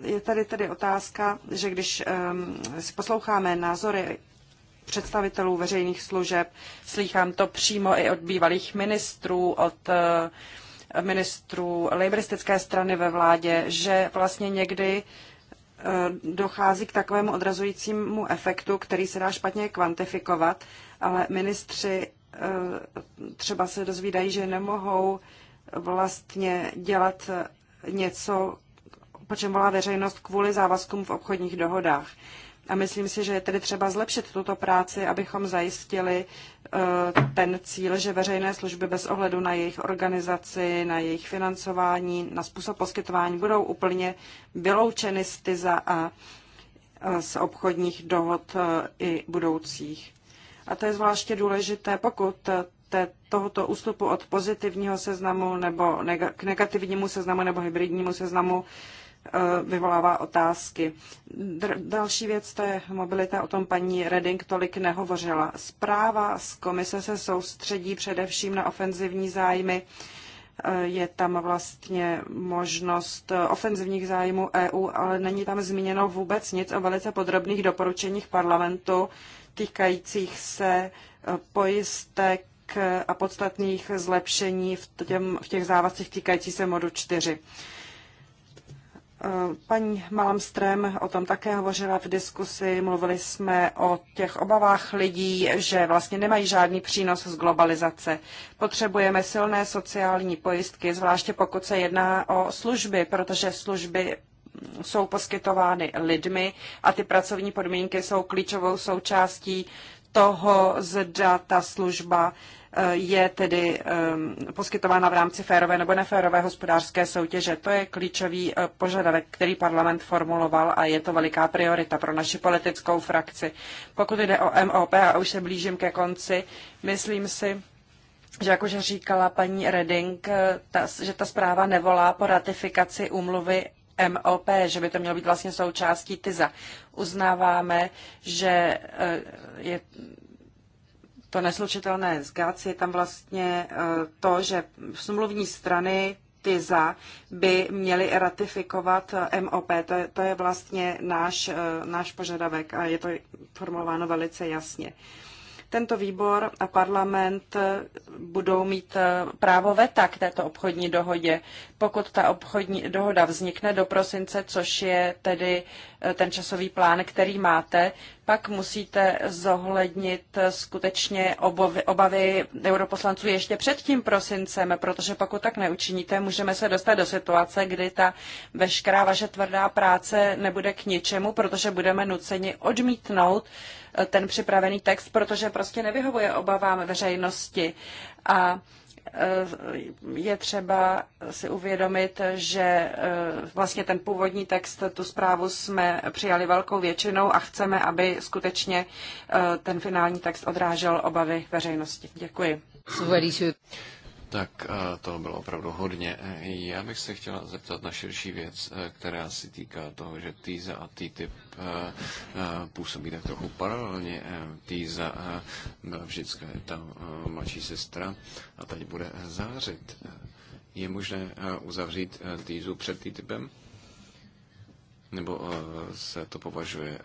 je tady tedy otázka, že když si posloucháme názory představitelů veřejných služeb, slýchám to přímo i od bývalých ministrů, od eh, ministrů liberistické strany ve vládě, že vlastně někdy eh, dochází k takovému odrazujícímu efektu, který se dá špatně kvantifikovat, ale ministři eh, třeba se dozvídají, že nemohou vlastně dělat něco, po čem volá veřejnost kvůli závazkům v obchodních dohodách. A myslím si, že je tedy třeba zlepšit tuto práci, abychom zajistili e, ten cíl, že veřejné služby bez ohledu na jejich organizaci, na jejich financování, na způsob poskytování budou úplně vyloučeny z TISA a e, z obchodních dohod e, i budoucích. A to je zvláště důležité, pokud te, tohoto ústupu od pozitivního seznamu nebo neg- k negativnímu seznamu nebo hybridnímu seznamu Eh, vyvolává otázky. Dr- další věc, to je mobilita, o tom paní Reding tolik nehovořila. Zpráva z komise se soustředí především na ofenzivní zájmy. Eh, je tam vlastně možnost ofenzivních zájmů EU, ale není tam zmíněno vůbec nic o velice podrobných doporučeních parlamentu týkajících se eh, pojistek a podstatných zlepšení v, v těch závazcích týkající se modu 4. Paní Malmström o tom také hovořila v diskusi. Mluvili jsme o těch obavách lidí, že vlastně nemají žádný přínos z globalizace. Potřebujeme silné sociální pojistky, zvláště pokud se jedná o služby, protože služby jsou poskytovány lidmi a ty pracovní podmínky jsou klíčovou součástí toho, zda ta služba eh, je tedy eh, poskytována v rámci férové nebo neférové hospodářské soutěže. To je klíčový eh, požadavek, který parlament formuloval a je to veliká priorita pro naši politickou frakci. Pokud jde o MOP, a už se blížím ke konci, myslím si, že jak už říkala paní Reding, ta, že ta zpráva nevolá po ratifikaci úmluvy MOP, že by to mělo být vlastně součástí TISA. Uznáváme, že eh, je to neslučitelné z GAC, je tam vlastně eh, to, že smluvní strany TISA by měly ratifikovat eh, MOP. To je, to je vlastně náš, náš požadavek a je to formulováno velice jasně. Tento výbor a parlament budou mít eh, právo veta k této obchodní dohodě, pokud ta obchodní dohoda vznikne do prosince, což je tedy ten časový plán, který máte, pak musíte zohlednit skutečně obavy, obavy europoslanců ještě před tím prosincem, protože pokud tak neučiníte, můžeme se dostat do situace, kdy ta veškerá vaše tvrdá práce nebude k ničemu, protože budeme nuceni odmítnout eh, ten připravený text, protože prostě nevyhovuje obavám veřejnosti. A je třeba si uvědomit, že e, vlastně ten původní text, tu zprávu jsme přijali velkou většinou a chceme, aby skutečně e, ten finální text odrážel obavy veřejnosti. Děkuji. Tak to bylo opravdu hodně. Já bych se chtěla zeptat na širší věc, eh, která se týká toho, že TISA a TTIP eh, eh, působí tak trochu paralelně. TISA byla vždycky ta mladší sestra a teď bude zářit. Je možné uzavřít TISu před TTIPem? Nebo se to považuje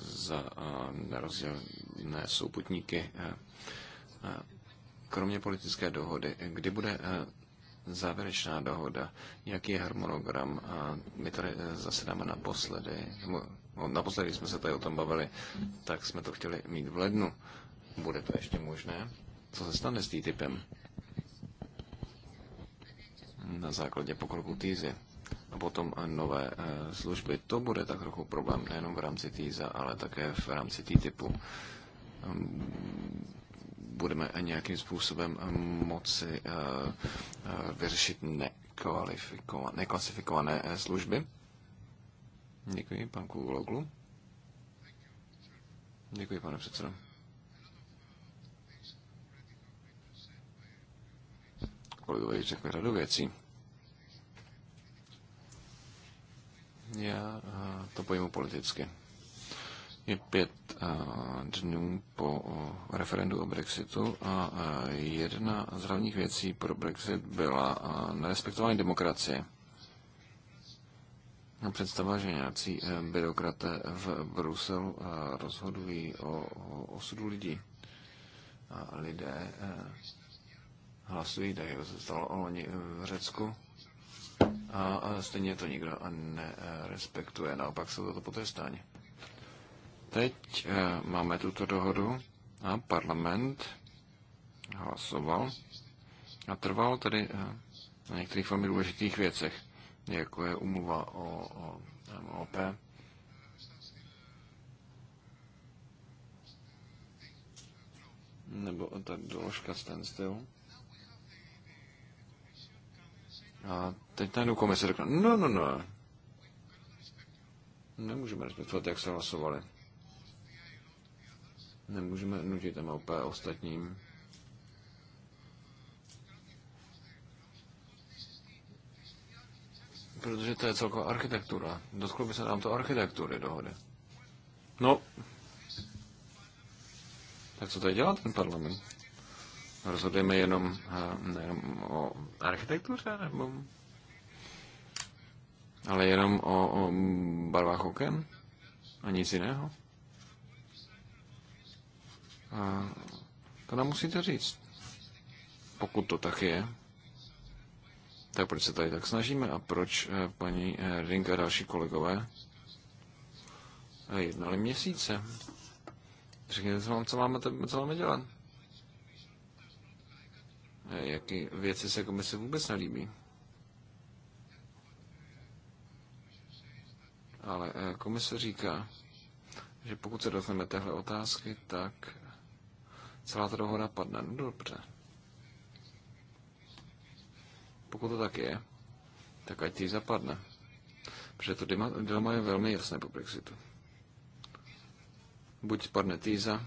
za nerozdělné souputníky? kromě politické dohody, kdy bude eh, závěrečná dohoda, jaký je harmonogram. A my tady eh, zasedáme naposledy, no, naposledy jsme se tady o tom bavili, tak jsme to chtěli mít v lednu. Bude to ještě možné? Co se stane s TTIPem? Na základě pokroku týzy e a potom eh, nové služby. To bude tak trochu problém nejenom v rámci týza, e, ale také v rámci TTIPu ehm, budeme nějakým způsobem eh, moci eh, eh, vyřešit neklasifikované služby. Děkuji, pan Kuloglu. Děkuji, pane předsedo. Kolegové řekli řadu věcí. Já to pojmu politicky je pět eh, dnů po eh, referendu o Brexitu a eh, jedna z hlavních věcí pro Brexit byla nerespektování demokracie. Představa, že nějací byrokraté v Bruselu rozhodují o osudu lidí a lidé hlasují, tak jak se stalo loni v Řecku. A stejně to nikdo nerespektuje, naopak jsou toto potrestání teď eh, máme tuto dohodu a parlament hlasoval a trval tedy eh, na některých velmi důležitých věcech, jako je umluva o, o MOP. nebo ta doložka standstill. A teď najednou komise řekl: no, no, no, nemůžeme respektovat, jak se hlasovali. Nemůžeme nutit MLP ostatním. Protože to je celková architektura. Dotklo by se nám to architektury dohody. No, tak co tady dělá ten parlament? Rozhodujeme jenom, eh, nejenom o architektuře, nebo... Ale jenom o, o barvách oken? A nic jiného? A to nám musíte říct. Pokud to tak je, tak proč se tady tak snažíme a proč eh, paní eh, Rinka a další kolegové eh, jednali měsíce? Řekněte vám, co máme, co máme dělat. Jaký věci se komise vůbec nelíbí. Ale komise říká, že pokud se dotkneme téhle otázky, tak celá ta dohoda padne. No, dobře. Pokud to tak je, tak ať ty zapadne. Protože to dilema je velmi jasné po Brexitu. Buď spadne Týza,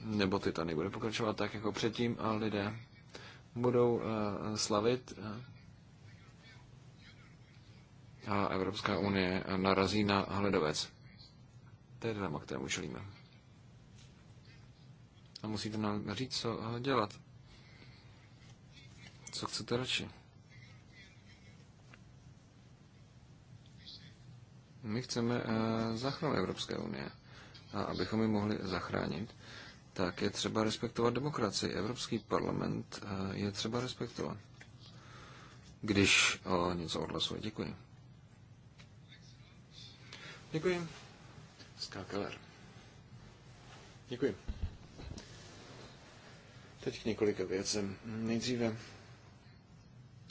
nebo Titanic bude pokračovat tak jako předtím a lidé budou uh, slavit eh, a Evropská unie narazí na hledovec. To je dilema, kterému čelíme. A musíte nám říct, co eh, dělat. Co chcete radši? My chceme eh, zachránit Evropské unie. A abychom ji mohli zachránit, tak je třeba respektovat demokracii. Evropský parlament eh, je třeba respektovat, když o něco odhlasuje. Děkuji. Děkuji. Skákeler. Děkuji. Teď k několika věcem. Nejdříve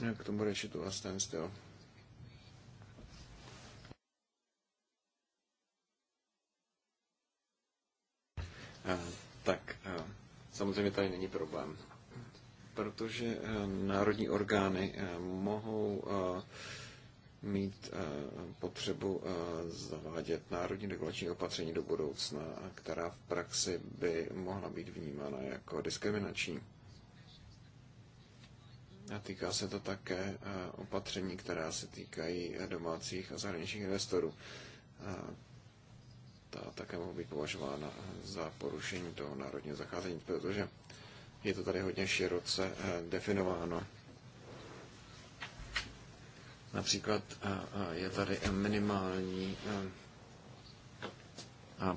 eh, k tomu rešitu a standstill. Eh, tak eh, samozřejmě tady není problém, protože národní orgány mohou mít eh, potřebu eh, zavádět národní regulační opatření do budoucna, která v praxi by mohla být vnímána jako diskriminační. A týká se to také eh, opatření, která se týkají domácích a zahraničních investorů. Ta také mohou být považována za porušení toho národního zacházení, protože je to tady hodně široce definováno. Například je tady minimální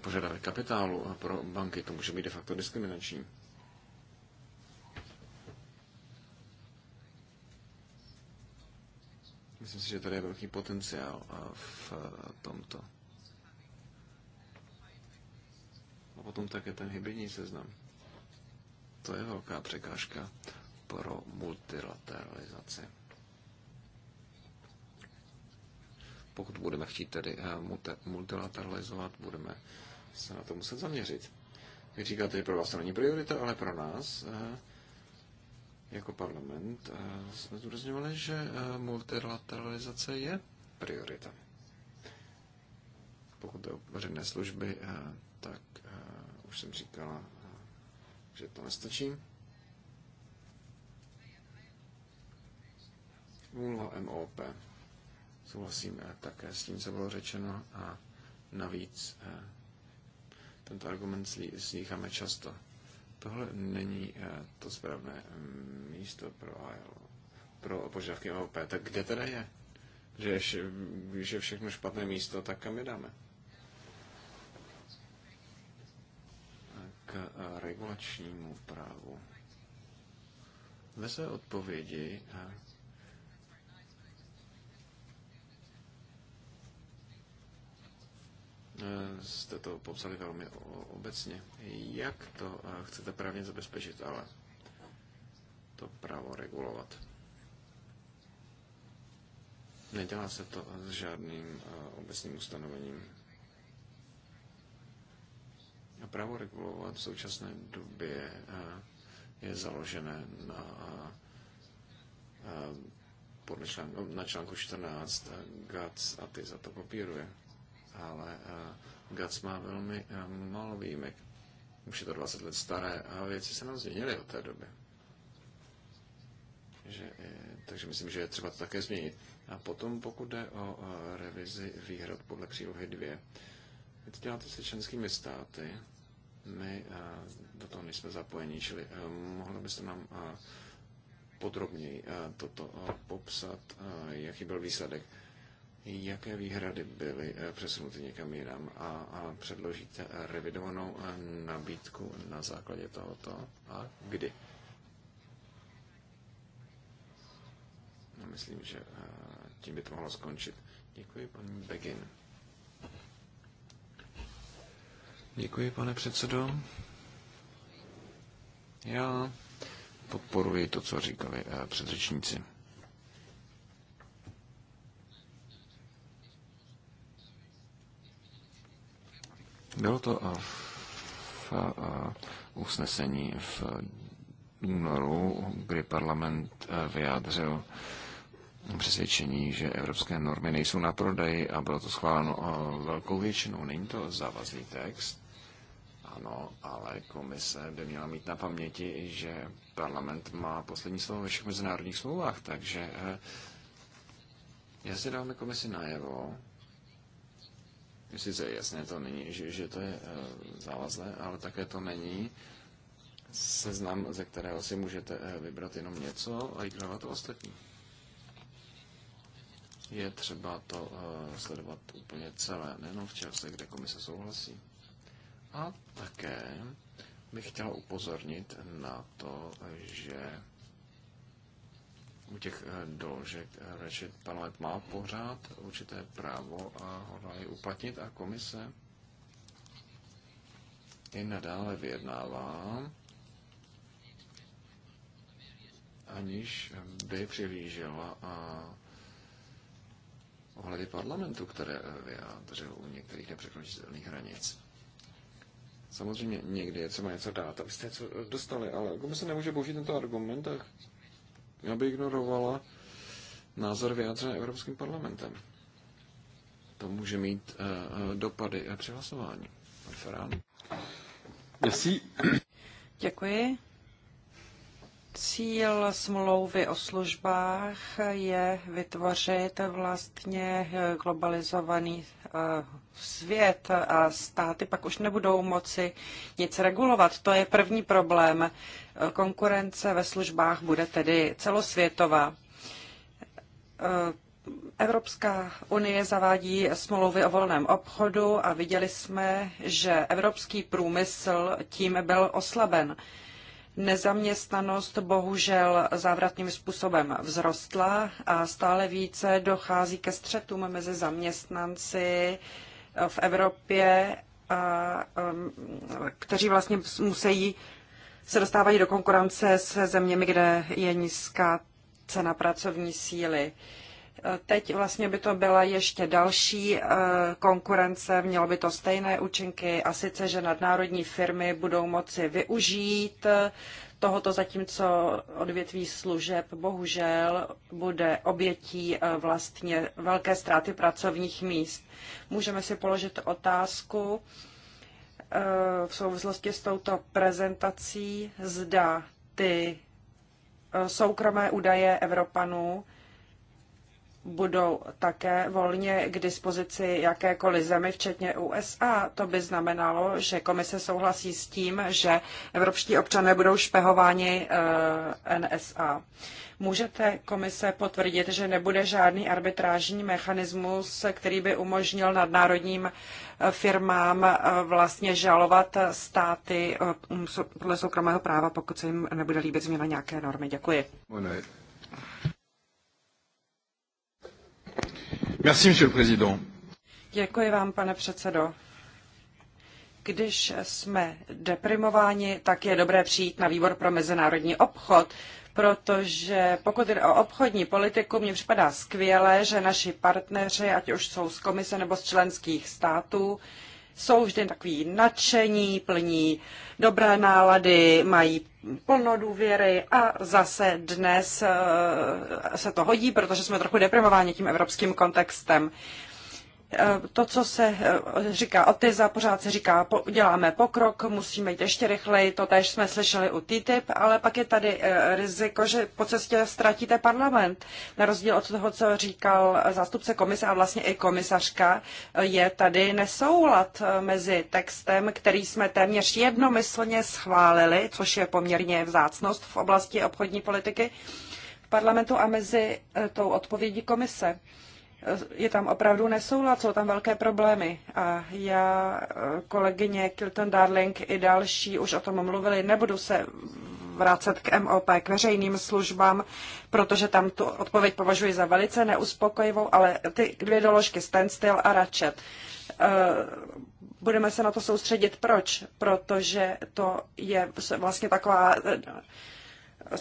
požadavek kapitálu a pro banky to může být de facto diskriminační. Myslím si, že tady je velký potenciál v tomto. A potom také ten hybridní seznam. To je velká překážka pro multilateralizaci. pokud budeme chtít tedy eh, multilateralizovat, budeme se na to muset zaměřit. Vy říkáte, že pro vás to není priorita, ale pro nás eh, jako parlament eh, jsme zdůrazňovali, že multilateralizace je priorita. Pokud jde o veřejné služby, tak už jsem říkala, že to nestačí. Úloha MOP. Souhlasím eh, také s tím, co bylo řečeno a navíc eh, tento argument slýcháme často. Tohle není eh, to správné mm, místo pro, pro požadavky OP. Tak kde teda je? Že je všechno špatné místo, tak kam je dáme? K regulačnímu právu. Ve své odpovědi Eh, jste to popsali velmi obecně. Jak to eh, chcete právně zabezpečit, ale to právo regulovat? Nedělá se to s žádným eh, obecným ustanovením. A právo regulovat v současné době je založené na na článku 14 GATS a ty za to kopíruje ale eh, GATS má velmi eh, málo výjimek. Už je to 20 let staré a věci se nám změnily od té doby. Že, eh, takže myslím, že je třeba to také změnit. A potom, pokud jde o revizi výhrad podle přílohy 2, vy to děláte se členskými státy, my do toho nejsme zapojení. čili mohlo byste nám podrobněji toto popsat, jaký byl výsledek jaké výhrady byly eh, přesunuty někam jinam a, a předložíte eh, revidovanou eh, nabídku na základě tohoto a kdy? No, myslím, že tím by to mohlo skončit. Děkuji, paní Begin. Děkuji, pane předsedo. Já podporuji to, co říkali předřečníci. Bylo to eh, v eh, usnesení v únoru, kdy parlament eh, vyjádřil přesvědčení, že evropské normy nejsou na prodej a bylo to schváleno velkou většinou. Není to závazný text, ano, ale komise by měla mít na paměti, že parlament má poslední slovo ve všech mezinárodních smlouvách, takže já si dáme komisi najevo, Sice jasné to není, že, že to je eh, závazné, ale také to není seznam, ze kterého si můžete eh, vybrat jenom něco a ignorovat to ostatní. Je třeba to eh, sledovat úplně celé, nejenom v čase, kde komise souhlasí. A také bych chtěl upozornit na to, že u těch eh, doložek eh, Ratchet parlament má pořád určité právo a hodlá je uplatnit a komise i nadále vyjednává, aniž by přihlížela a ohledy parlamentu, které eh, vyjádřil u některých nepřekročitelných hranic. Samozřejmě někdy je třeba něco dát, abyste něco dostali, ale komise nemůže použít tento argument a aby ignorovala názor vyjádřený Evropským parlamentem. To může mít uh, dopady eh, při hlasování. Pan Ferán. Merci. Děkuji. Cíl smlouvy o službách je vytvořit vlastně globalizovaný svět a státy pak už nebudou moci nic regulovat. To je první problém. Konkurence ve službách bude tedy celosvětová. Eh, Evropská unie zavádí smlouvy o volném obchodu a viděli jsme, že evropský průmysl tím byl oslaben. Nezaměstnanost bohužel závratným způsobem vzrostla a stále více dochází ke střetům mezi zaměstnanci, v Evropě, a, um, kteří vlastně musí se dostávají do konkurence se zeměmi, kde je nízká cena pracovní síly. Uh, Teď vlastně by to byla ještě další eh, konkurence, mělo by to stejné účinky a sice, že nadnárodní firmy budou moci využít eh, tohoto, zatímco odvětví služeb bohužel bude obětí eh, vlastně velké ztráty pracovních míst. Můžeme si položit otázku v souvislosti s touto prezentací, zda ty soukromé údaje Evropanů budou také volně k dispozici jakékoliv zemi, včetně USA. To by znamenalo, že komise souhlasí s tím, že evropští občané budou špehováni eh, NSA. Můžete komise potvrdit, že nebude žádný arbitrážní mechanismus, který by umožnil nadnárodním eh, firmám eh, vlastně žalovat státy podle soukromého práva, pokud se jim nebude líbit změna nějaké normy? Děkuji. Merci, monsieur le président. Děkuji vám, pane předsedo. Když jsme deprimováni, tak je dobré přijít na výbor pro mezinárodní obchod, protože pokud jde o obchodní politiku, mně připadá skvělé, že naši partneři, ať už jsou z komise nebo z členských států, jsou vždy takový nadšení, plní dobré nálady, mají plno důvěry a zase dnes eh, se to hodí, protože jsme trochu deprimováni tím evropským kontextem. Eh, to, co se eh, říká TISA, pořád se říká, děláme pokrok, musíme jít ještě rychleji, to tež jsme slyšeli u TTIP, ale pak je tady eh, riziko, že po cestě ztratíte parlament. Na rozdíl od toho, co říkal zástupce komise a vlastně i komisařka, je tady nesoulad mezi textem, který jsme téměř jednomyslně schválili, což je poměrně vzácnost v oblasti obchodní politiky v parlamentu a mezi tou odpovědí komise je tam opravdu nesoulad, jsou tam velké problémy. A já, kolegyně Kilton Darling i další už o tom mluvili, nebudu se vrátit k MOP, k veřejným službám, protože tam tu odpověď považuji za velice neuspokojivou, ale ty dvě doložky, standstill a ratchet, eh, budeme se na to soustředit. Proč? Protože to je vlastně taková eh,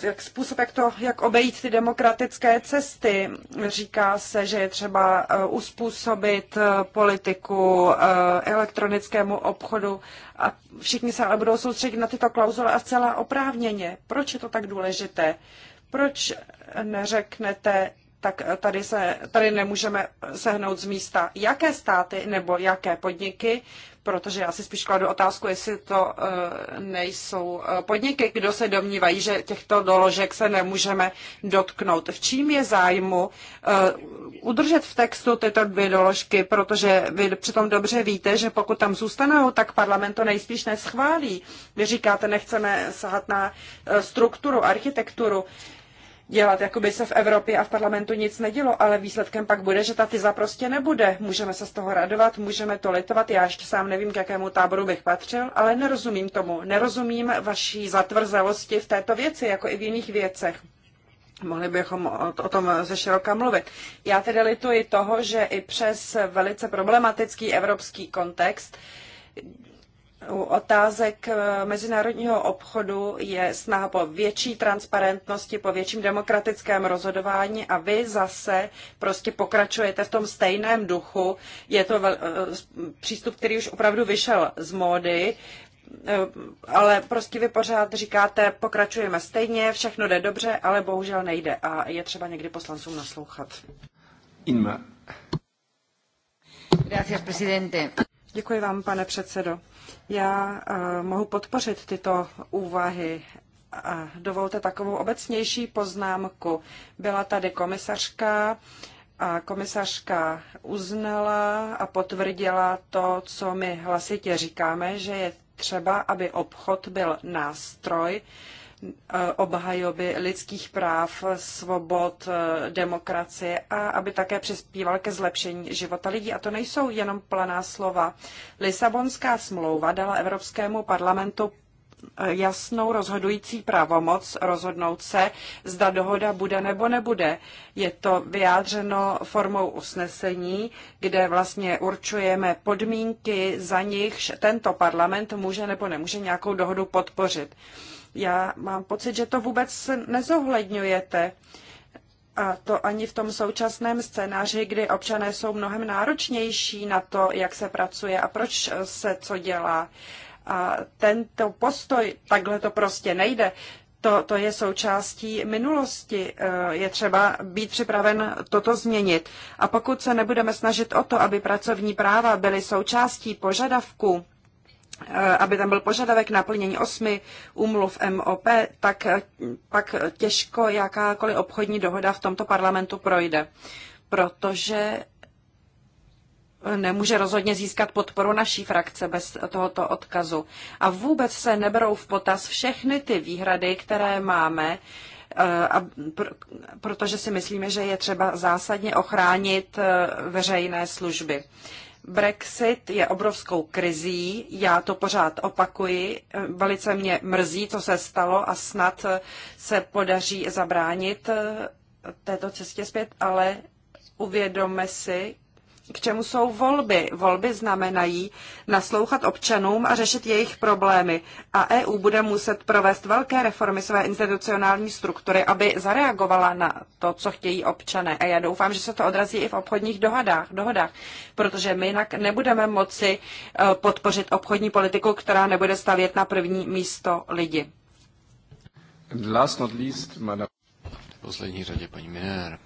jak způsob, jak, to, jak obejít ty demokratické cesty. Říká se, že je třeba eh, uspůsobit eh, politiku eh, elektronickému obchodu a všichni se ale budou soustředit na tyto klauzule a zcela oprávněně. Proč je to tak důležité? Proč neřeknete, tak tady, se, tady nemůžeme sehnout z místa, jaké státy nebo jaké podniky protože já si spíš kladu otázku, jestli to eh, nejsou eh, podniky, kdo se domnívají, že těchto doložek se nemůžeme dotknout. V čím je zájmu eh, udržet v textu tyto dvě doložky, protože vy přitom dobře víte, že pokud tam zůstanou, tak parlament to nejspíš neschválí. Vy říkáte, nechceme sahat na strukturu, architekturu dělat, jako by se v Evropě a v parlamentu nic nedělo, ale výsledkem pak bude, že ta tyza prostě nebude. Můžeme se z toho radovat, můžeme to litovat, já ještě sám nevím, k jakému táboru bych patřil, ale nerozumím tomu. Nerozumím vaší zatvrzelosti v této věci, jako i v jiných věcech. Mohli bychom o tom ze široka mluvit. Já tedy lituji toho, že i přes velice problematický evropský kontext, u otázek eh, mezinárodního obchodu je snaha po větší transparentnosti, po větším demokratickém rozhodování a vy zase prostě pokračujete v tom stejném duchu. Je to eh, přístup, který už opravdu vyšel z módy, eh, ale prostě vy pořád říkáte, pokračujeme stejně, všechno jde dobře, ale bohužel nejde a je třeba někdy poslancům naslouchat. Inma. Gracias, presidente. Děkuji vám, pane předsedo. Já eh, mohu podpořit tyto úvahy a dovolte takovou obecnější poznámku. Byla tady komisařka a komisařka uznala a potvrdila to, co my hlasitě říkáme, že je třeba, aby obchod byl nástroj, Eh, obhajoby lidských práv, svobod, eh, demokracie a aby také přispíval ke zlepšení života lidí. A to nejsou jenom planá slova. Lisabonská smlouva dala Evropskému parlamentu eh, jasnou rozhodující pravomoc rozhodnout se, zda dohoda bude nebo nebude. Je to vyjádřeno formou usnesení, kde vlastně určujeme podmínky, za nichž tento parlament může nebo nemůže nějakou dohodu podpořit já mám pocit, že to vůbec nezohledňujete. A to ani v tom současném scénáři, kdy občané jsou mnohem náročnější na to, jak se pracuje a proč se co dělá. A tento postoj, takhle to prostě nejde, to, to je součástí minulosti. Eh, je třeba být připraven toto změnit. A pokud se nebudeme snažit o to, aby pracovní práva byly součástí požadavků, Eh, aby tam byl požadavek na plnění osmi úmluv MOP, tak eh, pak těžko jakákoliv obchodní dohoda v tomto parlamentu projde, protože nemůže rozhodně získat podporu naší frakce bez tohoto odkazu. A vůbec se neberou v potaz všechny ty výhrady, které máme, eh, a pr- protože si myslíme, že je třeba zásadně ochránit veřejné služby. Brexit je obrovskou krizí, já to pořád opakuji, velice mě mrzí, co se stalo a snad se podaří zabránit eh, této cestě zpět, ale uvědomme si, k čemu jsou volby. Volby znamenají naslouchat občanům a řešit jejich problémy. A EU bude muset provést velké reformy své institucionální struktury, aby zareagovala na to, co chtějí občané. A já doufám, že se to odrazí i v obchodních dohodách, dohodách protože my jinak nebudeme moci eh, podpořit obchodní politiku, která nebude stavět na první místo lidi. last not least, V poslední řadě paní Miner.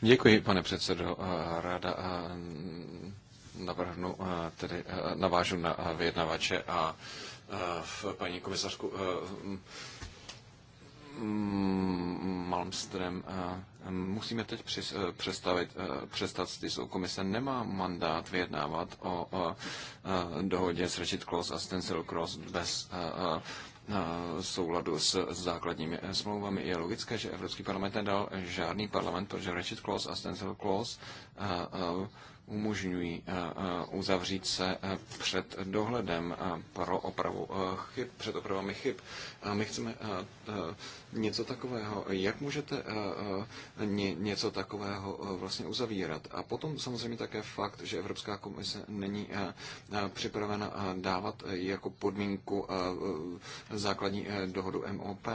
Děkuji, pane předsedo. Eh, ráda eh, navrhnu, eh, tedy navážu na vyjednavače a paní komisařku mm, Malmström. Musíme teď přestavit, přestat s tím. Komise nemá mandát vyjednávat o dohodě s Richard Cross a Stencil Cross bez souladu s základními smlouvami. Je logické, že Evropský parlament nedal žádný parlament, protože Ratchet Clause a Stencil Clause umožňují eh, eh, uzavřít se eh, před dohledem pro opravu chyb, před opravami chyb. A my chceme něco takového. Jak můžete něco takového vlastně uzavírat? A potom samozřejmě také fakt, že Evropská komise není připravena dávat jako podmínku základní dohodu MOP,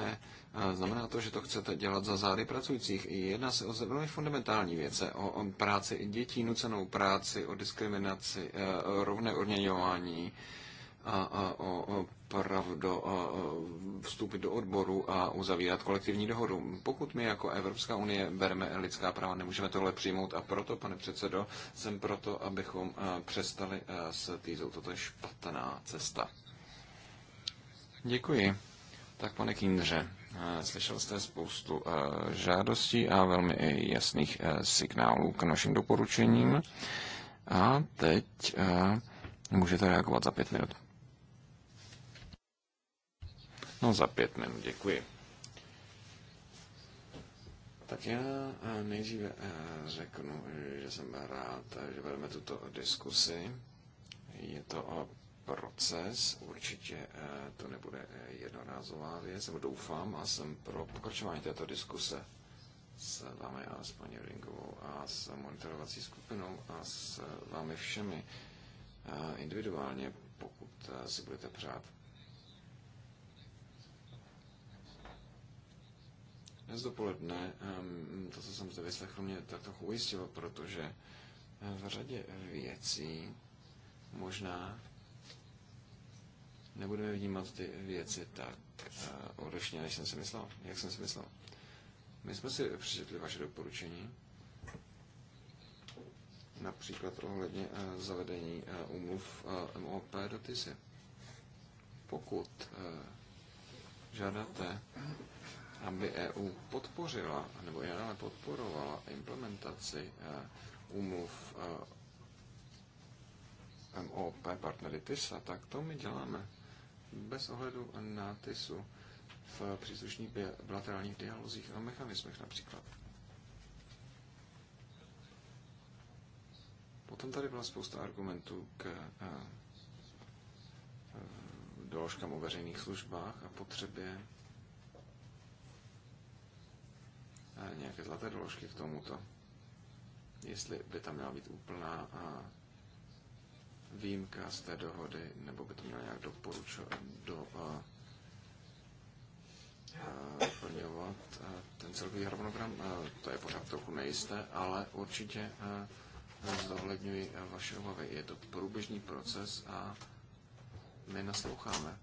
Znamená to, že to chcete dělat za zády pracujících. Jedná se o velmi fundamentální věce, o práci dětí, nucenou práci, o diskriminaci, e, o rovné odměňování, a, a, o, o pravdo vstupit do odboru a uzavírat kolektivní dohodu. Pokud my jako Evropská unie bereme lidská práva, nemůžeme tohle přijmout a proto, pane předsedo, jsem proto, abychom e, přestali e, s týzou. Toto je špatná cesta. Děkuji. Tak, pane Kindře. Eh, slyšel jste spoustu eh, žádostí a velmi jasných eh, signálů k našim doporučením. A teď můžete reagovat za pět minut. No za pět minut, děkuji. Tak já nejdříve řeknu, že jsem rád, že vedeme tuto diskusi. Je to proces, určitě eh, to nebude eh, jednorázová věc, nebo doufám a jsem pro pokračování této diskuse s vámi a s paní Ringovou a s monitorovací skupinou a s vámi všemi eh, individuálně, pokud si budete přát. Dnes dopoledne ehm, to, co jsem zde vyslechl, mě tak trochu ujistilo, protože v řadě věcí možná nebudeme vnímat ty věci tak eh, odlišně, než jsem si myslel, jak jsem si myslel. My jsme si přečetli vaše doporučení, například ohledně eh, zavedení eh, uh, MOP do TISY. Pokud žádáte, aby EU podpořila nebo i nadále podporovala implementaci uh, MOP partnery TISA, tak to my děláme bez ohledu na TISu v příslušných bilaterálních dialozích a mechanismech například. Potom tady byla spousta argumentů k eh, eh, doložkám o veřejných službách a potřebě eh, nějaké zlaté doložky k tomuto. Jestli by tam měla být úplná a výjimka z té dohody, nebo by to mělo nějak doporučovat, do, a, a, doplňovat a, ten celkový harmonogram. A, to je pořád trochu nejisté, ale určitě a, zohledňuji vaše obavy. Je to průběžný proces a my nasloucháme.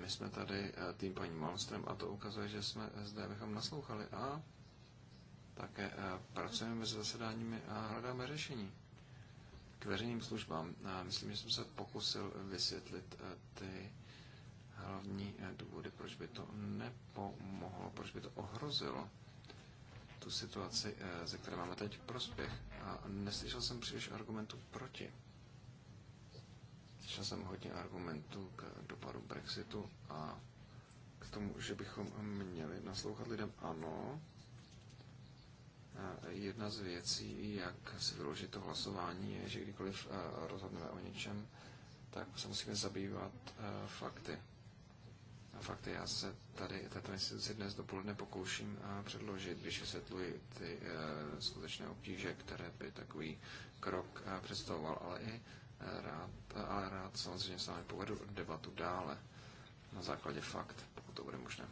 My jsme tady tým paní Malmström a to ukazuje, že jsme zde bychom naslouchali a také pracujeme s zasedáními a hledáme řešení veřejným službám. Myslím, že jsem se pokusil vysvětlit eh, ty hlavní eh, důvody, proč by to nepomohlo, proč by to ohrozilo tu situaci, eh, ze které máme teď prospěch. A neslyšel jsem příliš argumentů proti. Slyšel jsem hodně argumentů k dopadu Brexitu a k tomu, že bychom měli naslouchat lidem ano, jedna z věcí, jak si vyložit to hlasování, je, že kdykoliv eh, rozhodneme o něčem, tak se musíme zabývat eh, fakty. A fakty já se tady této instituci dnes dopoledne pokouším eh, předložit, když vysvětluji ty skutečné obtíže, které by takový krok představoval, ale i rád, ale rád samozřejmě s vámi povedu debatu dále na základě fakt, pokud to bude možné.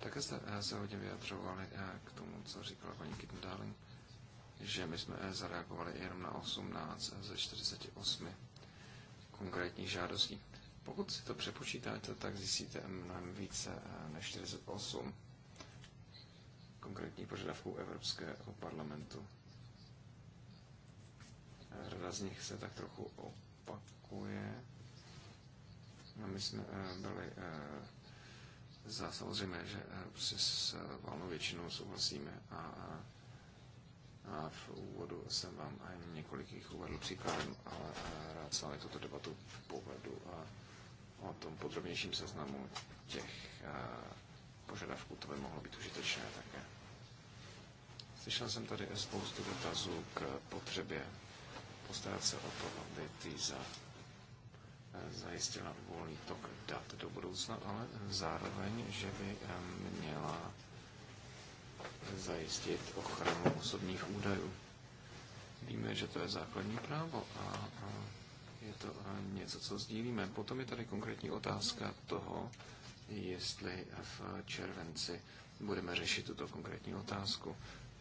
Také jste eh, se hodně vyjadřovali eh, k tomu, co říkala paní Darling, že my jsme eh, zareagovali jenom na 18 ze 48 konkrétních žádostí. Pokud si to přepočítáte, tak zjistíte mnohem více než 48 konkrétních požadavků Evropského parlamentu. Rada z nich se tak trochu opakuje. My jsme byli za samozřejmě, že eh, prostě s eh, valnou většinou souhlasíme a, a v úvodu jsem vám několik jich uvedl příkladem, ale eh, rád s vámi tuto debatu povedu a o tom podrobnějším seznamu těch požadavků to by mohlo být užitečné také. Slyšel jsem tady spoustu dotazů k potřebě postarat se o to, aby ty za zajistila volný tok dat do budoucna, ale zároveň, že by měla zajistit ochranu osobních údajů. Víme, že to je základní právo a je to eh, něco, co sdílíme. Potom je tady konkrétní otázka toho, jestli v červenci budeme řešit tuto konkrétní otázku.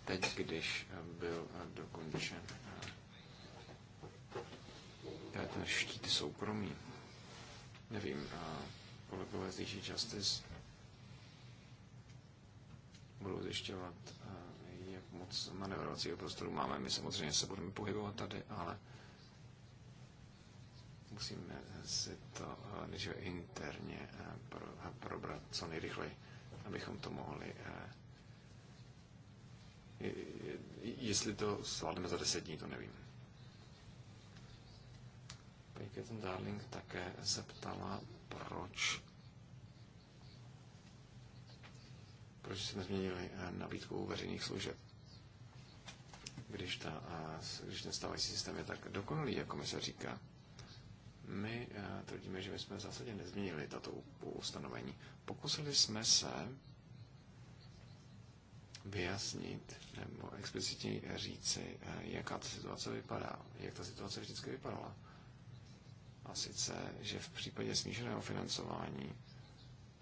Teď, když eh, byl eh, dokončen ten štít soukromí. Nevím, a kolegové z DG Justice budou zjišťovat, jak moc manevrovacího prostoru máme. My samozřejmě se budeme pohybovat tady, ale musíme si to než interně probrat co nejrychleji, abychom to mohli jestli to zvládneme za deset dní, to nevím paní Kirsten Darling také zeptala, proč proč jsme změnili eh, nabídku veřejných služeb, když, ta, eh, když ten stávající systém je tak dokonalý, jako mi se říká. My eh, tvrdíme, že my jsme v zásadě nezměnili tato ustanovení. Pokusili jsme se vyjasnit nebo explicitně říci, jaká ta situace vypadá, jak ta situace vždycky vypadala. A sice, že v případě smíšeného financování,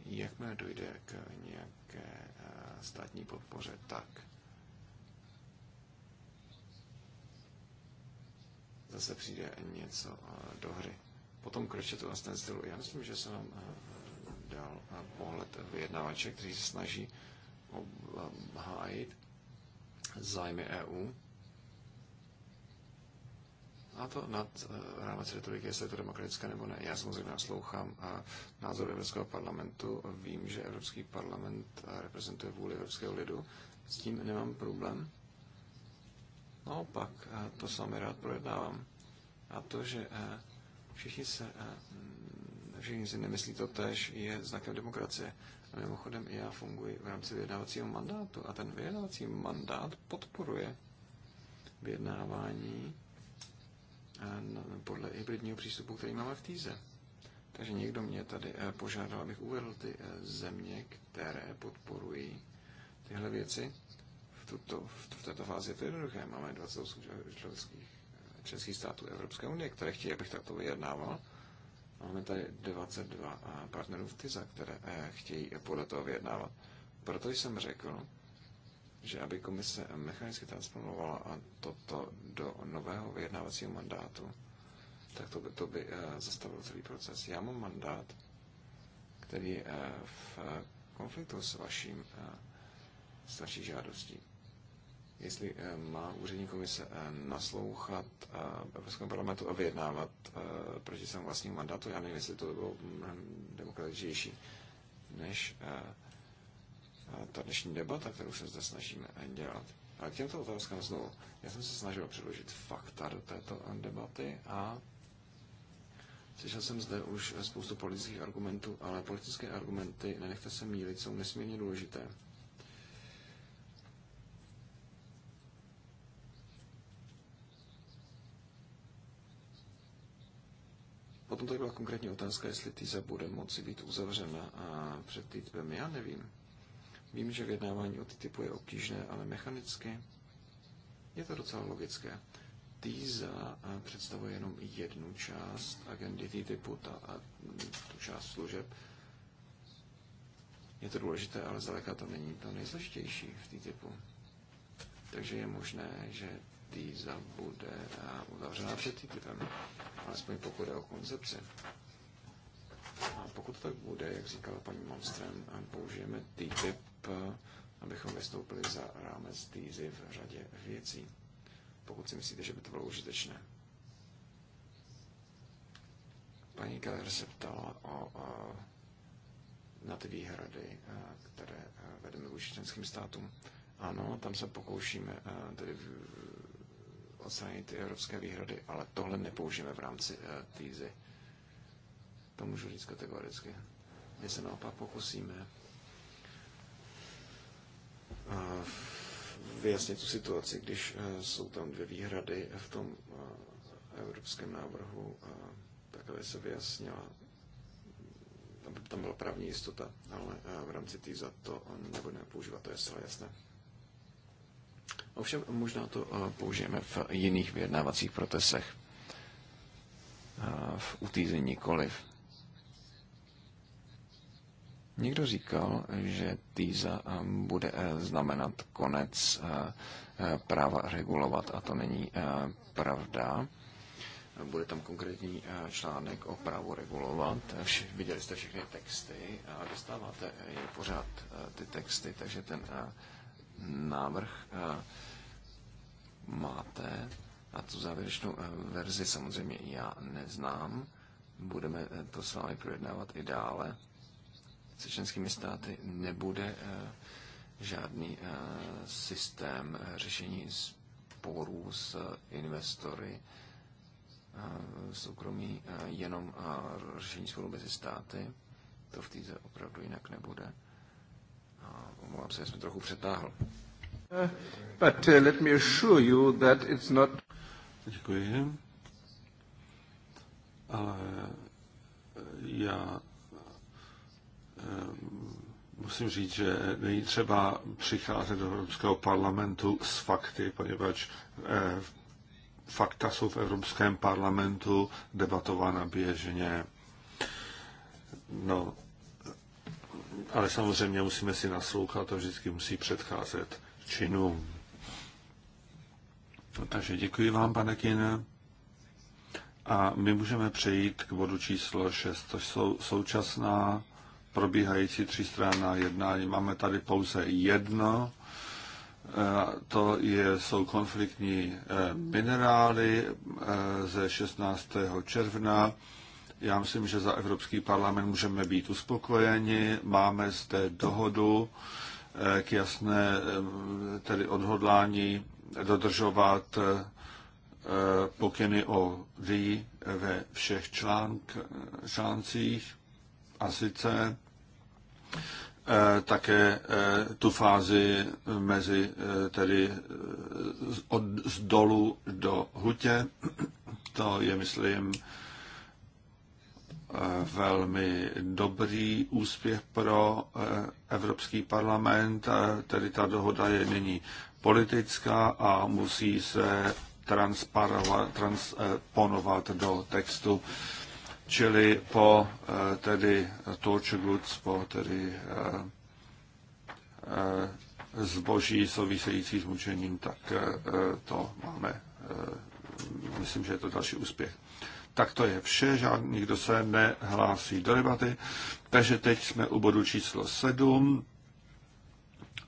jakmile dojde k nějaké eh, státní podpoře, tak zase přijde něco eh, do hry. Potom k rečetu a stylu. Já myslím, že jsem vám eh, dal pohled vyjednavače, kteří se snaží obhájit zájmy EU a to nad eh, rámec retoriky, jestli je to demokratické nebo ne. Já samozřejmě naslouchám a eh, názor Evropského parlamentu. Vím, že Evropský parlament eh, reprezentuje vůli Evropského lidu. S tím nemám problém. Naopak, to s vámi rád projednávám. A to, že všichni se mm, všichni si nemyslí to tež, je znakem demokracie. A mimochodem i já funguji v rámci vyjednávacího mandátu a ten vyjednávací mandát podporuje vyjednávání podle hybridního přístupu, který máme v týze. Takže někdo mě tady eh, požádal, abych uvedl ty eh, země, které podporují tyhle věci. V, tuto, v této fázi je to jednoduché. Máme 28 členských, eh, členských států Evropské unie, které chtějí, abych takto vyjednával. Máme tady 22 partnerů v TISA, které chtějí podle toho vyjednávat. Proto jsem řekl, že aby komise mechanicky transformovala a toto do nového vyjednávacího mandátu, tak to by, to by eh, zastavilo celý proces. Já mám mandát, který je eh, v konfliktu s vaším eh, s vaší žádostí. Jestli má úřední komise naslouchat Evropskému parlamentu a vyjednávat proti svému vlastnímu mandátu, já nevím, jestli to by bylo mnohem demokratičtější, než ta dnešní debata, kterou se zde snažíme dělat. A k těmto otázkám znovu. Já jsem se snažil předložit fakta do této debaty a slyšel jsem zde už spoustu politických argumentů, ale politické argumenty, nenechte se mílit, jsou nesmírně důležité. Potom tady byla konkrétní otázka, jestli TISA bude moci být uzavřena a před TTIPem. Já nevím. Vím, že vyjednávání o typu je obtížné, ale mechanicky je to docela logické. TISA představuje jenom jednu část agendy typu ta, a tu část služeb. Je to důležité, ale zdaleka to není to nejzležitější v typu. Takže je možné, že TISA bude uzavřená před typem, alespoň pokud je o koncepci. A pokud tak bude, jak říkala paní Monstrem, použijeme TTIP Eh, abychom vystoupili za rámec týzy v řadě věcí, pokud si myslíte, že by to bylo užitečné. Paní Keller se ptala o, o, na ty výhrady, eh, které eh, vedeme vůči členským státům. Ano, tam se pokoušíme tedy odstranit ty evropské výhrady, ale tohle nepoužijeme v rámci týzy. To můžu říct kategoricky. My se naopak pokusíme vyjasnit tu situaci, když eh, jsou tam dvě výhrady v tom eh, evropském návrhu, tak aby se vyjasnila, aby tam byla právní jistota, ale eh, v rámci za to nebudeme používat, to je zcela jasné. Ovšem možná to použijeme v jiných vyjednávacích protesech, v utízení koliv. Někdo říkal, že TISA eh, bude eh, znamenat konec eh, práva regulovat a to není pravda. Bude tam konkrétní článek o právu regulovat. Viděli jste všechny texty a dostáváte je pořád ty texty, takže ten návrh máte a tu závěrečnou verzi samozřejmě já neznám. Budeme to s vámi projednávat i dále se členskými státy nebude eh, žádný eh, systém eh, řešení sporů s investory soukromí, jenom řešení sporů mezi státy. To v týze opravdu jinak nebude. Omlouvám se, že jsem trochu přetáhl. Uh, but uh, let me assure you that it's not... Děkuji. Ale já Eh, musím říct, že není třeba přicházet do Evropského parlamentu s fakty, poněvadž eh, fakta jsou v Evropském parlamentu debatována běžně. No, ale samozřejmě musíme si naslouchat a vždycky musí předcházet činům. No, takže děkuji vám, pane Kine. A my můžeme přejít k bodu číslo 6, což jsou současná probíhající třístranná jednání. Máme tady pouze jedno, e, to je, jsou konfliktní e, minerály e, ze 16. června. Já myslím, že za Evropský parlament můžeme být uspokojeni. Máme zde dohodu k jasné tedy odhodlání dodržovat pokyny o DI ve všech článk, článcích. A sice eh, také eh, tu fázi mezi eh, tedy od, z dolu do hutě. To je, myslím, velmi dobrý úspěch pro Evropský parlament. Tedy ta dohoda je nyní politická a musí se transponovat do textu čili po eh, tedy torture goods, po tedy eh, eh, zboží související s mučením, tak to máme. Myslím, že je to další úspěch. Tak to je vše, žádný, nikdo se nehlásí do debaty. Takže teď jsme u bodu číslo 7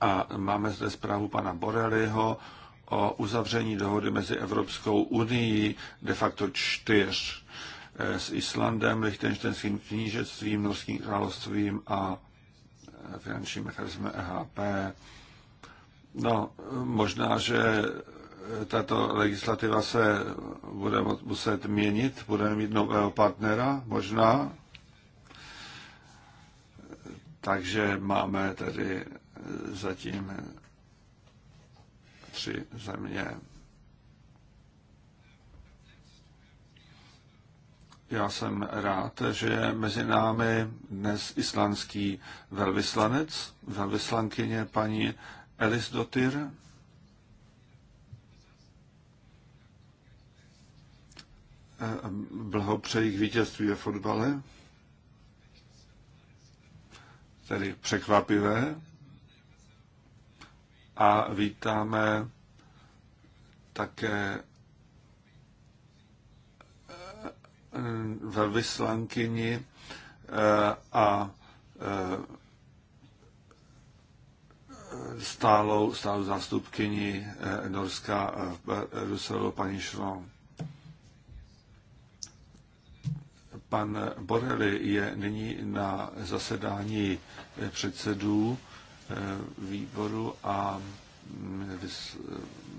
a máme zde zprávu pana Borelliho o uzavření dohody mezi Evropskou unii de facto 4. Eh, s Islandem, lichtenštenským knížectvím, Norským královstvím a eh, finančním mechanismem EHP. No, možná, že eh, tato legislativa se bude muset měnit, budeme mít nového partnera, možná. Takže máme tedy zatím tři země. Já jsem rád, že je mezi námi dnes islandský velvyslanec, velvyslankyně paní Elis Dotyr. Eh, blahopřeji k vítězství ve fotbale. Tedy překvapivé. A vítáme také Eh, velvyslankyni eh, a eh, stálou, stálou zástupkyni Norska v Bruselu, paní Šron. Pan Borelli je nyní na zasedání předsedů výboru a mm,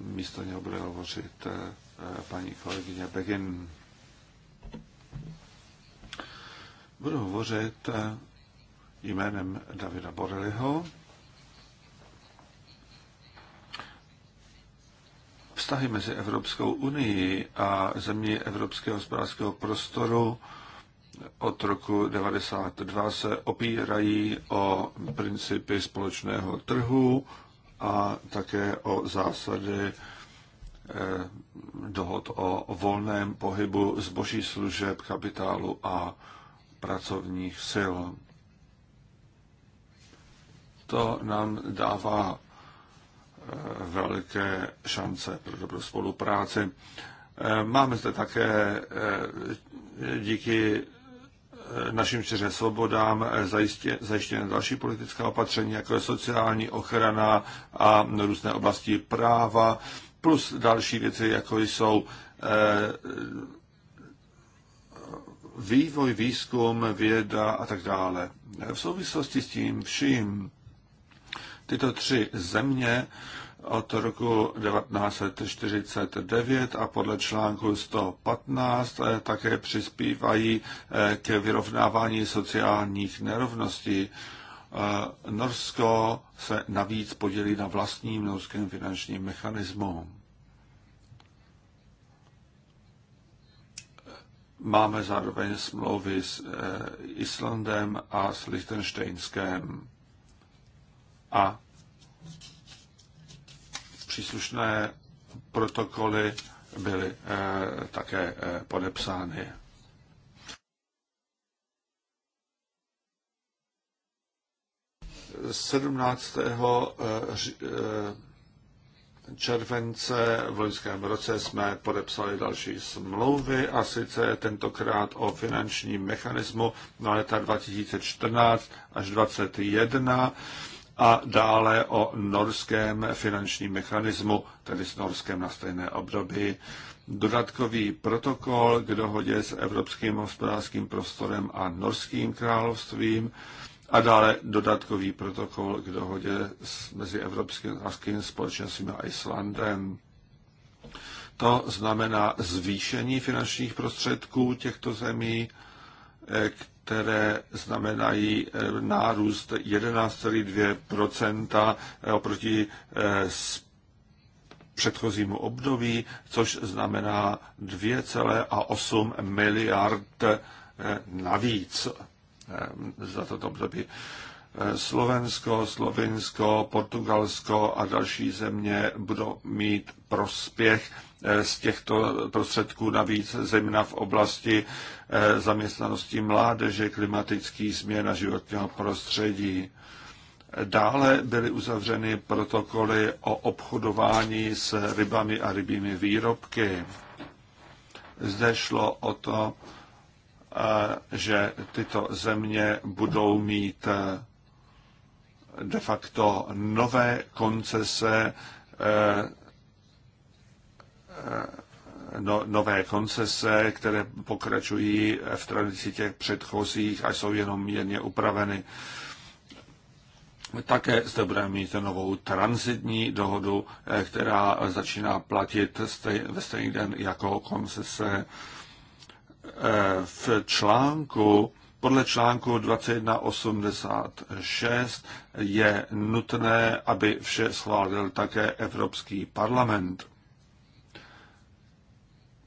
místo něho bude hovořit paní kolegyně Begin. Budu hovořit eh, jménem Davida Boreliho. Vztahy mezi Evropskou unii a zemí Evropského hospodářského prostoru od roku 1992 se opírají o principy společného trhu a také o zásady eh, dohod o volném pohybu zboží služeb, kapitálu a pracovních sil. To nám dává eh, velké šance pro dobrou spolupráci. Eh, máme zde také eh, díky našim čeře svobodám zajištěné další politická opatření, jako je sociální ochrana a různé oblasti práva, plus další věci, jako jsou vývoj, výzkum, věda a tak dále. V souvislosti s tím vším tyto tři země od roku 1949 a podle článku 115 také přispívají eh, k vyrovnávání sociálních nerovností. Eh, Norsko se navíc podělí na vlastním norském finančním mechanismu. Máme zároveň smlouvy s eh, Islandem a s Liechtensteinskem. A příslušné protokoly byly eh, také eh, podepsány. 17 července v loňském roce jsme podepsali další smlouvy a sice tentokrát o finančním mechanismu na leta 2014 až 2021 a dále o norském finančním mechanismu, tedy s Norskem na stejné období. Dodatkový protokol k dohodě s Evropským hospodářským prostorem a Norským královstvím a dále dodatkový protokol k dohodě mezi Evropským společenstvím a Islandem. To znamená zvýšení finančních prostředků těchto zemí, eh, které znamenají eh, nárůst 11,2 eh, oproti předchozímu období, což znamená 2,8 miliard navíc Eh, za toto období. Eh, Slovensko, Slovinsko, Portugalsko a další země budou mít prospěch eh, z těchto prostředků navíc, zejména v oblasti zaměstnanosti mládeže, klimatických změn a životního prostředí. Dále byly uzavřeny protokoly o obchodování s rybami a rybími výrobky. Zde šlo o to, že tyto země budou mít eh, de facto nové koncese, eh, eh, no, nové koncese, které pokračují v tradici těch předchozích a jsou jenom mírně upraveny. Také zde budeme mít novou transitní dohodu, která začíná platit ve stejný den jako koncese v článku podle článku 2186 je nutné, aby vše schválil také Evropský parlament.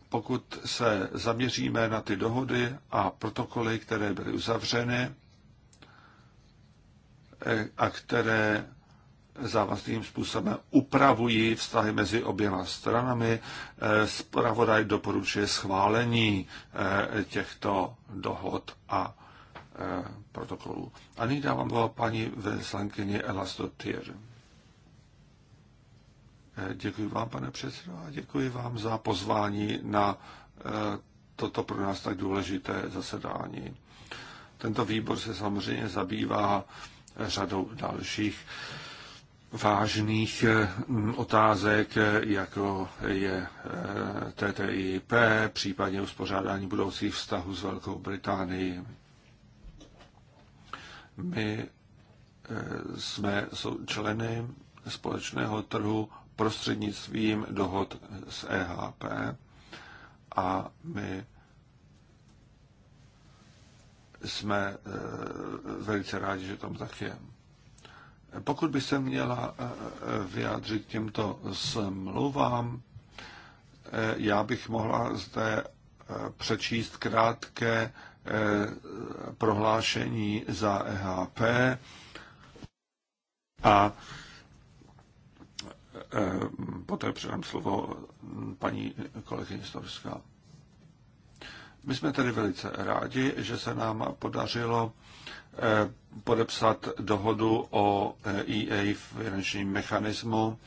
Pokud se zaměříme na ty dohody a protokoly, které byly uzavřeny a které závazným způsobem upravují vztahy mezi oběma stranami. Eh, Spravodaj doporučuje schválení eh, těchto dohod a eh, protokolů. A nyní dávám slovo paní veslankyně Elastotier. Děkuji vám, pane předsedo, a děkuji vám za pozvání na toto pro nás tak důležité zasedání. Tento výbor se samozřejmě zabývá řadou dalších vážných eh, otázek, eh, jako je eh, TTIP, případně uspořádání budoucích vztahů s Velkou Británií. My jsme členy společného trhu prostřednictvím dohod s EHP a my jsme velice rádi, že tam tak je. Pokud by se měla eh, eh, vyjádřit těmto smlouvám, eh, já bych mohla zde přečíst krátké prohlášení za EHP a poté předám slovo paní kolegyni Storská. My jsme tedy velice rádi, že se nám podařilo Eh, podepsat dohodu o EA eh, e finančním mechanismu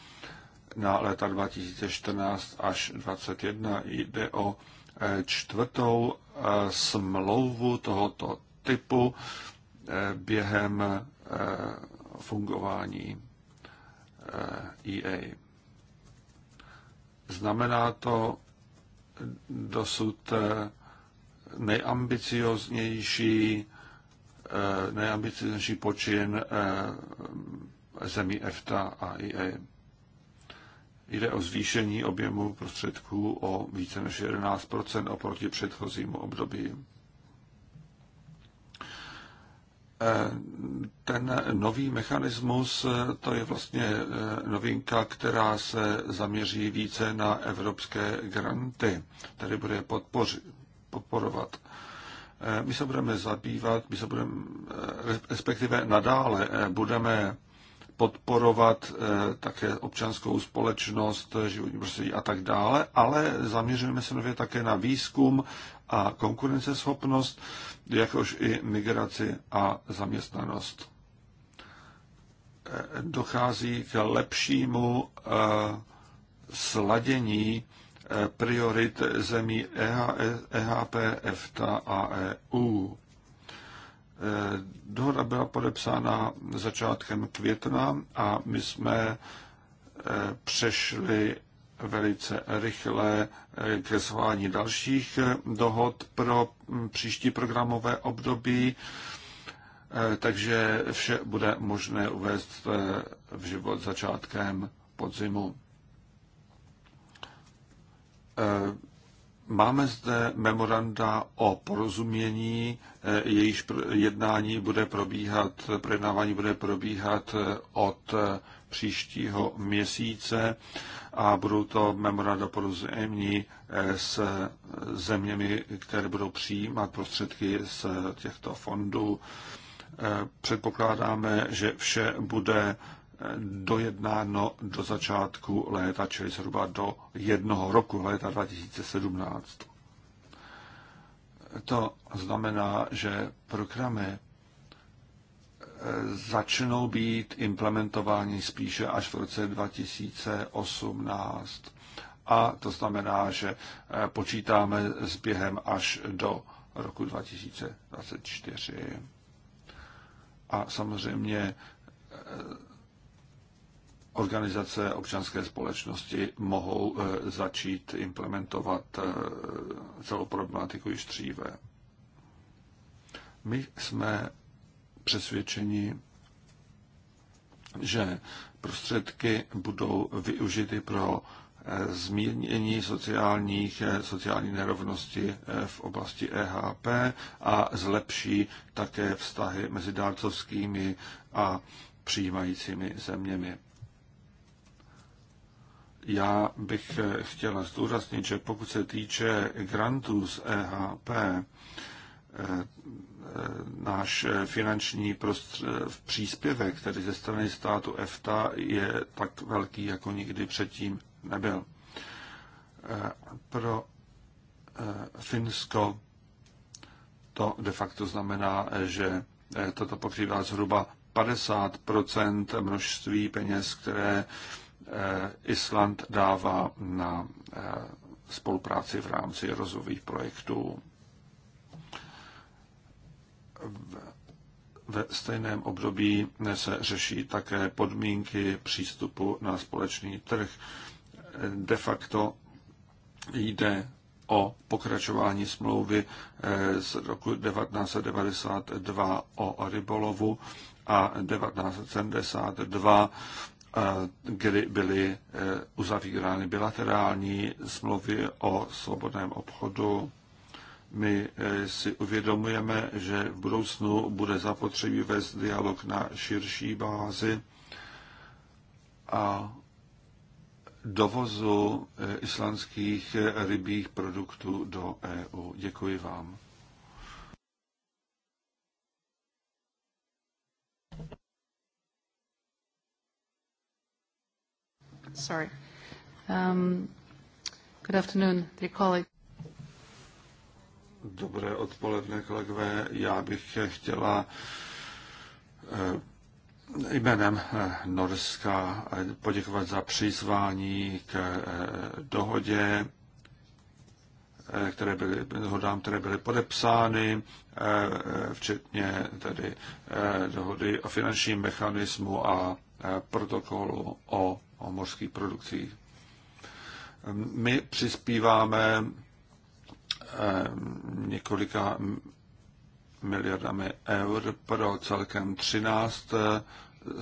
na léta 2014 až 2021. Jde o eh, čtvrtou smlouvu tohoto typu během fungování EA. E Znamená to dosud nejambicioznější Eh, nejambicioznější počin eh, zemí EFTA a IE. Jde o zvýšení objemu prostředků o více než 11 oproti předchozímu období. Eh, ten nový mechanismus, to je vlastně novinka, která se zaměří více na evropské granty, které bude podpořit, podporovat Eh, my se budeme zabývat, my se budeme, eh, respektive nadále eh, budeme podporovat také občanskou společnost, životní prostředí a tak dále, ale zaměřujeme se nově také na výzkum a konkurenceschopnost, jakož i migraci a zaměstnanost. Dochází k lepšímu sladění priorit zemí EHP, e EFTA a EU. Dohoda byla podepsána začátkem května a my jsme e, přešli velice rychle e, ke zvání dalších dohod pro příští programové období, takže vše bude možné uvést v život začátkem podzimu. Eh, máme zde memoranda o porozumění, eh, jejíž jednání bude probíhat, projednávání bude probíhat eh, od příštího měsíce a budou to memoranda porozumění s zeměmi, které budou přijímat prostředky z těchto fondů. Předpokládáme, že vše bude dojednáno do začátku léta, čili zhruba do jednoho roku, léta 2017. To znamená, že programy eh, začnou být implementovány spíše až v roce 2018. A to znamená, že eh, počítáme s během až do roku 2024. A samozřejmě eh, organizace občanské společnosti mohou eh, začít implementovat eh, celou problematiku již dříve. My jsme přesvědčeni, že prostředky budou využity pro eh, zmírnění sociálních, sociální nerovnosti v oblasti EHP a zlepší také vztahy mezi dárcovskými a přijímajícími zeměmi. Já bych eh, chtěla zdůraznit, že pokud se týče grantů z e EHP, eh, náš eh, finanční příspěvek, který ze strany státu EFTA, je tak velký, jako nikdy předtím nebyl. Pro Finsko to de facto znamená, že toto pokrývá zhruba 50 množství peněz, které Eh, Island dává na eh, spolupráci v rámci rozvojových projektů. Ve stejném období se řeší také podmínky přístupu na společný trh. Eh, de facto jde o pokračování smlouvy z roku 1992 o rybolovu a 1972 kdy byly eh, uzavírány bilaterální smlouvy o svobodném obchodu. My eh, si uvědomujeme, že v budoucnu bude zapotřebí vést dialog na širší bázi a dovozu eh, islandských rybích produktů do EU. Děkuji vám. Sorry. Um, good afternoon, dear colleague. Dobré odpoledne, kolegové. Já bych chtěla eh, jménem eh, Norska eh, poděkovat za přizvání k dohodě, které byly, dohodám, které byly podepsány, včetně tedy dohody o finančním mechanismu a protokolu o o mořských produkcích. My přispíváme eh, několika miliardami eur pro celkem 13 eh,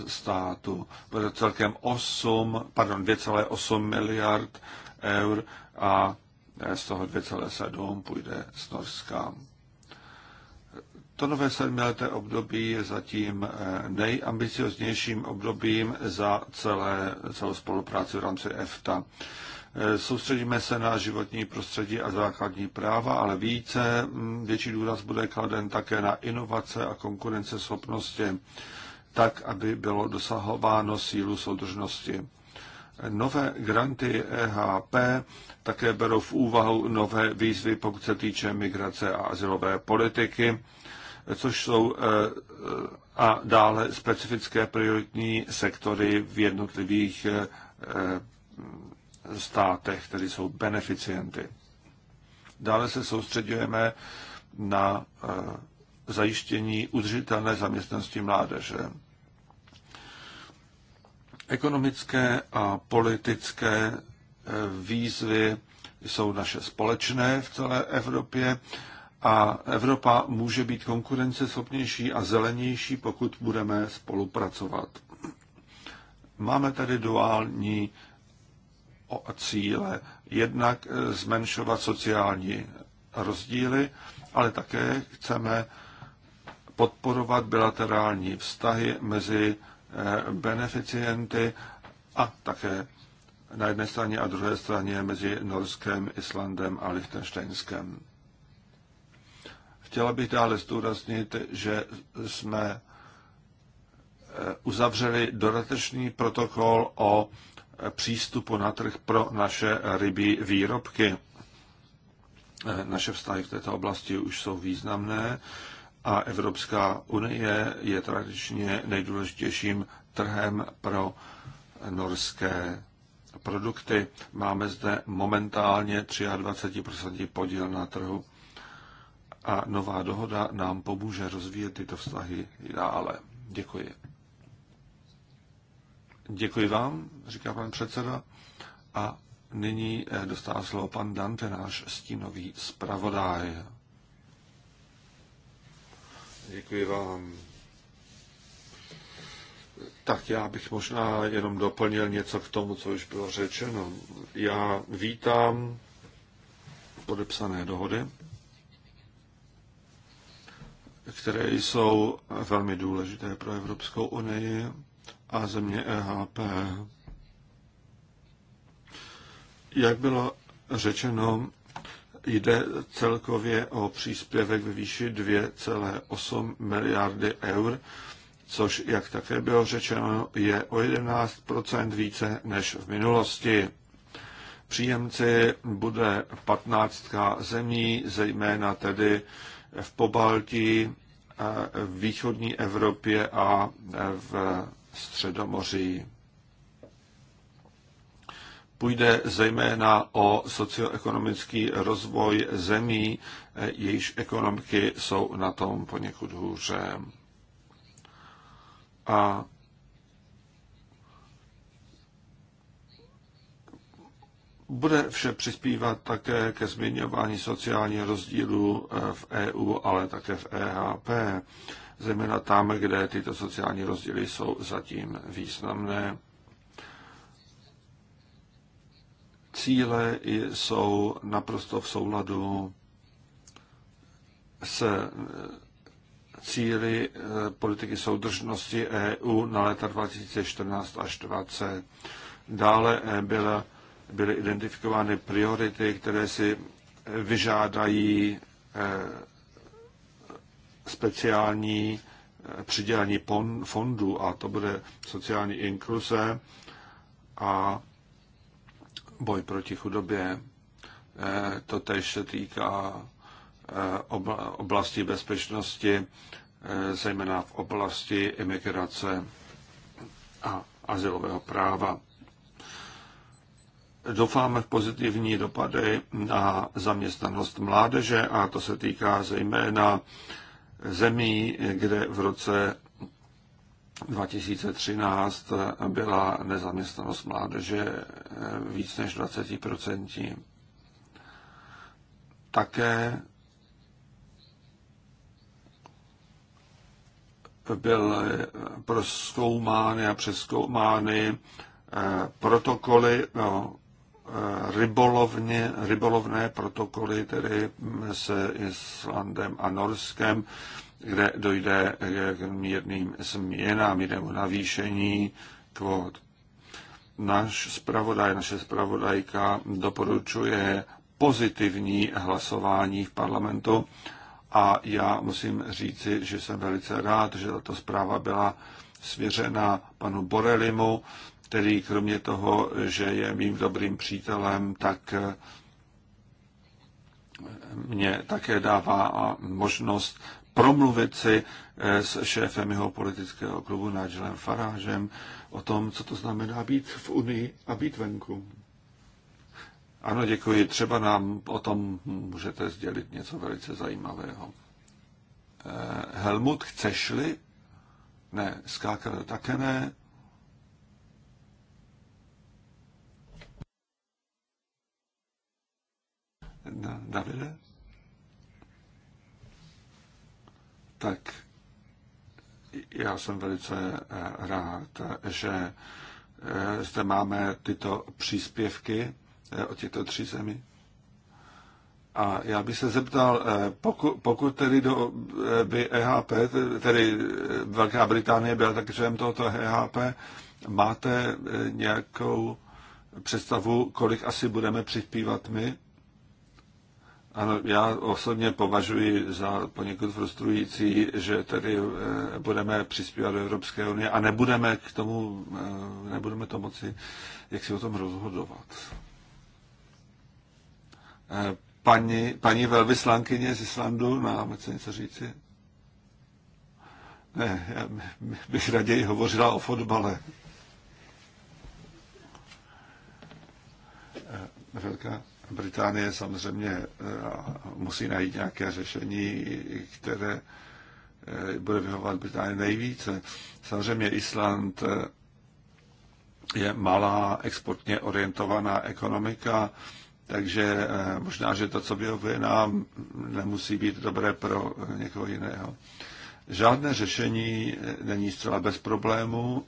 států, pro celkem 8, pardon, 2,8 miliard eur a eh, z toho 2,7 půjde z Norska. To nové sedmileté období je zatím eh, nejambicioznějším obdobím za celé, celou spolupráci v rámci EFTA. Eh, soustředíme se na životní prostředí a základní práva, ale více, mm, větší důraz bude kladen také na inovace a konkurenceschopnosti, tak, aby bylo dosahováno sílu soudržnosti. Nové granty EHP také berou v úvahu nové výzvy, pokud se týče migrace a asilové politiky což jsou eh, eh, a dále specifické prioritní sektory v jednotlivých eh, státech, které jsou beneficienty. Dále se soustředujeme na zajištění udržitelné zaměstnanosti mládeže. Ekonomické a politické výzvy jsou naše společné v celé Evropě a Evropa může být konkurenceschopnější a zelenější, pokud budeme spolupracovat. Máme tady duální cíle. Jednak eh, zmenšovat sociální rozdíly, ale také chceme podporovat bilaterální vztahy mezi eh, beneficienty a také na jedné straně a druhé straně mezi Norskem, Islandem a Liechtensteinskem. Chtěla bych dále zdůraznit, že jsme eh, uzavřeli dodatečný protokol o eh, přístupu na trh pro naše rybí výrobky. Eh, naše vztahy v této oblasti už jsou významné a Evropská unie je tradičně nejdůležitějším trhem pro norské produkty. Máme zde momentálně 23% podíl na trhu a nová dohoda nám pomůže rozvíjet tyto vztahy dále. Děkuji. Děkuji vám, říká pan předseda. A nyní eh, dostává slovo pan Dante, náš stínový zpravodaj. Děkuji vám. Tak já bych možná jenom doplnil něco k tomu, co už bylo řečeno. Já vítám podepsané dohody které jsou velmi důležité pro Evropskou unii a země EHP. Jak bylo řečeno, jde celkově o příspěvek ve výši 2,8 miliardy eur, což, jak také bylo řečeno, je o 11 více než v minulosti. Příjemci bude 15 zemí, zejména tedy v Pobaltí, v východní Evropě a v Středomoří. Půjde zejména o socioekonomický rozvoj zemí, jejíž ekonomiky jsou na tom poněkud hůře. A Bude vše přispívat také ke změňování sociálních rozdílů eh, v EU, ale také v EHP, zejména tam, kde tyto sociální rozdíly jsou zatím významné. Cíle jsou naprosto v souladu s eh, cíly eh, politiky soudržnosti EU na léta 2014 až 2020. Dále byla byly identifikovány priority, které si vyžádají eh, speciální eh, přidělení fondů a to bude sociální inkluze a boj proti chudobě. Eh, to tež se týká oblasti bezpečnosti, zejména v oblasti imigrace a azylového práva doufáme v pozitivní dopady na zaměstnanost mládeže a to se týká zejména zemí, kde v roce 2013 byla nezaměstnanost mládeže víc než 20%. Také byly proskoumány a přeskoumány protokoly o rybolovně, rybolovné protokoly tedy se Islandem a Norskem, kde dojde k mírným změnám, jde o navýšení kvót. Náš zpravodaj, naše zpravodajka doporučuje pozitivní hlasování v parlamentu a já musím říci, že jsem velice rád, že tato zpráva byla svěřena panu Borelimu, který kromě toho, že je mým dobrým přítelem, tak eh, mě také dává možnost promluvit si eh, s šéfem jeho politického klubu Nigelem Farážem o tom, co to znamená být v Unii a být venku. Ano, děkuji. Třeba nám o tom můžete sdělit něco velice zajímavého. Eh, Helmut, chceš-li? Ne, skákal také ne. na Davide. Tak já jsem velice eh, rád, že eh, zde máme tyto příspěvky eh, o těchto tří zemi. A já bych se zeptal, pokud, pokud tedy do, by EHP, tedy Velká Británie byla tak členem tohoto EHP, máte nějakou představu, kolik asi budeme přispívat my? Ano, já osobně považuji za poněkud frustrující, že tedy eh, budeme přispívat do Evropské unie a nebudeme k tomu, eh, nebudeme to moci, jak si o tom rozhodovat. Eh, paní, paní velvyslankyně z Islandu nám chce něco říci? Ne, já bych raději hovořila o fotbale. Velká Británie samozřejmě eh, musí najít nějaké řešení, které eh, bude vyhovovat Británii nejvíce. Samozřejmě Island eh, je malá, exportně orientovaná ekonomika, takže možná, že to, co vyhovuje nám, nemusí být dobré pro někoho jiného. Žádné řešení není zcela bez problémů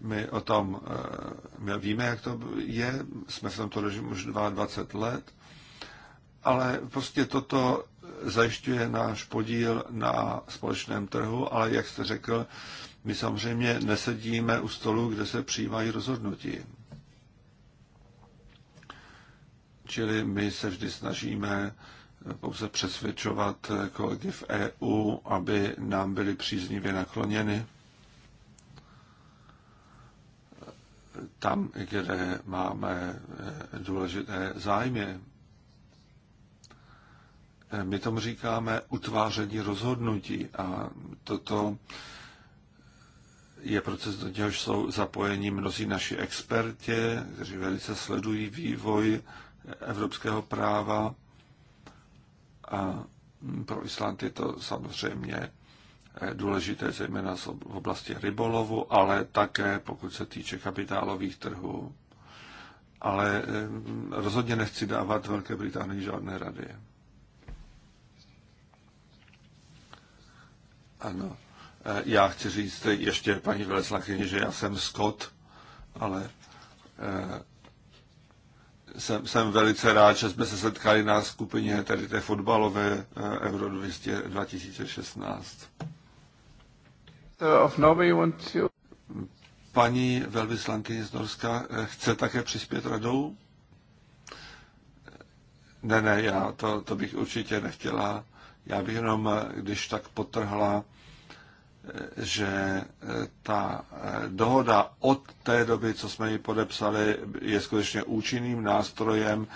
my o tom eh, my víme, jak to je, jsme se tam to režimu už 22 let, ale prostě toto zajišťuje náš podíl na společném trhu, ale jak jste řekl, my samozřejmě nesedíme u stolu, kde se přijímají rozhodnutí. Čili my se vždy snažíme eh, pouze přesvědčovat eh, kolegy v EU, aby nám byly příznivě nakloněny. tam, kde máme eh, důležité zájmy. Eh, my tomu říkáme utváření rozhodnutí a toto je proces, do něhož jsou zapojeni mnozí naši experti, kteří velice sledují vývoj evropského práva. A pro Island je to samozřejmě Eh, důležité zejména v oblasti rybolovu, ale také pokud se týče kapitálových trhů. Ale eh, rozhodně nechci dávat Velké Británii žádné rady. Ano. Eh, já chci říct ještě paní Veleslachyni, že já jsem Scott, ale jsem, jsem velice rád, že jsme se setkali na skupině tedy té fotbalové Euro 2016. Eh, of Paní velvyslankyně z Norska eh, chce také přispět radou? Eh, ne, ne, já to, to bych určitě nechtěla. Já bych jenom, když tak potrhla, že ta dohoda od té doby, co jsme ji podepsali, je skutečně účinným nástrojem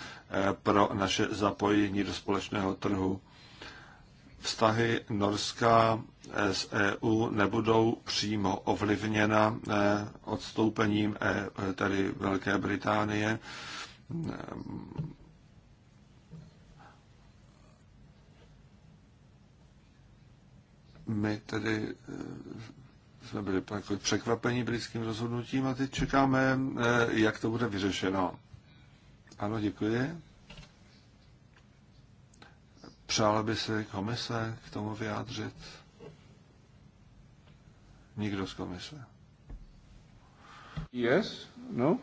pro naše zapojení do společného trhu vztahy Norska s EU nebudou přímo ovlivněna eh, odstoupením e, eh, tedy Velké Británie. My tedy eh, jsme byli jako překvapeni britským rozhodnutím a teď čekáme, jak to bude vyřešeno. Ano, děkuji. Přála by se komise k tomu vyjádřit? Nikdo z komise. Yes? No?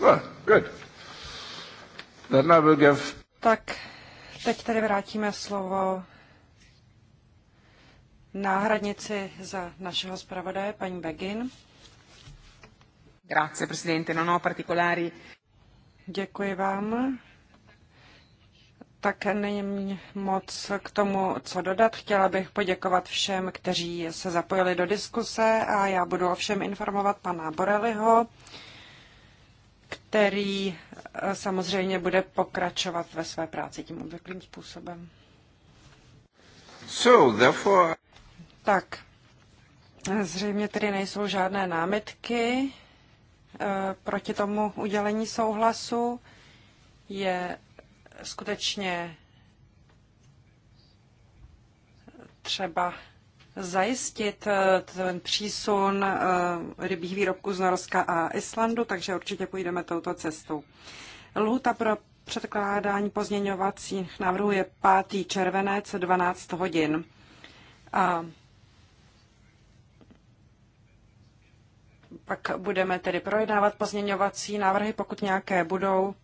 Well, good. Then I will give... Tak, teď tady vrátíme slovo náhradnici za našeho zpravodaje, paní Begin. Grazie, presidente. Non ho particolari. Děkuji vám. Tak není moc k tomu, co dodat. Chtěla bych poděkovat všem, kteří se zapojili do diskuse a já budu ovšem informovat pana Boreliho, který eh, samozřejmě bude pokračovat ve své práci tím obvyklým způsobem. So, therefore... Tak, zřejmě tedy nejsou žádné námitky eh, proti tomu udělení souhlasu. Je skutečně třeba zajistit eh, ten přísun eh, rybích výrobků z Norska a Islandu, takže určitě půjdeme touto cestou. Lhuta pro předkládání pozměňovacích návrhů je 5. červenec 12 hodin. A pak budeme tedy projednávat pozměňovací návrhy, pokud nějaké budou,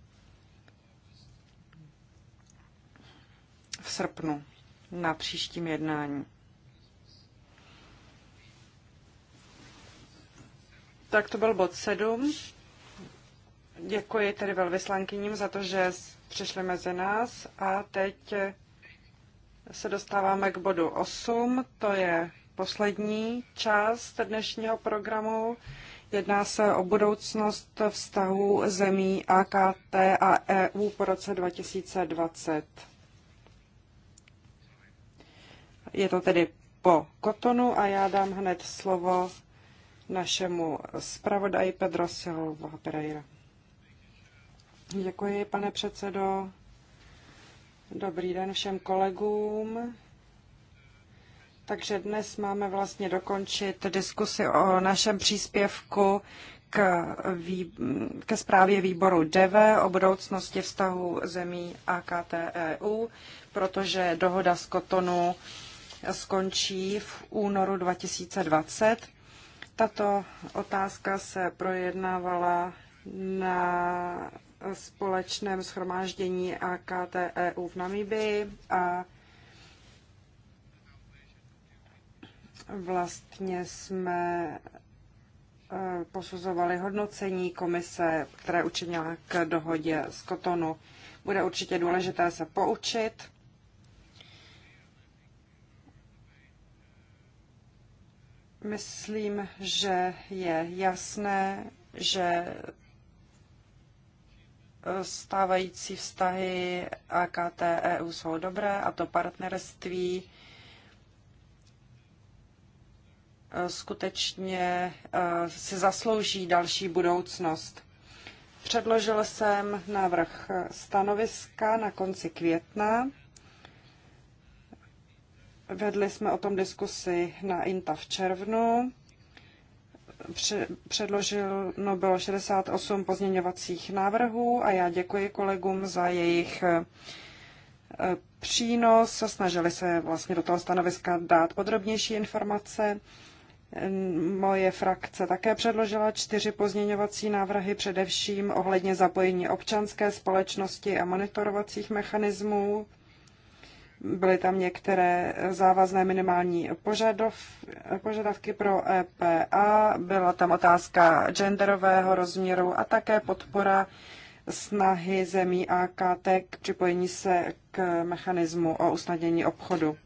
v srpnu na příštím jednání. Tak to byl bod 7. Děkuji tedy velvyslankyním za to, že přišli mezi nás a teď se dostáváme k bodu 8. To je poslední část dnešního programu. Jedná se o budoucnost vztahu zemí AKT a EU po roce 2020. Je to tedy po kotonu a já dám hned slovo našemu zpravodaji Pedro Silva Pereira. Děkuji, pane předsedo. Dobrý den všem kolegům. Takže dnes máme vlastně dokončit diskusi o našem příspěvku k, vý, ke zprávě výboru DEVE o budoucnosti vztahu zemí AKT EU, protože dohoda z Kotonu skončí v únoru 2020. Tato otázka se projednávala na společném schromáždění AKTEU v Namibii a vlastně jsme e, posuzovali hodnocení komise, které učinila k dohodě z Kotonu. Bude určitě důležité se poučit Myslím, že je jasné, že stávající vztahy AKT EU jsou dobré a to partnerství skutečně eh, si zaslouží další budoucnost. Předložil jsem návrh stanoviska na konci května. Vedli jsme o tom diskusi na INTA v červnu. Předloženo bylo 68 pozměňovacích návrhů a já děkuji kolegům za jejich e, přínos. Snažili se vlastně do toho stanoviska dát podrobnější informace. Moje frakce také předložila čtyři pozměňovací návrhy, především ohledně zapojení občanské společnosti a monitorovacích mechanismů. Byly tam některé závazné minimální požadov, požadavky pro EPA, byla tam otázka genderového rozměru a také podpora snahy zemí AKT k připojení se k mechanismu o usnadnění obchodu.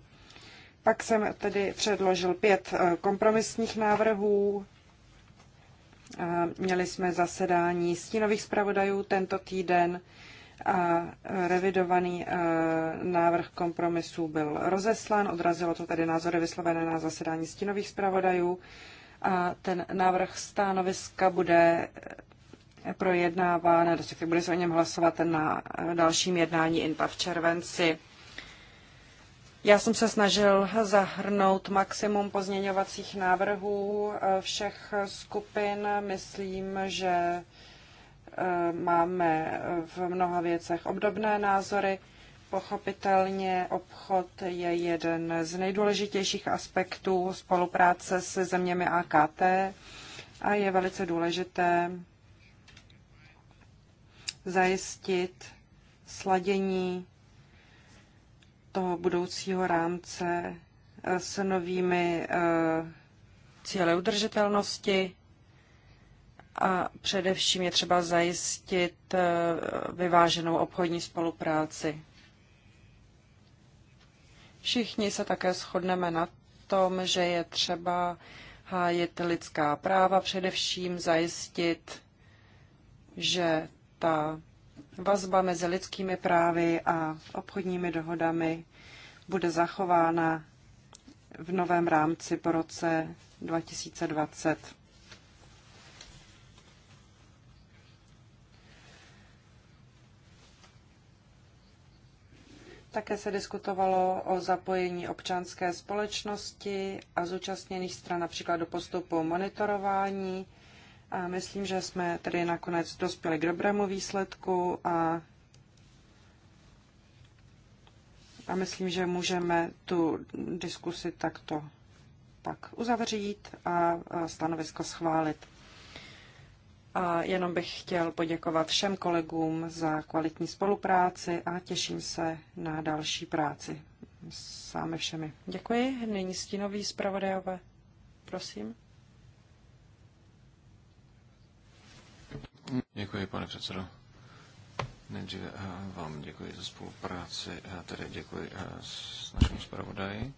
Pak jsem tedy předložil pět e, kompromisních návrhů. Měli jsme zasedání stínových zpravodajů tento týden a e, revidovaný e, návrh kompromisu byl rozeslán. Odrazilo to tedy názory vyslovené na zasedání stínových zpravodajů a ten návrh stanoviska bude e, projednáván, respektive bude se o něm hlasovat na dalším jednání INPA v červenci. Já jsem se snažil zahrnout maximum pozměňovacích návrhů všech skupin. Myslím, že Eh, máme v mnoha věcech obdobné názory. Pochopitelně obchod je jeden z nejdůležitějších aspektů spolupráce se zeměmi AKT a je velice důležité zajistit sladění toho budoucího rámce s novými eh, cíle udržitelnosti a především je třeba zajistit eh, vyváženou obchodní spolupráci. Všichni se také shodneme na tom, že je třeba hájit lidská práva, především zajistit, že ta vazba mezi lidskými právy a obchodními dohodami bude zachována v novém rámci po roce 2020. Také se diskutovalo o zapojení občanské společnosti a zúčastněných stran například do postupu monitorování. A myslím, že jsme tedy nakonec dospěli k dobrému výsledku a, a myslím, že můžeme tu diskusi takto pak uzavřít a stanovisko schválit a jenom bych chtěl poděkovat všem kolegům za kvalitní spolupráci a těším se na další práci s vámi všemi. Děkuji. Nyní stínový zpravodajové. Prosím. Děkuji, pane předsedo. Nejdříve eh, vám děkuji za spolupráci, tedy děkuji eh, s naším zpravodaji.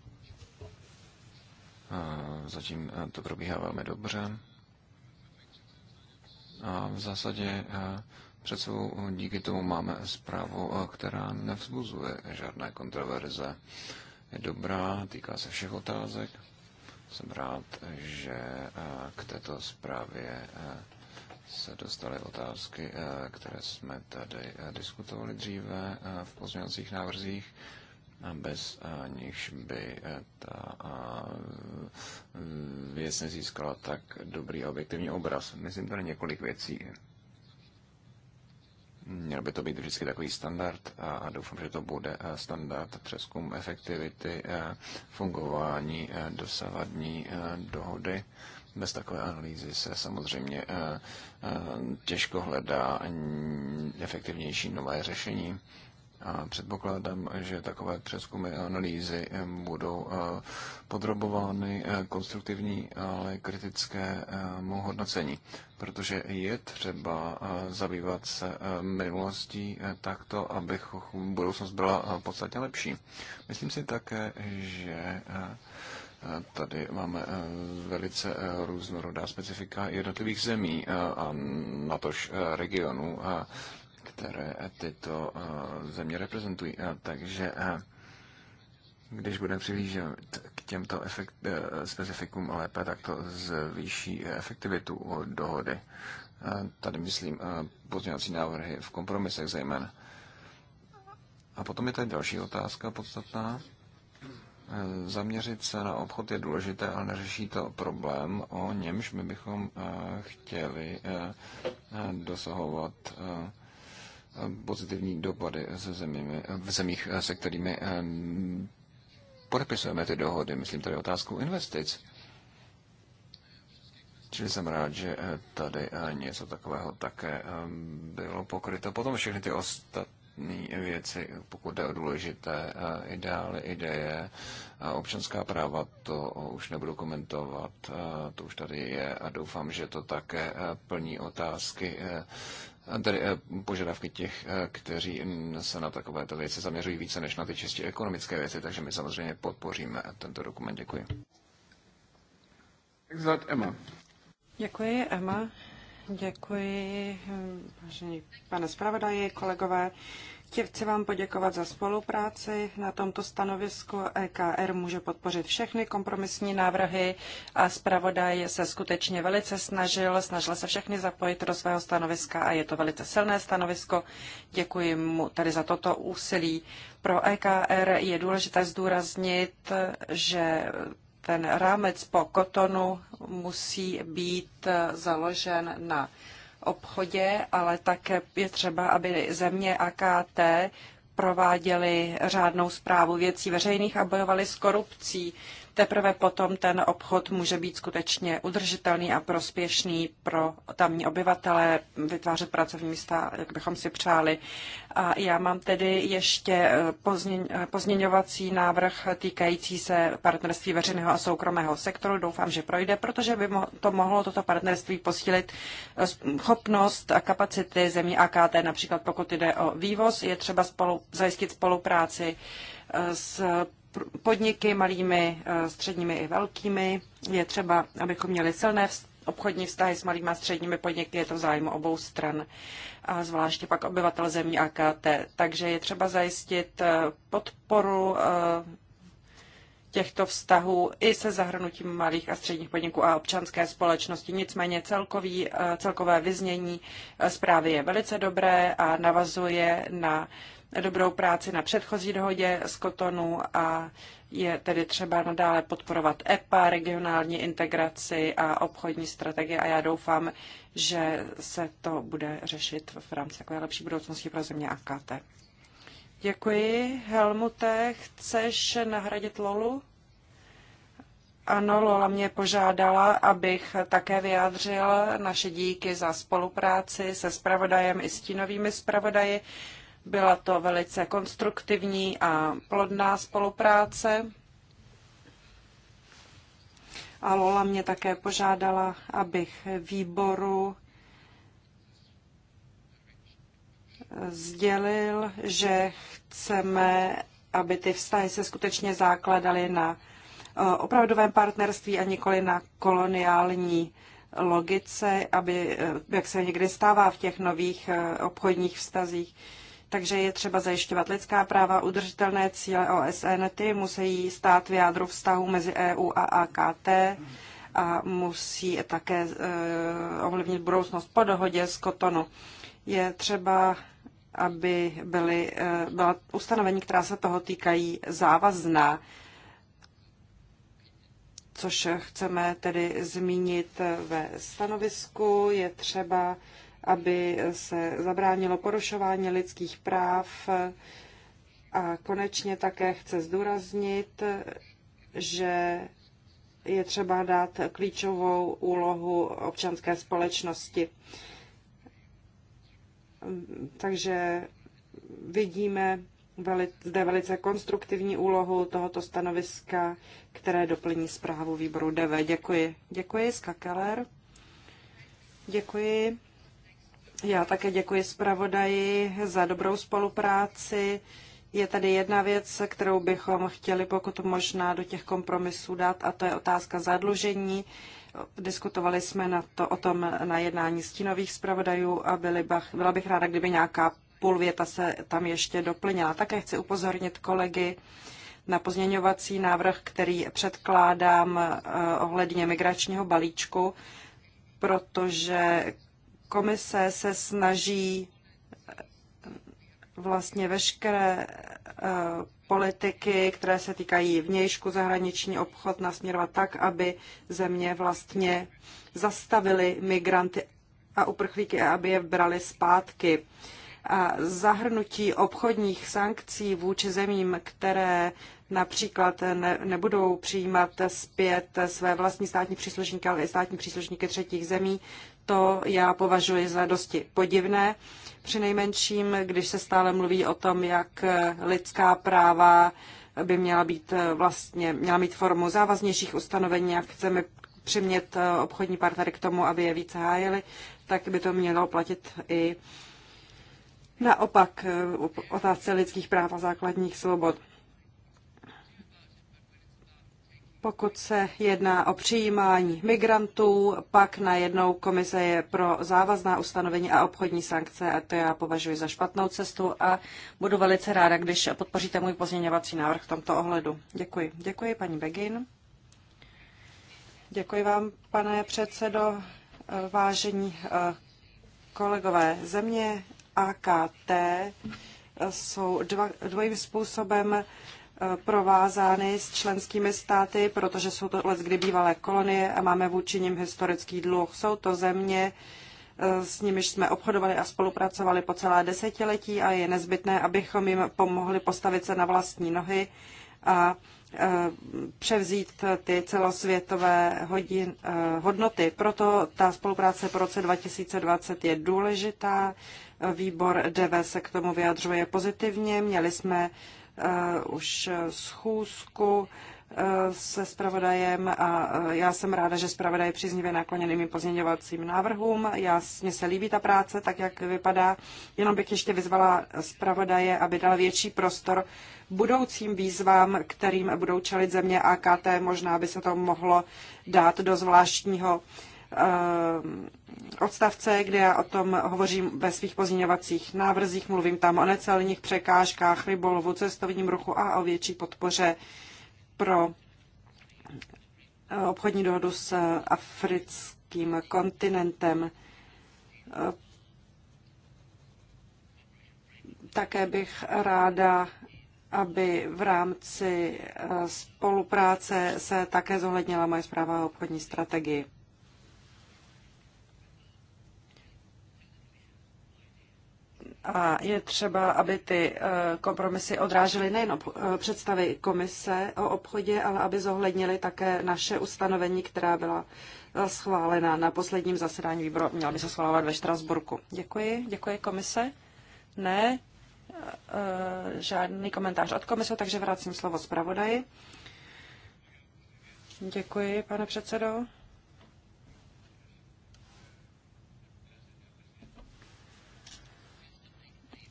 Eh, zatím to probíhá velmi dobře. A v zásadě eh, před sebou eh, díky tomu máme zprávu, eh, která nevzbuzuje žádné kontroverze. Je dobrá, týká se všech otázek. Jsem rád, že k této zprávě se dostaly otázky, které jsme tady diskutovali dříve v pozměňovacích návrzích bez nichž by eh, ta věc nezískala tak dobrý a objektivní obraz. Myslím tady několik věcí. Měl by to být vždycky takový standard a doufám, že to bude eh, standard přeskum efektivity eh, fungování dosavadní dohody. Bez takové analýzy se samozřejmě těžko hledá efektivnější nové řešení a předpokládám, že takové přeskumy a analýzy eh, budou eh, podrobovány eh, konstruktivní, ale kritické hodnocení, protože je třeba zabývat se minulostí takto, aby budoucnost byla podstatně lepší. Myslím si také, že Tady máme velice různorodá specifika jednotlivých zemí a natož regionů které eh, tyto eh, země reprezentují. Eh, takže když budeme přihlížet k těmto efekt, specifikům lépe, tak to zvýší efektivitu dohody. Tady myslím pozměňovací návrhy v kompromisech zejména. A potom je tady další otázka podstatná. Zaměřit se na obchod je důležité, ale neřeší to problém, o němž my bychom chtěli dosahovat pozitivní dopady se zeměmi, v zemích, se kterými eh, podepisujeme ty dohody. Myslím tady otázku investic. Čili jsem rád, že eh, tady eh, něco takového také bylo pokryto. Potom všechny ty ostatní věci, pokud jde o důležité ideály, ideje, občanská práva, to už nebudu komentovat, to už tady je a doufám, že to také plní otázky tedy eh, požadavky těch, eh, kteří se na takovéto věci zaměřují více než na ty čistě ekonomické věci, takže my samozřejmě podpoříme tento dokument. Děkuji. Exat Emma. Děkuji, Emma. Děkuji, hm, vážení pane zpravodaji, kolegové. Chci vám poděkovat za spolupráci. Na tomto stanovisku EKR může podpořit všechny kompromisní návrhy a zpravodaj se skutečně velice snažil, snažil se všechny zapojit do svého stanoviska a je to velice silné stanovisko. Děkuji mu tady za toto úsilí. Pro EKR je důležité zdůraznit, že ten rámec po kotonu musí být založen na obchodě, ale také je třeba, aby země AKT prováděly řádnou zprávu věcí veřejných a bojovaly s korupcí. Teprve potom ten obchod může být skutečně udržitelný a prospěšný pro tamní obyvatele, vytvářet pracovní místa, jak bychom si přáli. A já mám tedy ještě eh, pozměň, eh, pozměňovací návrh týkající se partnerství veřejného a soukromého sektoru. Doufám, že projde, protože by to mohlo toto partnerství posílit eh, schopnost a kapacity zemí AKT, například pokud jde o vývoz, je třeba spolu, zajistit spolupráci s podniky, malými, eh, středními i velkými. Je třeba, abychom měli silné obchodní vztahy s malými a středními podniky, je to v zájmu obou stran, a zvláště pak obyvatel zemí AKT. Takže je třeba zajistit eh, podporu eh, těchto vztahů i se zahrnutím malých a středních podniků a občanské společnosti. Nicméně celkový, celkové vyznění zprávy je velice dobré a navazuje na dobrou práci na předchozí dohodě z Kotonu a je tedy třeba nadále podporovat EPA, regionální integraci a obchodní strategie a já doufám, že se to bude řešit v rámci takové lepší budoucnosti pro země AKT. Děkuji. Helmute, chceš nahradit Lolu? Ano, Lola mě požádala, abych také vyjádřil naše díky za spolupráci se spravodajem i stínovými spravodaji. Byla to velice konstruktivní a plodná spolupráce. A Lola mě také požádala, abych výboru sdělil, že chceme, aby ty vztahy se skutečně základaly na eh, opravdovém partnerství a nikoli na koloniální logice, aby, eh, jak se někdy stává v těch nových eh, obchodních vztazích, takže je třeba zajišťovat lidská práva, udržitelné cíle OSN, ty musí stát v jádru vztahu mezi EU a AKT a musí také e, ovlivnit budoucnost po dohodě z Kotonu. Je třeba, aby byly, e, byla ustanovení, která se toho týkají, závazná což chceme tedy zmínit ve stanovisku, je třeba aby se zabránilo porušování lidských práv. A konečně také chce zdůraznit, že je třeba dát klíčovou úlohu občanské společnosti. Takže vidíme zde velice konstruktivní úlohu tohoto stanoviska, které doplní zprávu výboru DV. Děkuji. Děkuji, Skakeler. Děkuji. Já také děkuji zpravodaji za dobrou spolupráci. Je tady jedna věc, kterou bychom chtěli pokud možná do těch kompromisů dát, a to je otázka zadlužení. Diskutovali jsme na to, o tom na jednání stínových zpravodajů a byli bach, byla bych ráda, kdyby nějaká věta se tam ještě doplnila. Také chci upozornit kolegy na pozměňovací návrh, který předkládám eh, ohledně migračního balíčku, protože komise se snaží eh, vlastně veškeré eh, politiky, které se týkají vnějšku zahraniční obchod, nasměrovat tak, aby země vlastně zastavily migranty a uprchlíky a aby je brali zpátky. A zahrnutí obchodních sankcí vůči zemím, které například ne, nebudou přijímat zpět své vlastní státní příslušníky, ale i státní příslušníky třetích zemí, to já považuji za dosti podivné. Přinejmenším, když se stále mluví o tom, jak lidská práva by měla být eh, vlastně, měla mít formu závaznějších ustanovení, jak chceme přimět eh, obchodní partnery k tomu, aby je více hájili, tak by to mělo platit i naopak eh, otázce lidských práv a základních svobod. Pokud se jedná o přijímání migrantů, pak na jednou komise je pro závazná ustanovení a obchodní sankce a to já považuji za špatnou cestu a budu velice ráda, když podpoříte můj pozměňovací návrh v tomto ohledu. Děkuji. Děkuji, paní Begin. Děkuji vám, pane předsedo. Vážení eh, kolegové, země AKT jsou dva, dvojím způsobem provázány s členskými státy, protože jsou to let kdy bývalé kolonie a máme vůči nim historický dluh. Jsou to země, eh, s nimiž jsme obchodovali a spolupracovali po celá desetiletí a je nezbytné, abychom jim pomohli postavit se na vlastní nohy a eh, převzít ty celosvětové hodin, eh, hodnoty. Proto ta spolupráce po roce 2020 je důležitá. Výbor DV se k tomu vyjadřuje pozitivně. Měli jsme Eh, už schůzku eh, se spravodajem a eh, já jsem ráda, že zpravodaj je příznivě nakloněnými pozměňovacím návrhům. Já, mně se líbí ta práce, tak jak vypadá. Jenom bych ještě vyzvala zpravodaje, aby dal větší prostor budoucím výzvám, kterým budou čelit země AKT. Možná by se to mohlo dát do zvláštního uh, Eh, odstavce, kde já o tom hovořím ve svých pozměňovacích návrzích. Mluvím tam o necelních překážkách, rybolovu, cestovním ruchu a o větší podpoře pro eh, obchodní dohodu s africkým kontinentem. Eh, také bych ráda, aby v rámci spolupráce se také zohlednila moje zpráva o obchodní strategii. A je třeba, aby ty eh, kompromisy odrážely nejen eh, představy komise o obchodě, ale aby zohlednili také naše ustanovení, která byla eh, schválena na posledním zasedání výboru. Měla by se schvalovat ve Štrasburku. Děkuji. Děkuji komise. Ne, žádný komentář od komise, takže vracím slovo zpravodaji. Děkuji, pane předsedo.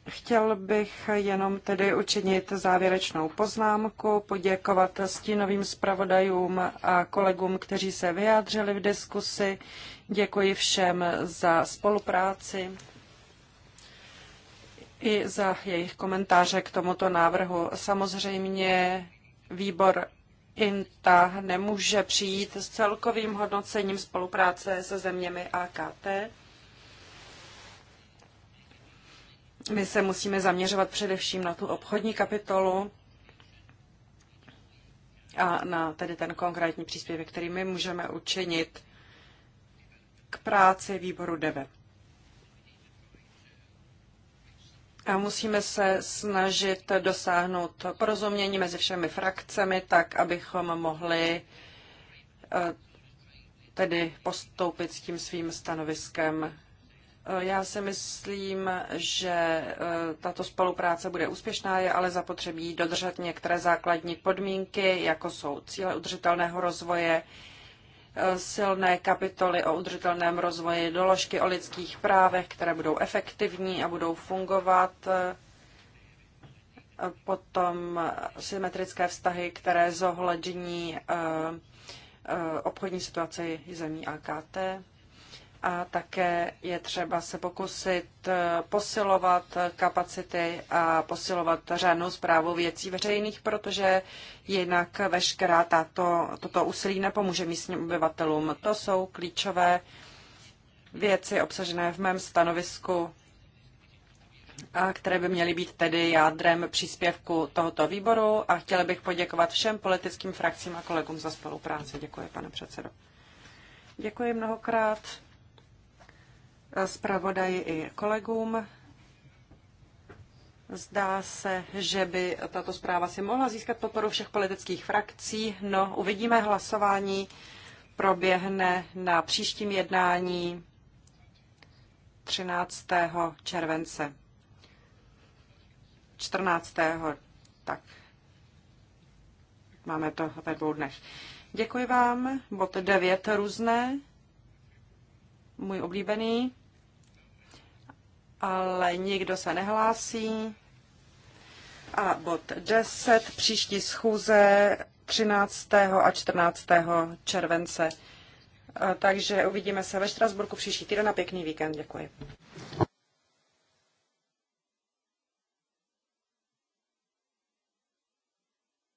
Chtěl bych jenom tedy učinit závěrečnou poznámku, poděkovat stínovým zpravodajům a kolegům, kteří se vyjádřili v diskusi. Děkuji všem za spolupráci i za jejich komentáře k tomuto návrhu. Samozřejmě výbor INTA nemůže přijít s celkovým hodnocením spolupráce se zeměmi AKT. My se musíme zaměřovat především na tu obchodní kapitolu a na tedy ten konkrétní příspěvek, který my můžeme učinit k práci výboru DEVE. A musíme se snažit dosáhnout porozumění mezi všemi frakcemi, tak abychom mohli eh, tedy postoupit s tím svým stanoviskem Eh, já si myslím, že eh, tato spolupráce bude úspěšná, je ale zapotřebí dodržet některé základní podmínky, jako jsou cíle udržitelného rozvoje, eh, silné kapitoly o udržitelném rozvoji, doložky o lidských právech, které budou efektivní a budou fungovat, potom symetrické vztahy, které zohlední obchodní situaci zemí AKT a také je třeba se pokusit eh, posilovat kapacity a posilovat řádnou zprávu věcí veřejných, protože jinak veškerá tato, toto úsilí nepomůže místním obyvatelům. To jsou klíčové věci obsažené v mém stanovisku, a které by měly být tedy jádrem příspěvku tohoto výboru a chtěla bych poděkovat všem politickým frakcím a kolegům za spolupráci. Děkuji, pane předsedo. Děkuji mnohokrát zpravodaji i kolegům. Zdá se, že by tato zpráva si mohla získat podporu všech politických frakcí. No, uvidíme hlasování. Proběhne na příštím jednání 13. července. 14. Tak. Máme to ve dvou dnech. Děkuji vám. Bod 9 různé. Můj oblíbený ale nikdo se nehlásí. A bod 10, příští schůze 13. a 14. července. Takže uvidíme se ve Štrasburku příští týden a pěkný víkend. Děkuji.